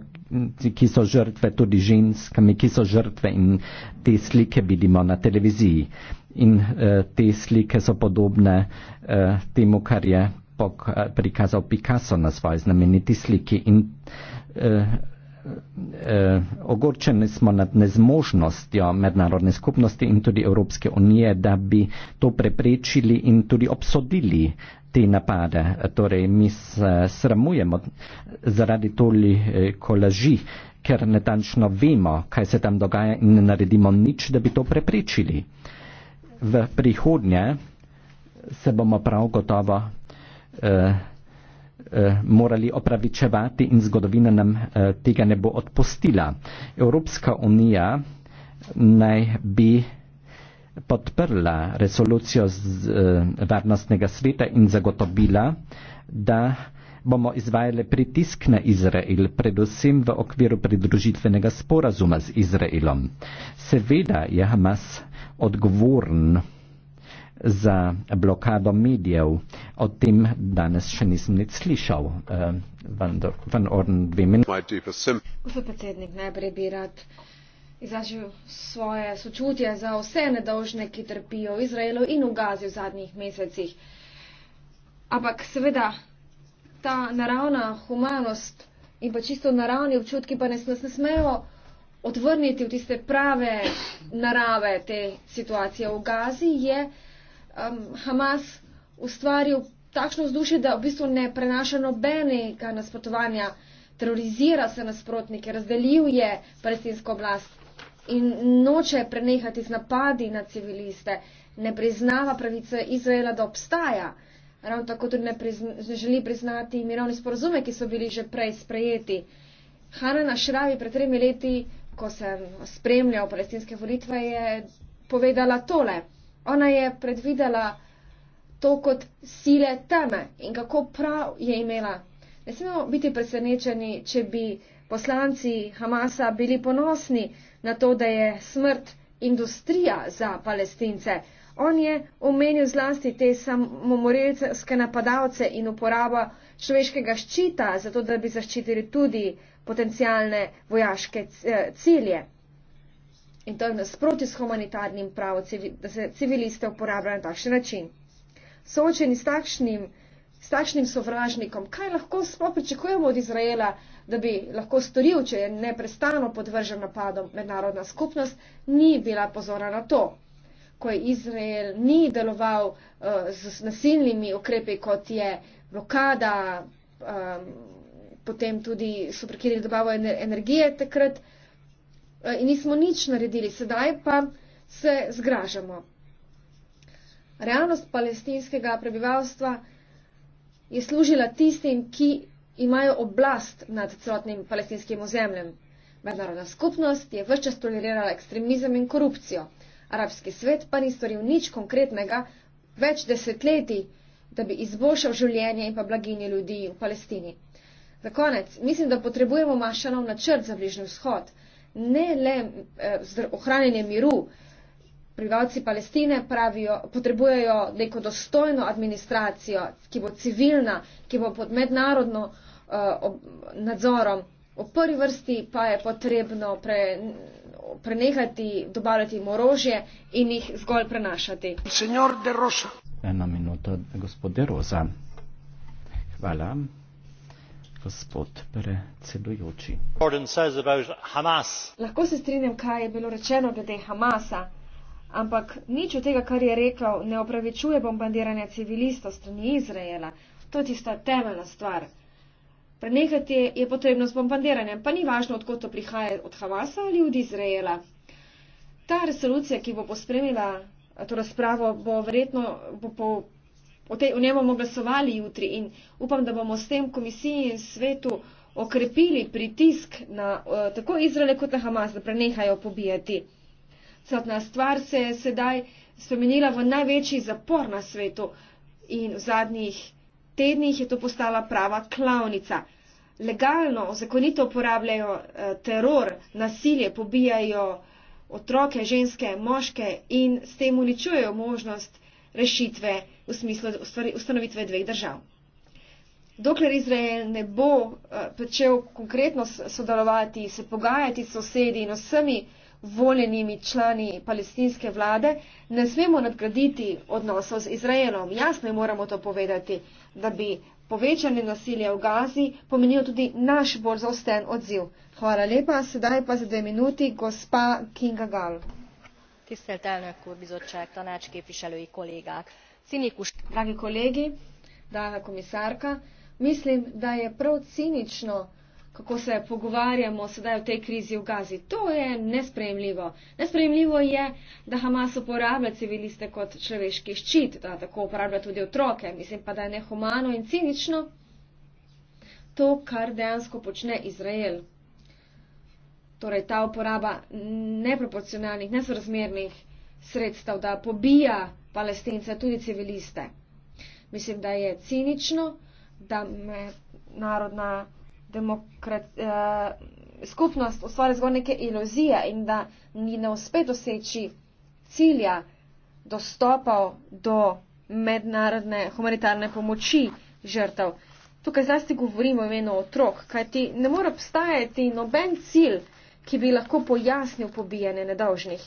ki so žrtve, tudi ženskami, ki so žrtve in te slike vidimo na televiziji. Eh, in eh, te slike so podobne eh, temu, kar je pok, eh, prikazal Picasso na svoji znameniti sliki. In, eh, eh, ogorčeni smo nad nezmožnostjo mednarodne skupnosti in tudi Evropske unije, da bi to preprečili in tudi obsodili te napade. Torej, mi se sramujemo zaradi toliko laži, ker netančno vemo, kaj se tam dogaja in ne naredimo nič, da bi to preprečili v prihodnje se bomo prav gotovo eh, eh, morali opravičevati in zgodovina nam eh, tega ne bo odpustila. Evropska unija naj bi podprla resolucijo z, eh, varnostnega sveta in zagotovila, da bomo izvajali pritisk na Izrael, predvsem v okviru pridružitvenega sporazuma z Izraelom. Seveda je Hamas odgovoren za blokado medijev. O tem danes še nisem nič slišal. Eh, Van Orden, dve minuti. Gospod predsednik, najprej bi rad izražil svoje sočutje za vse nedolžne, ki trpijo v Izraelu in v Gazi v zadnjih mesecih. Ampak seveda, ta naravna humanost in pa čisto naravni občutki pa nas ne smejo odvrniti v tiste prave narave te situacije v Gazi, je um, Hamas ustvaril takšno vzdušje, da v bistvu ne prenaša nobenega nasprotovanja, terorizira se nasprotnike, razdeljuje palestinsko oblast in noče prenehati z napadi na civiliste, ne priznava pravice Izraela, da obstaja. Ravno tako tudi ne, prizna, ne želi priznati mirovni sporozume, ki so bili že prej sprejeti. Hanana Šravi pred tremi leti ko sem spremljal palestinske volitve, je povedala tole. Ona je predvidela to kot sile teme in kako prav je imela. Ne smemo biti presenečeni, če bi poslanci Hamasa bili ponosni na to, da je smrt industrija za palestince. On je omenil zlasti te samomorilske napadalce in uporaba človeškega ščita, zato da bi zaščitili tudi potencijalne vojaške eh, cilje. In to je nasproti s humanitarnim pravom, da se civiliste uporabljajo na takšen način. Soočeni s takšnim, s takšnim sovražnikom, kaj lahko sploh pričakujemo od Izraela, da bi lahko storil, če je neprestano podvržen napadom mednarodna skupnost, ni bila pozora na to. Ko je Izrael ni deloval uh, z nasilnimi ukrepi, kot je blokada, um, potem tudi so prekinili dobavo energije takrat eh, in nismo nič naredili, sedaj pa se zgražamo. Realnost palestinskega prebivalstva je služila tistim, ki imajo oblast nad celotnim palestinskim ozemljem. Mednarodna skupnost je vse čas tolerirala ekstremizem in korupcijo. Arabski svet pa ni storil nič konkretnega več desetletij, da bi izboljšal življenje in pa blaginje ljudi v Palestini. Za konec, mislim, da potrebujemo mašanov načrt za bližnji vzhod. Ne le eh, ohranjanje miru. Prebivalci Palestine pravijo, potrebujejo neko dostojno administracijo, ki bo civilna, ki bo pod mednarodno eh, nadzorom. V prvi vrsti pa je potrebno pre, prenehati dobavljati jim orožje in jih zgolj prenašati. Ena minuta, gospod De Roza. Hvala. Lahko se strinjam, kaj je bilo rečeno glede Hamasa, ampak nič od tega, kar je rekel, ne opravičuje bombardiranja civilistov strani Izraela. To je tista temeljna stvar. Prenehati je potrebno s bombardiranjem, pa ni važno, odkot to prihaja od Hamasa ali od Izraela. Ta resolucija, ki bo pospremila to razpravo, bo verjetno bo po o, tej, o njem bomo glasovali jutri in upam, da bomo s tem komisiji in svetu okrepili pritisk na uh, tako Izrael kot na Hamas, da prenehajo pobijati. Celotna stvar se je sedaj spremenila v največji zapor na svetu in v zadnjih tednih je to postala prava klavnica. Legalno, zakonito uporabljajo uh, teror, nasilje, pobijajo otroke, ženske, moške in s tem uničujejo možnost rešitve v smislu ustanovitve dveh držav. Dokler Izrael ne bo počel eh, konkretno sodelovati, se pogajati s sosedi in vsemi voljenimi člani palestinske vlade, ne smemo nadgraditi odnosov z Izraelom. Jasno je, moramo to povedati, da bi povečanje nasilja v Gazi pomenilo tudi naš bolj zaosten odziv. Hvala lepa, sedaj pa za dve minuti gospa Kinga Gal. Tisteltelnök úr, bizottság, tanácsképviselői kollégák! cinikuš. Dragi kolegi, draga komisarka, mislim, da je prav cinično, kako se pogovarjamo sedaj o tej krizi v Gazi. To je nesprejemljivo. Nesprejemljivo je, da Hamas uporablja civiliste kot človeški ščit, da tako uporablja tudi otroke. Mislim pa, da je nehumano in cinično to, kar dejansko počne Izrael. Torej, ta uporaba neproporcionalnih, nesorazmernih sredstev, da pobija palestince, tudi civiliste. Mislim, da je cinično, da me narodna demokrat, eh, skupnost ustvari zgolj neke iluzije in da ni ne uspe doseči cilja dostopal do mednarodne humanitarne pomoči žrtev. Tukaj zlasti govorimo o imenu otrok, kajti ne more obstajati noben cilj, ki bi lahko pojasnil pobijanje nedolžnih.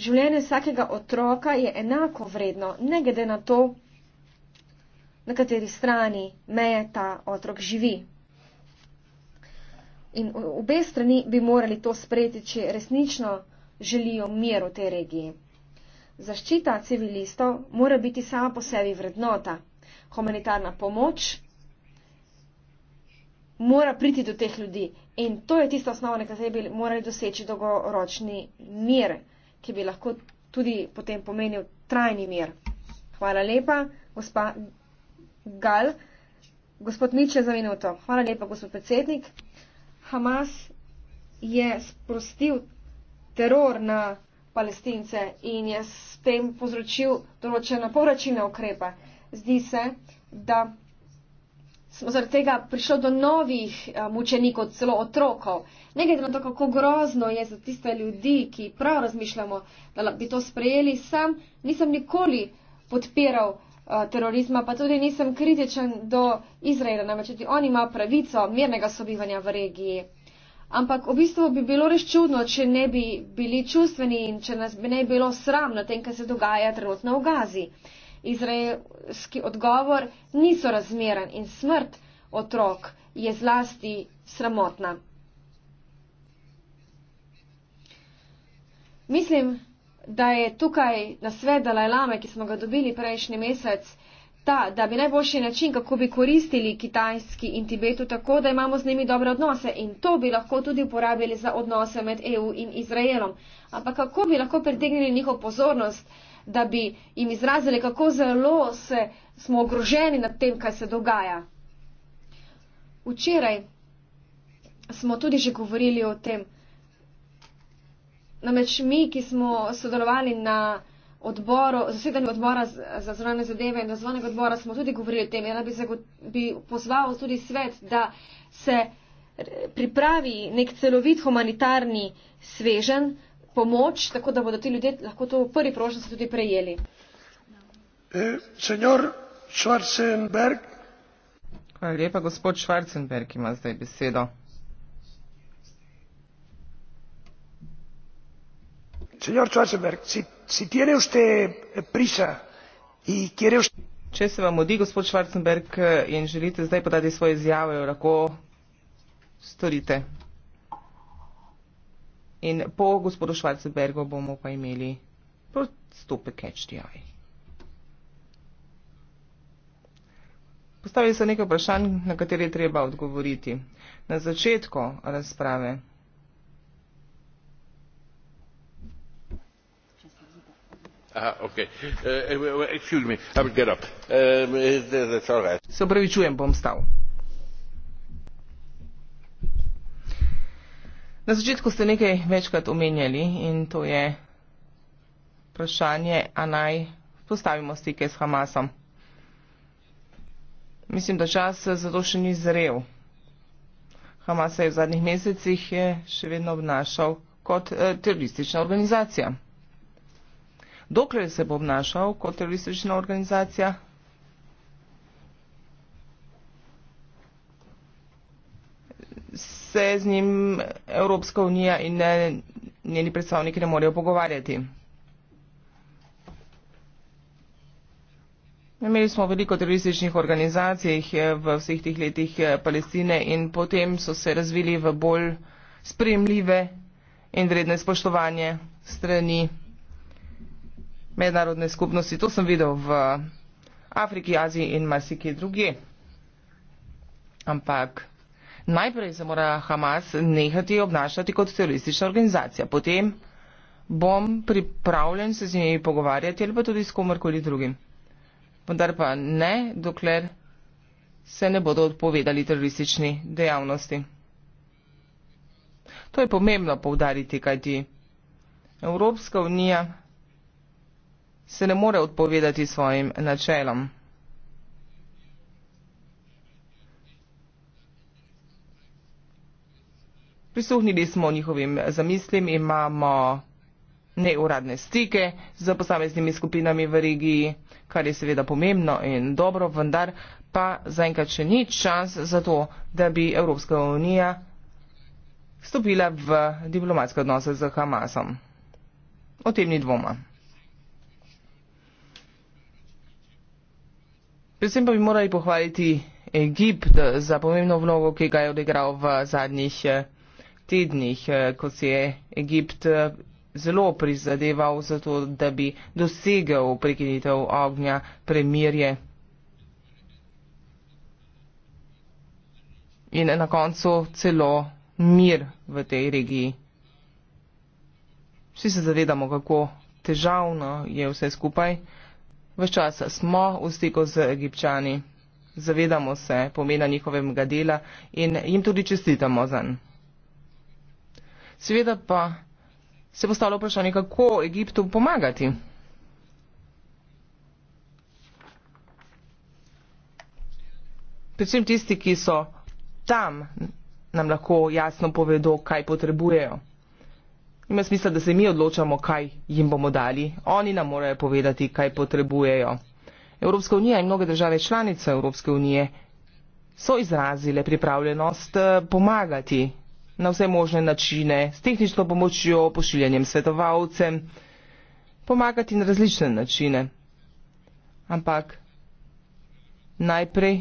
Življenje vsakega otroka je enako vredno, ne glede na to, na kateri strani meje ta otrok živi. In obe strani bi morali to sprejeti, če resnično želijo mir v tej regiji. Zaščita civilistov mora biti sama po sebi vrednota. Humanitarna pomoč mora priti do teh ljudi. In to je tista osnova, na kateri bi morali doseči dolgoročni mir ki bi lahko tudi potem pomenil trajni mir. Hvala lepa, gospa Gal. Gospod Miče za minuto. Hvala lepa, gospod predsednik. Hamas je sprostil teror na palestince in je s tem povzročil določena povračilna ukrepa. Zdi se, da smo zaradi tega prišli do novih eh, mučenikov, celo otrokov. Ne glede na to, kako grozno je za tiste ljudi, ki prav razmišljamo, da bi to sprejeli, sam nisem nikoli podpiral eh, terorizma, pa tudi nisem kritičen do Izraela, namreč tudi on ima pravico mirnega sobivanja v regiji. Ampak v bistvu bi bilo res čudno, če ne bi bili čustveni in če nas bi ne bilo sram na tem, kar se dogaja trenutno v Gazi izraelski odgovor niso razmeren in smrt otrok je zlasti sramotna. Mislim, da je tukaj na svet Dalaj Lame, ki smo ga dobili prejšnji mesec, ta, da bi najboljši način, kako bi koristili Kitajski in Tibetu tako, da imamo z njimi dobre odnose in to bi lahko tudi uporabili za odnose med EU in Izraelom. Ampak kako bi lahko pritegnili njihov pozornost, da bi jim izrazili, kako zelo se, smo ogroženi nad tem, kaj se dogaja. Včeraj smo tudi že govorili o tem. Namreč mi, ki smo sodelovali na odboru, zasedanju odbora za zvonjene zadeve in razvojnega odbora, smo tudi govorili o tem. Jaz bi, bi pozval tudi svet, da se pripravi nek celovit humanitarni svežen, pomoč, tako da bodo ti ljudje lahko to v prvi prožnosti tudi prejeli. Eh, Hvala lepa, gospod Švarcenberg ima zdaj besedo. Eh, Če se vam odi, gospod Švarcenberg, eh, in želite zdaj podati svoje izjave, lahko storite. In po gospodu Švarcebergu bomo pa imeli postopek HDI. Postavili so nekaj vprašanj, na katere je treba odgovoriti. Na začetku razprave. Ah, eh, eh, eh, Se upravičujem, bom stal. Na začetku ste nekaj večkrat omenjali in to je vprašanje, a naj postavimo stike s Hamasom. Mislim, da čas za to še ni zrel. Hamas je v zadnjih mesecih še vedno obnašal kot eh, teroristična organizacija. Dokler se bo obnašal kot teroristična organizacija, se z njim Evropska unija in ne, njeni predstavniki ne morejo pogovarjati. Imeli smo veliko terorističnih organizacij v vseh tih letih eh, Palestine in potem so se razvili v bolj spremljive in vredne spoštovanje strani mednarodne skupnosti. To sem videl v Afriki, Aziji in marsikje druge. Ampak. Najprej se mora Hamas nehati obnašati kot teroristična organizacija, potem bom pripravljen se z njimi pogovarjati ali pa tudi s komorkoli drugim. Vendar pa ne, dokler se ne bodo odpovedali teroristični dejavnosti. To je pomembno povdariti, kajti Evropska unija se ne more odpovedati svojim načelom. prisluhnili smo njihovim zamislim, imamo neuradne stike z posameznimi skupinami v regiji, kar je seveda pomembno in dobro, vendar pa zaenkrat še ni čas za to, da bi Evropska unija stopila v diplomatske odnose z Hamasom. O tem ni dvoma. Predvsem pa bi morali pohvaliti Egipt za pomembno vlogo, ki ga je odigral v zadnjih eh, tednih, eh, ko si je Egipt eh, zelo prizadeval za to, da bi dosegel prekinitev ognja premirje. In na koncu celo mir v tej regiji. Vsi se zavedamo, kako težavno je vse skupaj. Ves čas smo v stiku z egipčani. Zavedamo se pomena njihovega dela in jim tudi čestitamo zanj. Seveda pa se postavlja vprašanje, kako Egiptu pomagati. Predvsem tisti, ki so tam, nam lahko jasno povedo, kaj potrebujejo. Ima smisla, da se mi odločamo, kaj jim bomo dali. Oni nam morajo povedati, kaj potrebujejo. Evropska unija in mnoge države članice Evropske unije so izrazile pripravljenost eh, pomagati na vse možne načine, s tehnično pomočjo, pošiljanjem svetovalcem, pomagati na različne načine. Ampak najprej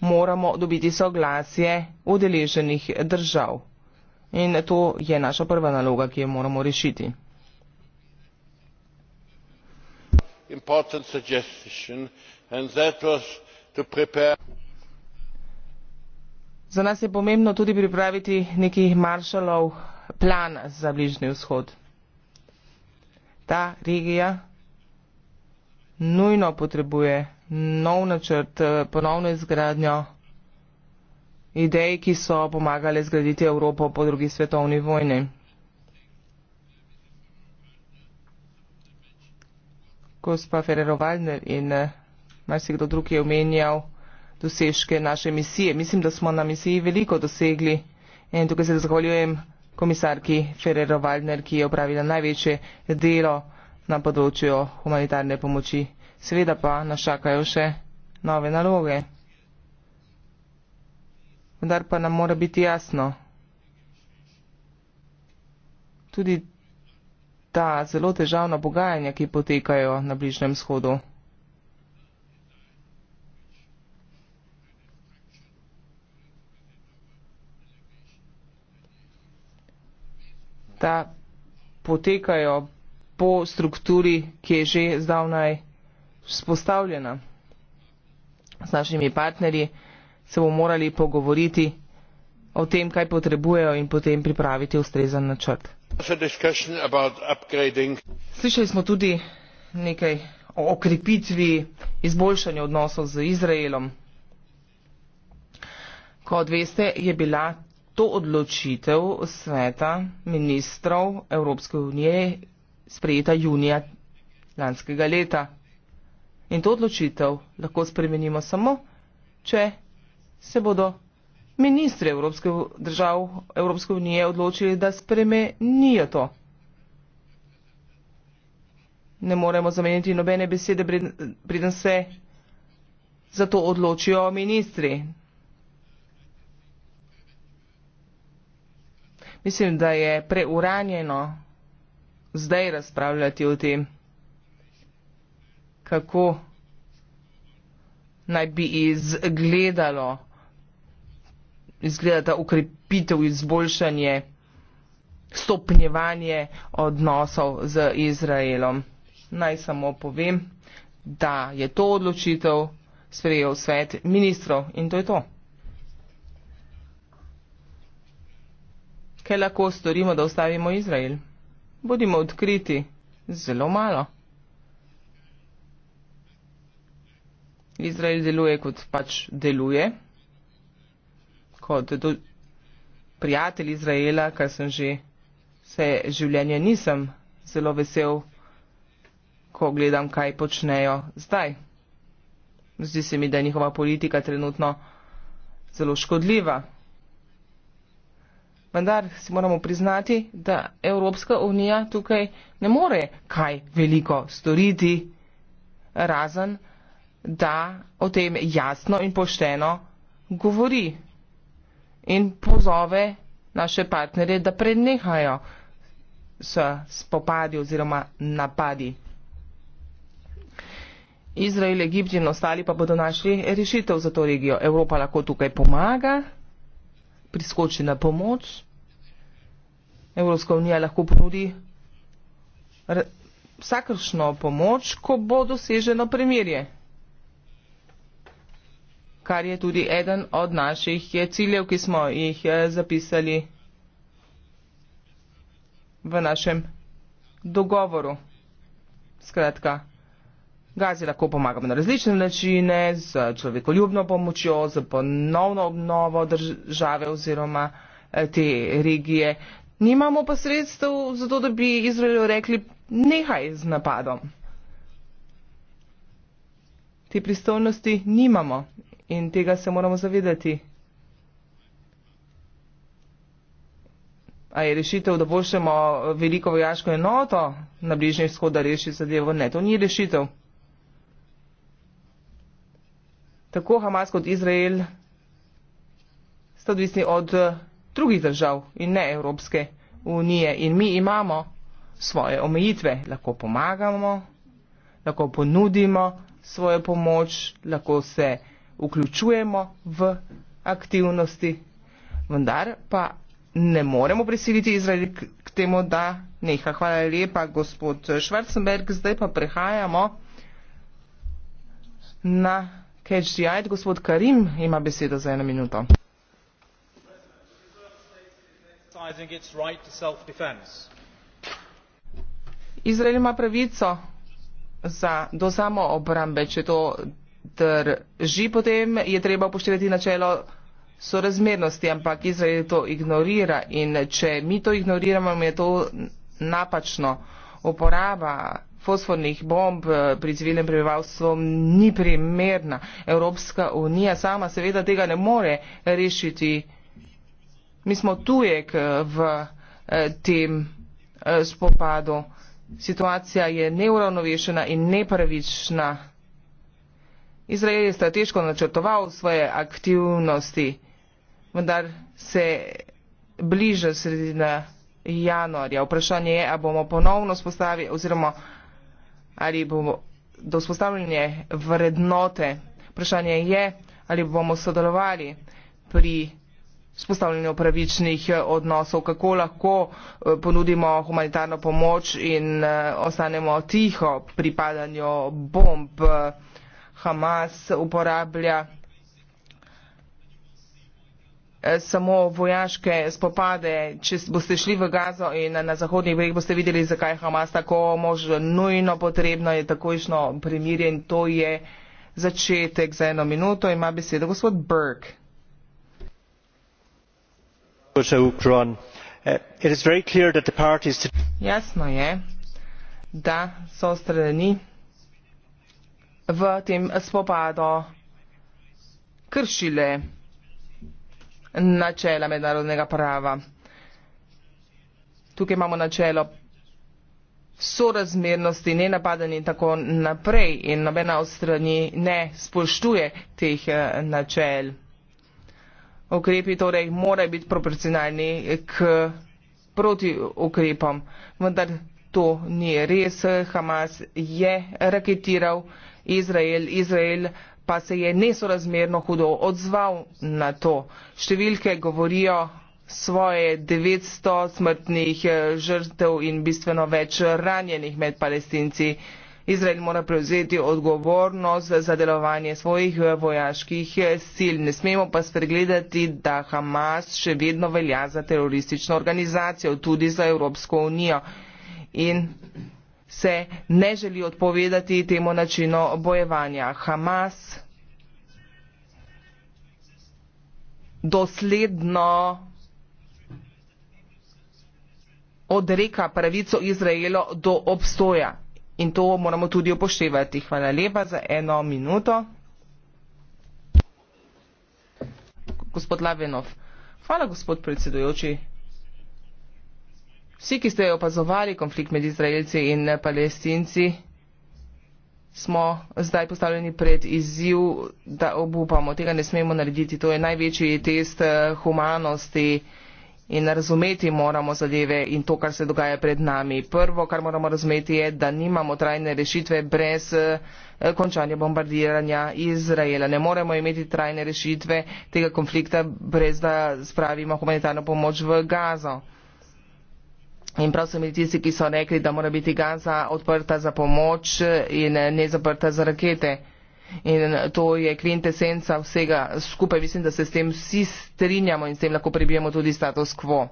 moramo dobiti soglasje udeleženih držav. In to je naša prva naloga, ki jo moramo rešiti. Important suggestion, and that was to prepare. Za nas je pomembno tudi pripraviti neki maršalov plan za bližnji vzhod. Ta regija nujno potrebuje nov načrt, ponovno izgradnjo idej, ki so pomagale zgraditi Evropo po drugi svetovni vojni. Gospa Ferrero Waldner in eh, marsikdo drugi je omenjal, dosežke naše misije. Mislim, da smo na misiji veliko dosegli in tukaj se zahvaljujem komisarki Ferrero Waldner, ki je opravila največje delo na področju humanitarne pomoči. Seveda pa nas čakajo še nove naloge. Vendar pa nam mora biti jasno, tudi ta zelo težavna pogajanja, ki potekajo na Bližnjem shodu. da potekajo po strukturi, ki je že zdavnaj spostavljena. S našimi partnerji se bomo morali pogovoriti o tem, kaj potrebujejo in potem pripraviti ustrezan načrt. Slišali smo tudi nekaj o okrepitvi, izboljšanju odnosov z Izraelom. Kot veste, je bila to odločitev sveta ministrov Evropske unije sprejeta junija lanskega leta. In to odločitev lahko spremenimo samo, če se bodo ministri Evropske držav Evropske unije odločili, da spremenijo to. Ne moremo zamenjati nobene besede, preden se za to odločijo ministri. mislim, da je preuranjeno zdaj razpravljati o tem, kako naj bi izgledalo, izgledata ukrepitev, izboljšanje, stopnjevanje odnosov z Izraelom. Naj samo povem, da je to odločitev sprejel svet ministrov in to je to. kaj lahko storimo, da ustavimo Izrael? Bodimo odkriti, zelo malo. Izrael deluje kot pač deluje, kot do, prijatelj Izraela, kar sem že vse življenje nisem zelo vesel, ko gledam, kaj počnejo zdaj. Zdi se mi, da je njihova politika trenutno zelo škodljiva vendar si moramo priznati, da Evropska unija tukaj ne more kaj veliko storiti, razen da o tem jasno in pošteno govori in pozove naše partnerje, da prenehajo s spopadi oziroma napadi. Izrael, Egipt in ostali pa bodo našli rešitev za to regijo. Evropa lahko tukaj pomaga priskoči na pomoč. Evropska unija lahko ponudi vsakršno pomoč, ko bo doseženo premirje, kar je tudi eden od naših ciljev, ki smo jih eh, zapisali v našem dogovoru. Skratka, Gazi lahko pomagamo na različne načine, z človekoljubno pomočjo, z ponovno obnovo države oziroma eh, te regije. Nimamo pa sredstev za to, da bi Izraelu rekli nehaj z napadom. Te pristojnosti nimamo in tega se moramo zavedati. A je rešitev, da pošljemo eh, veliko vojaško enoto na bližnji vzhod, da reši zadevo? Ne, to ni rešitev. tako Hamas kot Izrael sta odvisni od eh, drugih držav in ne Evropske unije. In mi imamo svoje omejitve, lahko pomagamo, lahko ponudimo svojo pomoč, lahko se vključujemo v aktivnosti, vendar pa ne moremo prisiliti Izrael k temu, da neha. Hvala lepa, gospod Schwarzenberg. Zdaj pa prehajamo na. KHDI-t. Gospod Karim ima besedo za eno minuto. Izrael ima pravico za, do samoobrambe. Če to drži, potem je treba upoštevati načelo sorazmernosti, ampak Izrael to ignorira in če mi to ignoriramo, je to napačno. Uporaba fosfornih bomb eh, pri civilnem prebivalstvu ni primerna. Evropska unija sama seveda tega ne more rešiti. Mi smo tujek eh, v eh, tem spopadu. Situacija je neuravnovešena in nepravična. Izrael je strateško načrtoval svoje aktivnosti, vendar se bliža sredina januarja. Vprašanje je, ali bomo ponovno spostavili oziroma ali bomo do vzpostavljanja vrednote. Vprašanje je, ali bomo sodelovali pri vzpostavljanju pravičnih eh, odnosov, kako lahko eh, ponudimo humanitarno pomoč in eh, ostanemo tiho pri padanju bomb. Hamas uporablja. Eh, samo vojaške spopade. Če boste šli v Gazo in na zahodni breg, boste videli, zakaj Hamas tako možno nujno potrebno je takojšno premirje in to je začetek za eno minuto. Ima besedo gospod Burke. Eh, Jasno je, da so strani v tem spopado kršile načela mednarodnega prava. Tukaj imamo načelo sorazmernosti, nenapadanje in tako naprej in nobena od strani ne spoštuje teh eh, načel. Okrepi torej morajo biti proporcionalni k proti ukrepom, vendar to ni res. Hamas je raketiral Izrael, Izrael uh, pa se je nesorazmerno hudo odzval na to. Številke govorijo svoje 900 smrtnih eh, žrtev in bistveno več ranjenih med palestinci. Izrael mora prevzeti odgovornost za delovanje svojih eh, vojaških eh, sil. Ne smemo pa spregledati, da Hamas še vedno velja za teroristično organizacijo, tudi za Evropsko unijo. In se ne želi odpovedati temu načinu bojevanja. Hamas dosledno odreka pravico Izraelo do obstoja. In to moramo tudi upoštevati. Hvala lepa za eno minuto. Gospod Lavenov. Hvala, gospod predsedujoči. Vsi, ki ste opazovali konflikt med Izraelci in palestinci, smo zdaj postavljeni pred izziv, da obupamo, tega ne smemo narediti. To je največji test eh, humanosti in razumeti moramo zadeve in to, kar se dogaja pred nami. Prvo, kar moramo razumeti, je, da nimamo trajne rešitve brez eh, končanja bombardiranja Izraela. Ne moremo imeti trajne rešitve tega konflikta brez, da spravimo humanitarno pomoč v Gazo. In prav so mi tisti, ki so rekli, da mora biti Gaza odprta za pomoč in ne zaprta za rakete. In to je kvintesenca vsega skupaj. Mislim, da se s tem vsi strinjamo in s tem lahko prebijemo tudi status quo.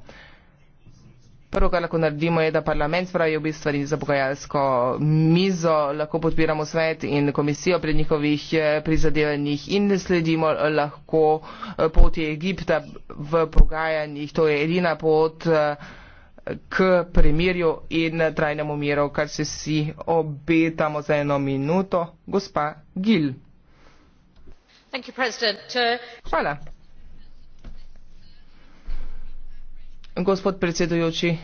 Prvo, kar lahko naredimo, je, da parlament spravi obi stvari za pogajalsko mizo, lahko podpiramo svet in komisijo pri njihovih eh, prizadevanjih in sledimo lahko eh, poti Egipta v pogajanjih. To je edina pot. Uh, k premirju in trajnemu miru, kar se si obetamo za eno minuto. Gospa Gil. Hvala. Gospod predsedujoči,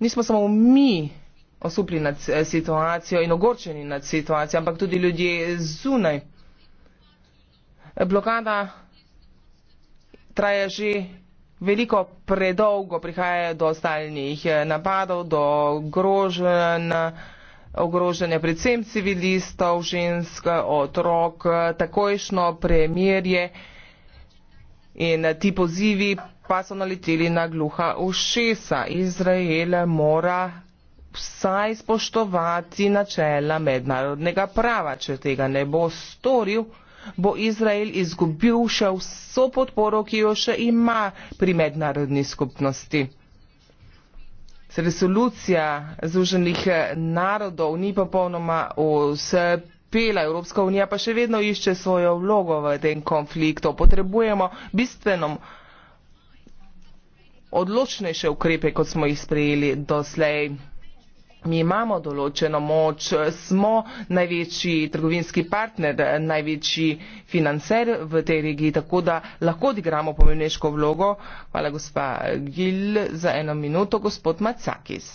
nismo samo mi osupli nad eh, situacijo in ogorčeni nad situacijo, ampak tudi ljudje zunaj. Blokada traja že veliko predolgo prihajajo do stalnih eh, napadov, do groženj, ogrožanja predvsem civilistov, žensk, otrok, takojšno premirje in ti pozivi pa so naleteli na gluha ušesa. Izrael mora vsaj spoštovati načela mednarodnega prava, če tega ne bo storil bo Izrael izgubil še vso podporo, ki jo še ima pri mednarodni skupnosti. Resolucija Združenih narodov ni popolnoma vse pela, Evropska unija pa še vedno išče svojo vlogo v tem konfliktu. Potrebujemo bistveno odločnejše ukrepe, kot smo jih sprejeli doslej mi imamo določeno moč, smo največji trgovinski partner, največji financer v tej regiji, tako da lahko odigramo pomembneško vlogo. Hvala gospa Gil za eno minuto, gospod Macakis.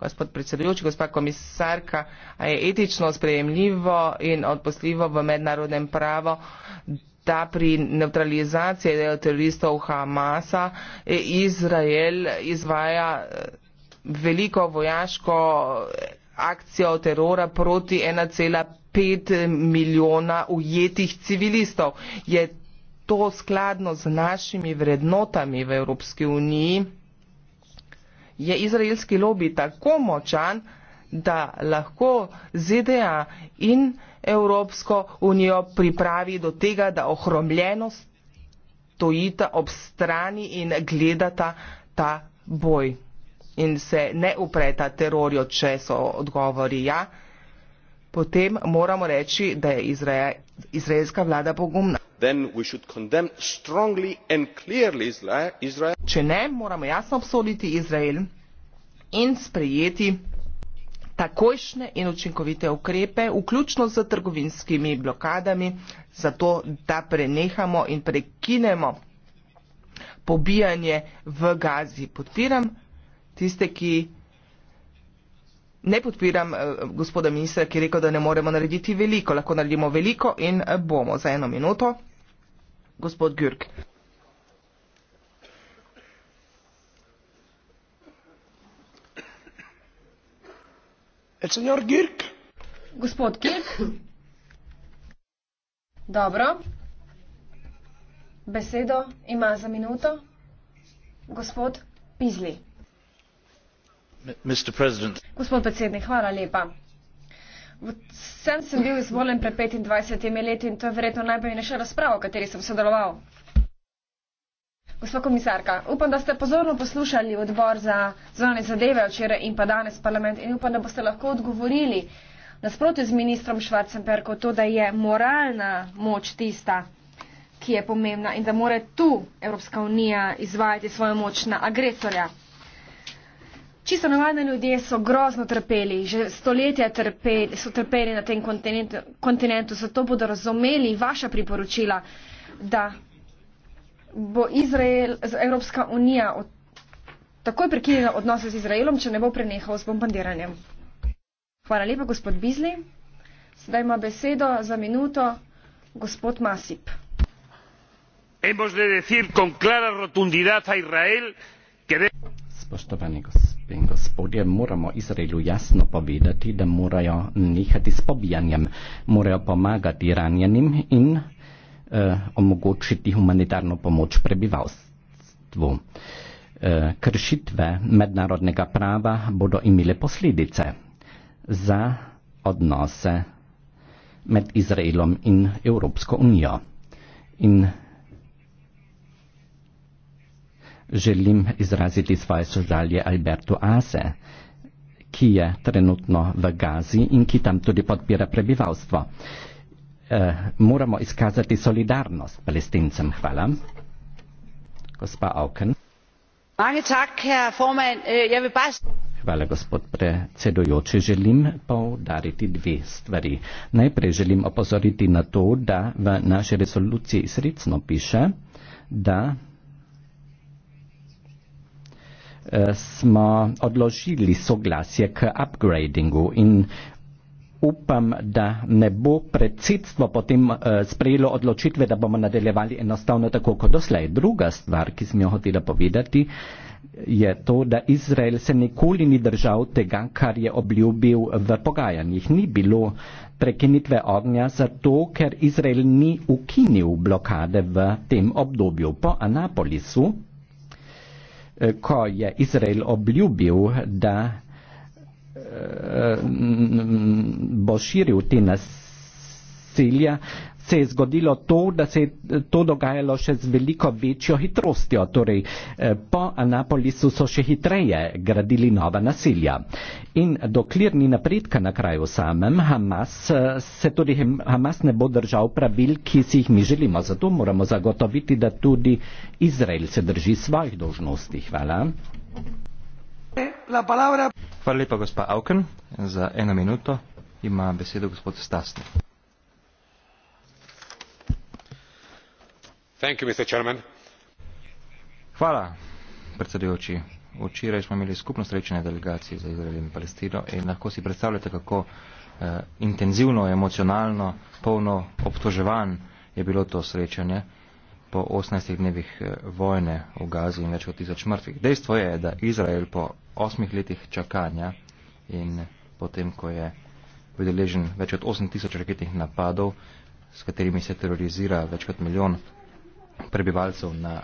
Gospod predsedujoči, gospa komisarka, a je etično sprejemljivo in odposljivo v mednarodnem pravo, da pri neutralizaciji teroristov Hamasa e, Izrael izvaja veliko vojaško akcijo terora proti 1,5 milijona ujetih civilistov. Je to skladno z našimi vrednotami v Evropski uniji? Je izraelski lobby tako močan, da lahko ZDA in Evropsko unijo pripravi do tega, da ohromljenost stojita ob strani in gledata ta boj? in se ne upreta terorju, če so odgovori ja, potem moramo reči, da je Izrael, izraelska vlada pogumna. Če ne, moramo jasno obsoditi Izrael in sprejeti takojšnje in učinkovite ukrepe, vključno z trgovinskimi blokadami, zato da prenehamo in prekinemo pobijanje v Gazi. Podpiram tiste, ki ne podpiram eh, gospoda ministra, ki je rekel, da ne moremo narediti veliko. Lahko naredimo veliko in eh, bomo za eno minuto. Gospod Gürk. El señor Girk. Gospod Girk. Dobro. Besedo ima za minuto. Gospod Pizli gospod predsednik hvala lepa sem sem bil izvoljen pred petindvajsetimi leti in to je verjetno najpomembnejša razprava v kateri sem sodeloval gospa komisarka upam da ste pozorno poslušali odbor za zunanje zadeve včeraj in pa danes parlament in upam da boste lahko odgovorili nasprotju z ministrom schwarzenbergom to da je moralna moč tista ki je pomembna in da mora tu evropska unija izvajati svojo moč na agresorja. Čisto navadni ljudje so grozno trpeli, že stoletja trpeli, so trpeli na tem kontinentu, kontinentu, zato bodo razumeli vaša priporočila, da bo Izrael, Evropska unija od, takoj prekinila odnose z Izraelom, če ne bo prenehal s bombardiranjem. Hvala lepa, gospod Bizli. Sedaj ima besedo za minuto gospod Masip. Spoštovani gospod. In gospodje, moramo Izraelu jasno povedati, da morajo nehati s pobijanjem, morajo pomagati ranjenim in eh, omogočiti humanitarno pomoč prebivalstvu. Eh, kršitve mednarodnega prava bodo imele posledice za odnose med Izraelom in Evropsko unijo. In želim izraziti svoje sožalje Albertu Ase, ki je trenutno v Gazi in ki tam tudi podpira prebivalstvo. E, moramo izkazati solidarnost palestincem. Hvala. Gospa Auken. Eh, Hvala, gospod predsedujoči. Želim povdariti dve stvari. Najprej želim opozoriti na to, da v naši resoluciji srecno piše, da Eh, smo odložili soglasje k upgradingu in upam, da ne bo predsedstvo potem eh, sprejelo odločitve, da bomo nadaljevali enostavno tako kot doslej. Druga stvar, ki sem jo hotela povedati, je to, da Izrael se nikoli ni držal tega, kar je obljubil v pogajanjih. Ni bilo prekinitve ognja zato, ker Izrael ni ukinil blokade v tem obdobju po Anapolisu. Eh, ko je Izrael obljubil, da eh, bo širil te nasilja, se je zgodilo to, da se je eh, to dogajalo še z veliko večjo hitrostjo, torej eh, po Anapolisu so še hitreje gradili nova nasilja. In dokler ni napredka na kraju samem, Hamas, eh, se tudi Hamas ne bo držal pravil, ki si jih mi želimo. Zato moramo zagotoviti, da tudi Izrael se drži svojih dožnosti. Hvala. Hvala lepa, gospa Auken. Za eno minuto ima besedo gospod Stasnik. hvala predsedujoči včeraj smo imeli skupno srečanje delegacij za izrael in palestino in lahko si predstavljate kako eh, intenzivno emocionalno polno obtoževanj je bilo to srečanje po 18 dnevih eh, vojne v Gazi in več kot tisoč mrtvih. Dejstvo je, da Izrael po osmih letih čakanja in potem, ko je udeležen več kot 8 tisoč raketnih napadov, s katerimi se terorizira več kot milijon prebivalcev na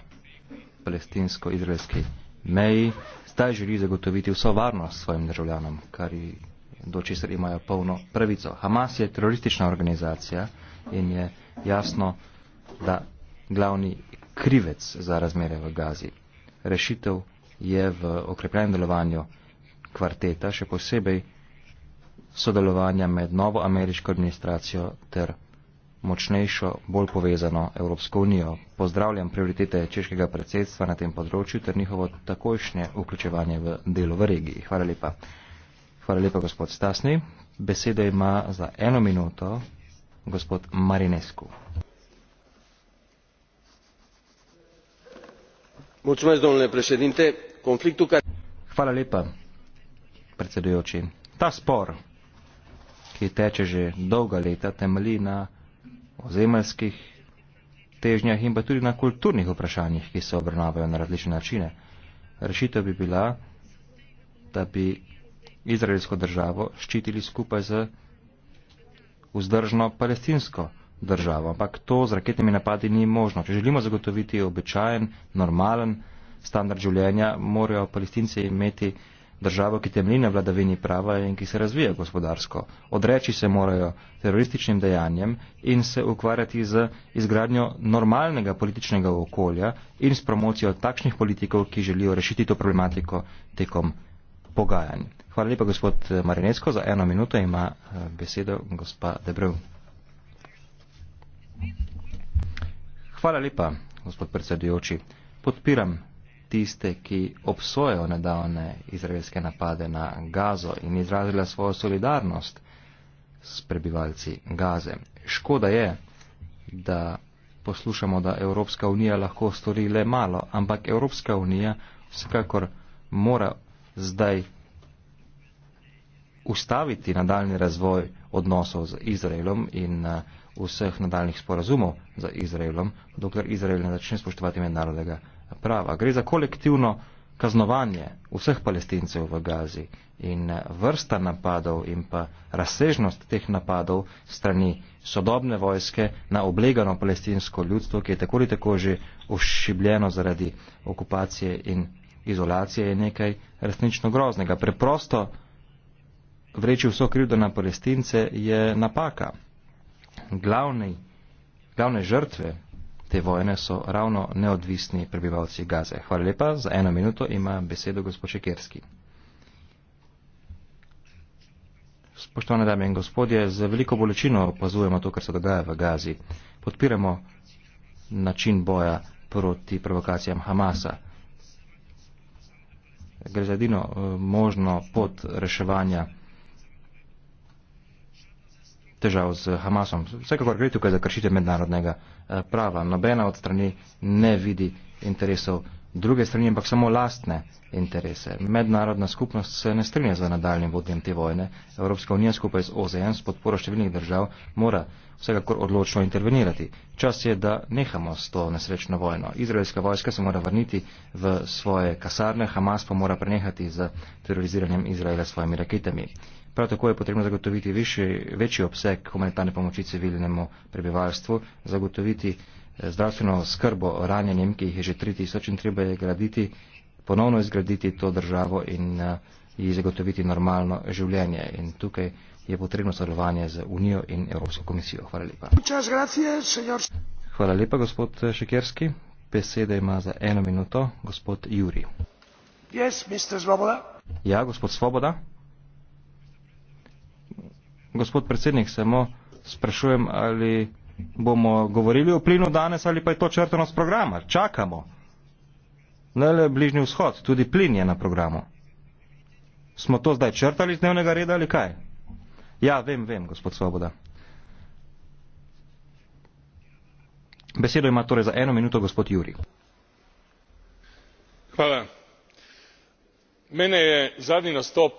palestinsko-izraelski meji, zdaj želi zagotoviti vso varnost svojim državljanom, kar do česar imajo polno pravico. Hamas je teroristična organizacija in je jasno, da glavni krivec za razmere v Gazi. Rešitev je v okrepljenem delovanju kvarteta, še posebej sodelovanja med novo ameriško administracijo ter močnejšo, bolj povezano Evropsko unijo. Pozdravljam prioritete češkega predsedstva na tem področju ter njihovo takojšnje vključevanje v delo v regiji. Hvala lepa. Hvala lepa, gospod Stasni. Besedo ima za eno minuto gospod Marinescu. Hvala lepa, predsedujoči. Ta spor, ki teče že dolga leta, temelji na o zemeljskih težnjah in pa tudi na kulturnih vprašanjih, ki se obravnavajo na različne načine. Rešitev bi bila, da bi izraelsko državo ščitili skupaj z vzdržno palestinsko državo. Ampak to z raketnimi napadi ni možno. Če želimo zagotoviti običajen, normalen standard življenja, morajo palestinci imeti državo, ki temelji na vladavini prava in ki se razvija gospodarsko. Odreči se morajo terorističnim dejanjem in se ukvarjati z izgradnjo normalnega političnega okolja in s promocijo takšnih politikov, ki želijo rešiti to problematiko tekom pogajanj. Hvala lepa, gospod Marinesko. Za eno minuto ima eh, besedo gospa Debrev. Hvala lepa, gospod predsedujoči. Podpiram tiste, ki obsojajo nedavne izraelske napade na Gazo in izrazila svojo solidarnost s prebivalci Gaze. Škoda je, da poslušamo, da Evropska unija lahko stori le malo, ampak Evropska unija vsekakor mora zdaj ustaviti nadaljni razvoj odnosov z Izraelom in eh, vseh nadaljnih sporazumov z Izraelom, dokler Izrael ne začne spoštovati mednarodnega prava. Gre za kolektivno kaznovanje vseh palestincev v Gazi in vrsta napadov in pa razsežnost teh napadov strani sodobne vojske na oblegano palestinsko ljudstvo, ki je tako ali tako že ošibljeno zaradi okupacije in izolacije, je nekaj resnično groznega. Preprosto vreči vso krivdo na palestince je napaka. Glavne, glavne žrtve te vojne so ravno neodvisni prebivalci Gaze. Hvala lepa, za eno minuto ima besedo gospod Šekerski. Spoštovane dame in gospodje, z veliko bolečino opazujemo to, kar se dogaja v Gazi. Podpiramo način boja proti provokacijam Hamasa. Gre za edino eh, možno pot reševanja težav z Hamasom. Vsekakor gre tukaj za kršitev mednarodnega eh, prava. Nobena od strani ne vidi interesov druge strani, ampak samo lastne interese. Mednarodna skupnost se ne strinja za nadaljnjim vodjem te vojne. Evropska unija skupaj z OZN s podporo številnih držav mora vsekakor odločno intervenirati. Čas je, da nehamo s to nesrečno vojno. Izraelska vojska se mora vrniti v svoje kasarne, Hamas pa mora prenehati z teroriziranjem Izraela s svojimi raketami. Prav tako je potrebno zagotoviti višji, večji obseg humanitarne pomoči civilnemu prebivalstvu, zagotoviti eh, zdravstveno skrbo ranjenim, ki jih je že 3000 in treba je graditi, ponovno izgraditi to državo in eh, ji zagotoviti normalno življenje. In tukaj je potrebno sodelovanje z Unijo in Evropsko komisijo. Hvala lepa. Hvala lepa, gospod eh, Šekerski. Besede ima za eno minuto gospod Juri. Yes, ja, gospod Svoboda. Gospod predsednik, samo sprašujem, ali bomo govorili o plinu danes ali pa je to črteno z programa. Čakamo. Ne le bližnji vzhod, tudi plin je na programu. Smo to zdaj črtali z dnevnega reda ali kaj? Ja, vem, vem, gospod Svoboda. Besedo ima torej za eno minuto gospod Juri. Hvala. Mene je zadnji nastop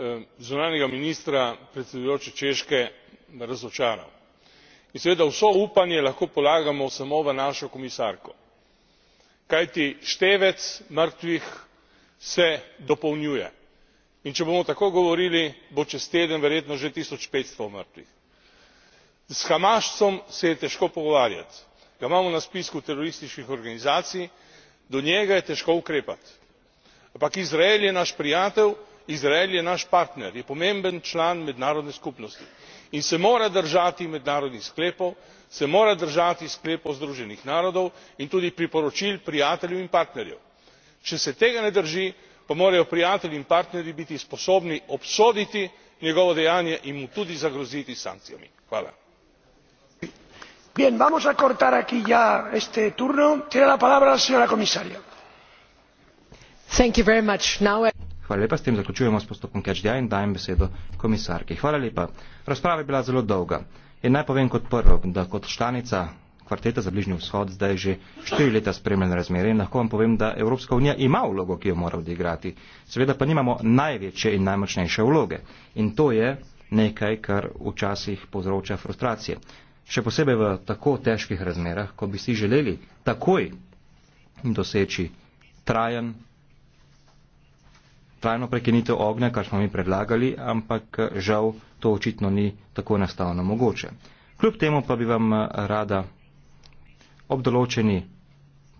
Eh, zunanjega ministra predsedujoče češke razočaral in seveda vso upanje lahko polagamo samo v našo komisarko kajti števec mrtvih se dopolnjuje in če bomo tako govorili bo čez teden verjetno že tisoč petsto mrtvih. s hamasom se je težko pogovarjat ga imamo na spisku terorističnih organizacij do njega je težko ukrepat ampak izrael je naš prijatelj izrael je naš partner je pomemben član mednarodne skupnosti in se mora držati mednarodnih sklepov se mora držati sklepov združenih narodov in tudi priporočil prijateljev in partnerjev. če se tega ne drži pa morajo prijatelji in partnerji biti sposobni obsoditi njegovo dejanje in mu tudi zagroziti s sankcijami. Hvala lepa, s tem zaključujemo s postopkom Catch the Eye in dajem besedo komisarki. Hvala lepa. Razprava je bila zelo dolga. In naj povem kot prvo, da kot članica kvarteta za bližnji vzhod zdaj že štiri leta spremljam razmere in lahko vam povem, da Evropska unija ima vlogo, ki jo mora odigrati. Seveda pa nimamo največje in najmočnejše vloge. In to je nekaj, kar včasih povzroča frustracije. Še posebej v tako težkih razmerah, ko bi si želeli takoj doseči trajen trajno prekinitev ognja, kar smo mi predlagali, ampak žal to očitno ni tako enostavno mogoče. Kljub temu pa bi vam rada ob določeni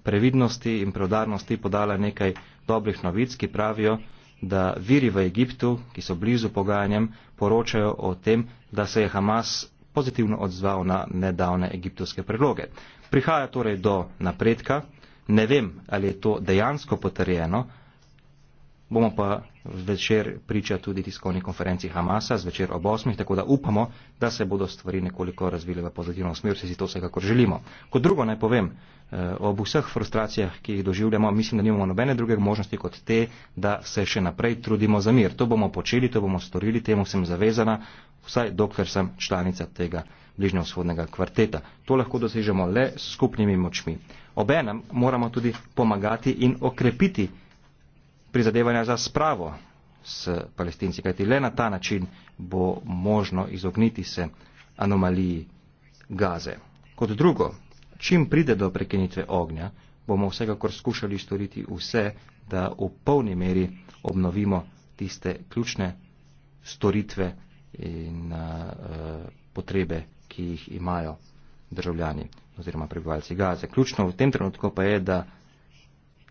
previdnosti in preudarnosti podala nekaj dobrih novic, ki pravijo, da viri v Egiptu, ki so blizu pogajanjem, poročajo o tem, da se je Hamas pozitivno odzval na nedavne egiptovske predloge. Prihaja torej do napredka, ne vem, ali je to dejansko potrjeno, Bomo pa večer priča tudi tiskovni konferenci Hamasa, zvečer ob 8, tako da upamo, da se bodo stvari nekoliko razvile v pozitivno smer, vse si to vsekakor želimo. Kot drugo naj povem, eh, ob vseh frustracijah, ki jih doživljamo, mislim, da nimamo nobene druge možnosti kot te, da se še naprej trudimo za mir. To bomo počeli, to bomo storili, temu sem zavezana, vsaj dokler sem članica tega bližnjo-vzhodnega kvarteta. To lahko dosežemo le s skupnimi močmi. Obenem moramo tudi pomagati in okrepiti prizadevanja za spravo s palestinci, kajti le na ta način bo možno izogniti se anomaliji gaze. Kot drugo, čim pride do prekinitve ognja, bomo vsekakor skušali storiti vse, da v polni meri obnovimo tiste ključne storitve in uh, potrebe, ki jih imajo državljani oziroma prebivalci Gaze. Ključno v tem trenutku pa je, da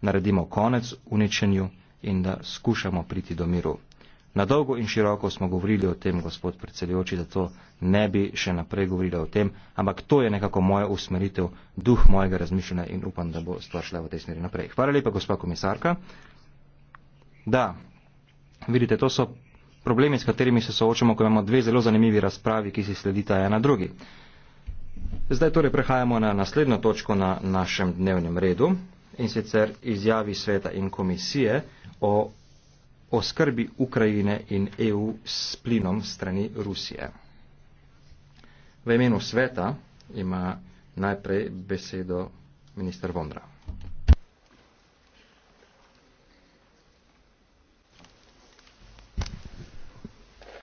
naredimo konec uničenju in da skušamo priti do miru. Na dolgo in široko smo govorili o tem, gospod predsedujoči, zato ne bi še naprej govorili o tem, ampak to je nekako moja usmeritev, duh mojega razmišljanja in upam, da bo stvar šla v tej smeri naprej. Hvala lepa, gospa komisarka. Da, vidite, to so problemi, s katerimi se soočamo, ko imamo dve zelo zanimivi razpravi, ki si sledita ena drugi. Zdaj torej prehajamo na naslednjo točko na našem dnevnem redu in sicer izjavi sveta in komisije, o oskrbi Ukrajine in EU s plinom strani Rusije. V imenu sveta ima najprej besedo minister Vondra.